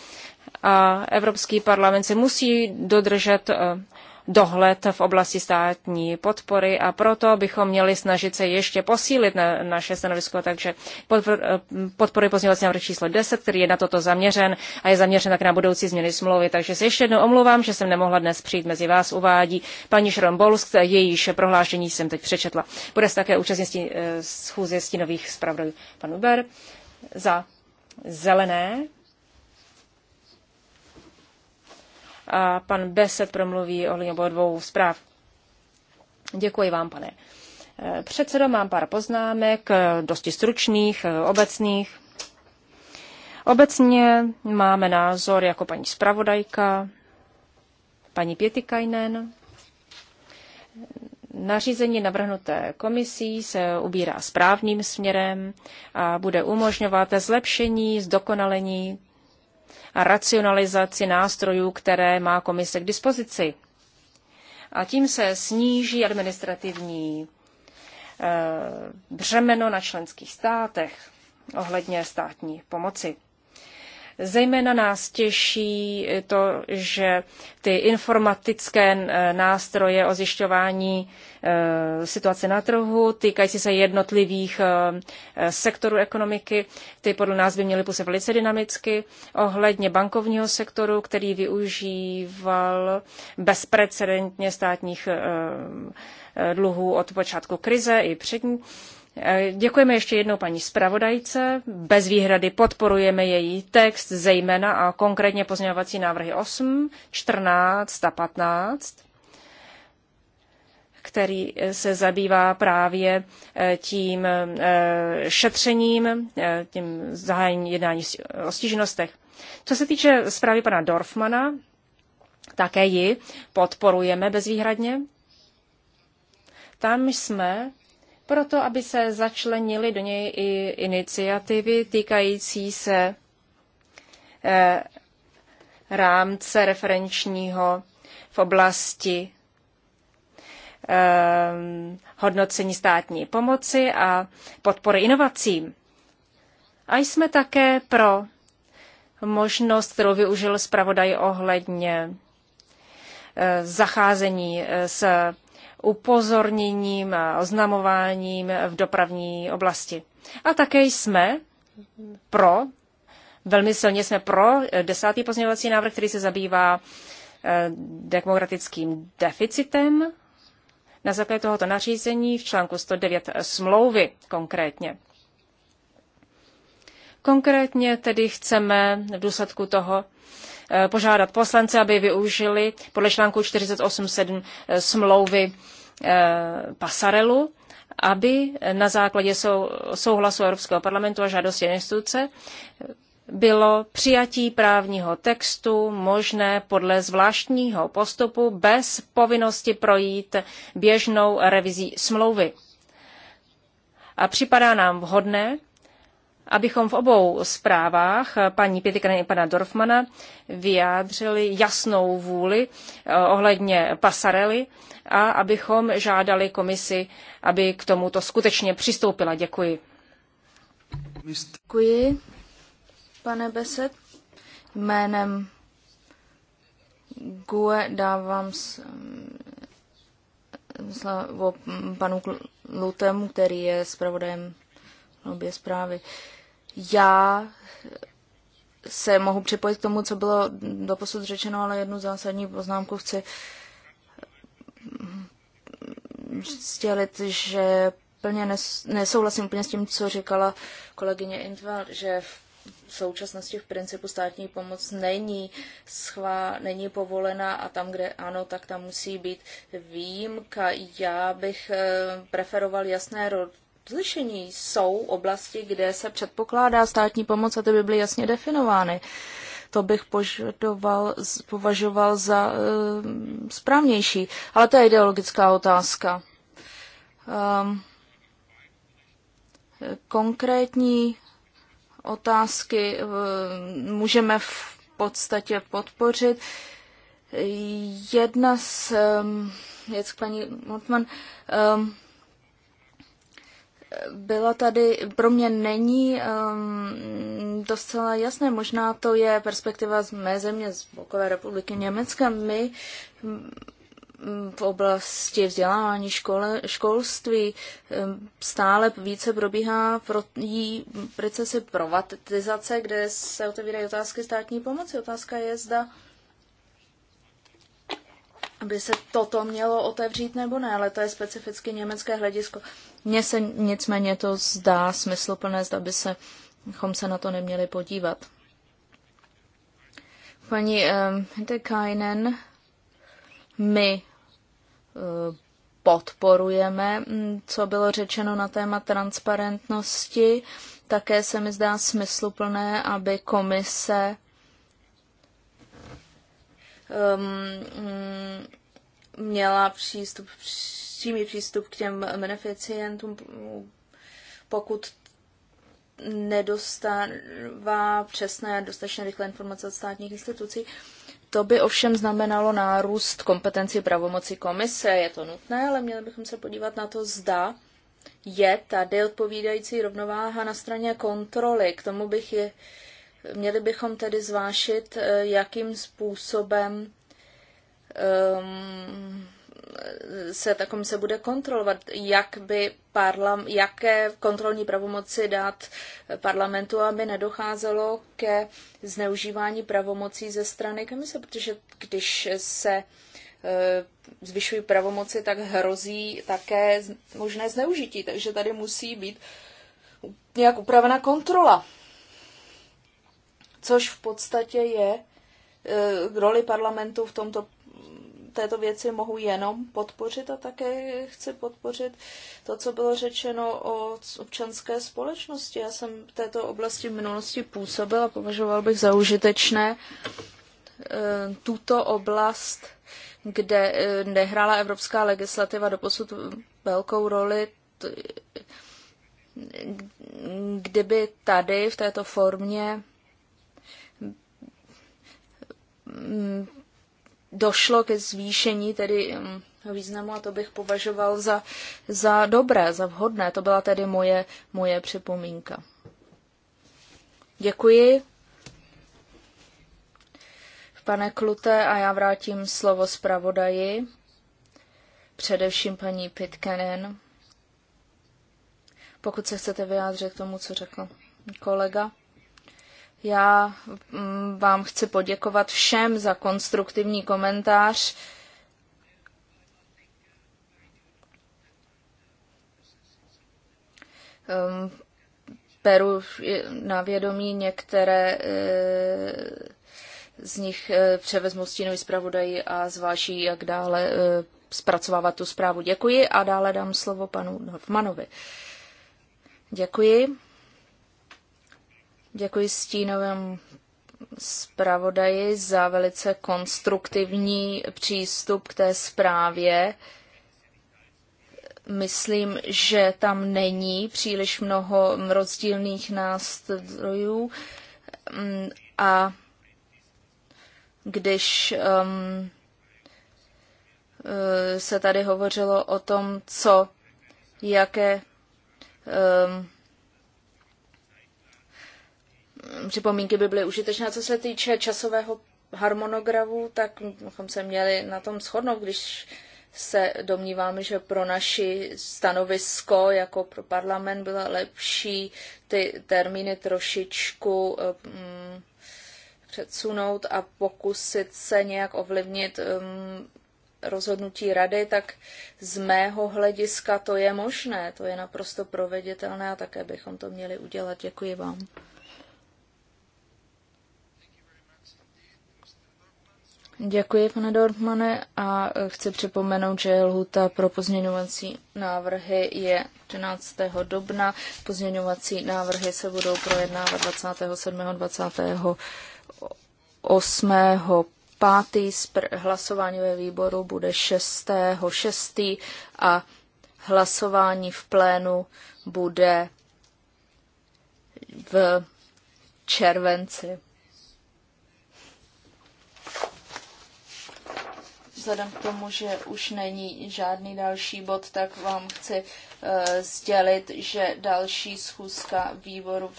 a Evropský parlament se musí dodržet eh, dohled v oblasti státní podpory a proto bychom měli snažit se ještě posílit na naše stanovisko, takže eh, podporuji pozměňovací návrh číslo 10, který je na toto zaměřen a je zaměřen tak na budoucí změny smlouvy. Takže se ještě jednou omlouvám, že jsem nemohla dnes přijít mezi vás, uvádí paní Šron Bolsk, jejíž prohlášení jsem teď přečetla. Bude se také účastnit eh, schůze stínových zpravodajů pan Uber za zelené a pan Beset promluví o obou dvou zpráv. Děkuji vám, pane eh, předsedo. Mám pár poznámek, eh, dosti stručných, eh, obecných. Obecně máme názor jako paní zpravodajka, paní Pětikajnen. Nařízení navrhnuté komisí se ubírá správným směrem a bude umožňovat zlepšení, zdokonalení a racionalizaci nástrojů, které má komise k dispozici. A tím se sníží administrativní eh, břemeno na členských státech ohledně státní pomoci. Zejména nás těší to, že ty informatické eh, nástroje o zjišťování eh, situace na trhu, týkající se jednotlivých eh, sektorů ekonomiky, ty podle nás by měly působit velice dynamicky. Ohledně bankovního sektoru, který využíval bezprecedentně státních dluhů od počátku krize i před ní, Děkujeme ještě jednou paní zpravodajce. Bez výhrady podporujeme její text, zejména a konkrétně pozměňovací návrhy 8, 14 a 15 který se zabývá právě eh, tím eh, šetřením, eh, tím zahájením jednání o stížnostech. Co se týče zprávy pana Dorfmana, také ji podporujeme bezvýhradně. Tam jsme proto aby se začlenily do něj i iniciativy týkající se eh, rámce referenčního v oblasti eh, hodnocení státní pomoci a podpory inovacím. A jsme také pro možnost, kterou využil zpravodaj ohledně eh, zacházení s upozorněním a oznamováním v dopravní oblasti. A také jsme pro, velmi silně jsme pro desátý pozměňovací návrh, který se zabývá eh, demokratickým deficitem na základě tohoto nařízení v článku 109 smlouvy konkrétně. Konkrétně tedy chceme v důsledku toho Eh, požádat poslance, aby využili podle článku 48.7 eh, smlouvy eh, Pasarelu, aby na základě souhlasu Evropského parlamentu a žádosti instituce bylo přijatí právního textu možné podle zvláštního postupu bez povinnosti projít běžnou revizí smlouvy. A připadá nám vhodné, abychom v obou zprávách eh, paní Pětikany i pana Dorfmana vyjádřili jasnou vůli eh, ohledně pasarely a abychom žádali komisi, aby k tomuto skutečně přistoupila. Děkuji. Děkuji, pane Beset. Jménem GUE dávám eh, slovo panu Lutému, který je zpravodajem obě zprávy. Já se mohu připojit k tomu, co bylo doposud řečeno, ale jednu zásadní poznámku chci mm, sdělit, že plně nesouhlasím úplně s tím, co říkala kolegyně Intval, že v současnosti v principu státní pomoc není, schvá, není povolena a tam, kde ano, tak tam musí být výjimka. Já bych eh, preferoval jasné rozlišení. Jsou oblasti, kde se předpokládá státní pomoc a ty by byly jasně definovány. To bych požadoval, považoval za e, správnější. Ale to je ideologická otázka. Um, konkrétní otázky eh, můžeme v podstatě podpořit. Jedna z, je ehm, paní Mortman, um, ehm, byla tady, pro mě není um, docela jasné, možná to je perspektiva z mé země, z Bokové republiky Německa. My v oblasti vzdělávání škole, školství um, stále více probíhá pro, jí procesy privatizace, kde se otevírají otázky státní pomoci. Otázka je, zda aby se toto mělo otevřít nebo ne, ale to je specificky německé hledisko. Mně se nicméně to zdá smysluplné, zda by se, bychom se na to neměli podívat. Paní ehm, Hintekainen, um, my uh, podporujeme, hm, co bylo řečeno na téma transparentnosti. Také se mi zdá smysluplné, aby komise um, mm, měla přístup, přímý přístup k těm beneficientům, pokud nedostává přesné a dostatečně rychlé informace od státních institucí. To by ovšem znamenalo nárůst kompetenci pravomoci komise. Je to nutné, ale měli bychom se podívat na to, zda je tady odpovídající rovnováha na straně kontroly. K tomu bych je, Měli bychom tedy zvážit, eh, jakým způsobem um, se ta komise bude kontrolovat, jak by parlam, jaké kontrolní pravomoci dát parlamentu, aby nedocházelo ke zneužívání pravomocí ze strany komise, protože když se eh, zvyšují pravomoci, tak hrozí také možné zneužití, takže tady musí být nějak upravena kontrola což v podstatě je, eh, k roli parlamentu v tomto této věci mohu jenom podpořit a také chci podpořit to, co bylo řečeno o občanské společnosti. Já jsem v této oblasti v minulosti působil a považoval bych za užitečné eh, tuto oblast, kde eh, nehrála evropská legislativa doposud velkou roli, kdyby tady v této formě Mm, došlo ke zvýšení tedy mm, významu a to bych považoval za, za dobré, za vhodné. To byla tedy moje, moje připomínka. Děkuji. Pane Klute, a já vrátím slovo zpravodaji, především paní Pitkenen, pokud se chcete vyjádřit k tomu, co řekl kolega. Já mm, vám chci poděkovat všem za konstruktivní komentář. Peru ehm, na vědomí některé eh, z nich eh, převezmu stínový zpravodaj a zváží, jak dále eh, zpracovávat tu zprávu. Děkuji a dále dám slovo panu Hoffmanovi. Děkuji. Děkuji stínovému zpravodaji za velice konstruktivní přístup k té zprávě. Myslím, že tam není příliš mnoho rozdílných nástrojů mm, a když um, eh, se tady hovořilo o tom, co, jaké um, připomínky by byly užitečné. Co se týče časového harmonogramu, tak bychom se měli na tom shodnout, když se domníváme, že pro naši stanovisko jako pro parlament byla lepší ty termíny trošičku um, předsunout a pokusit se nějak ovlivnit um, rozhodnutí rady, tak z mého hlediska to je možné, to je naprosto proveditelné a také bychom to měli udělat. Děkuji vám. Děkuji, pane Dortmane, a e, chci připomenout, že lhuta pro pozměňovací návrhy je 13. dubna. Pozměňovací návrhy se budou projednávat 27. 28. 5. Hlasování ve výboru bude 6. 6. a hlasování v plénu bude v červenci. Vzhledem k tomu, že už není žádný další bod, tak vám chci uh, sdělit, že další schůzka výboru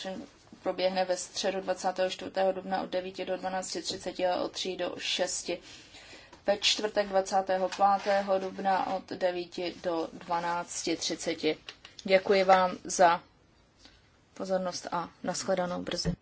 proběhne ve středu 24. dubna od 9 do 12.30 a od 3 do 6. Ve čtvrtek 25. dubna od 9 do 12.30. Děkuji vám za pozornost a nashledanou brzy.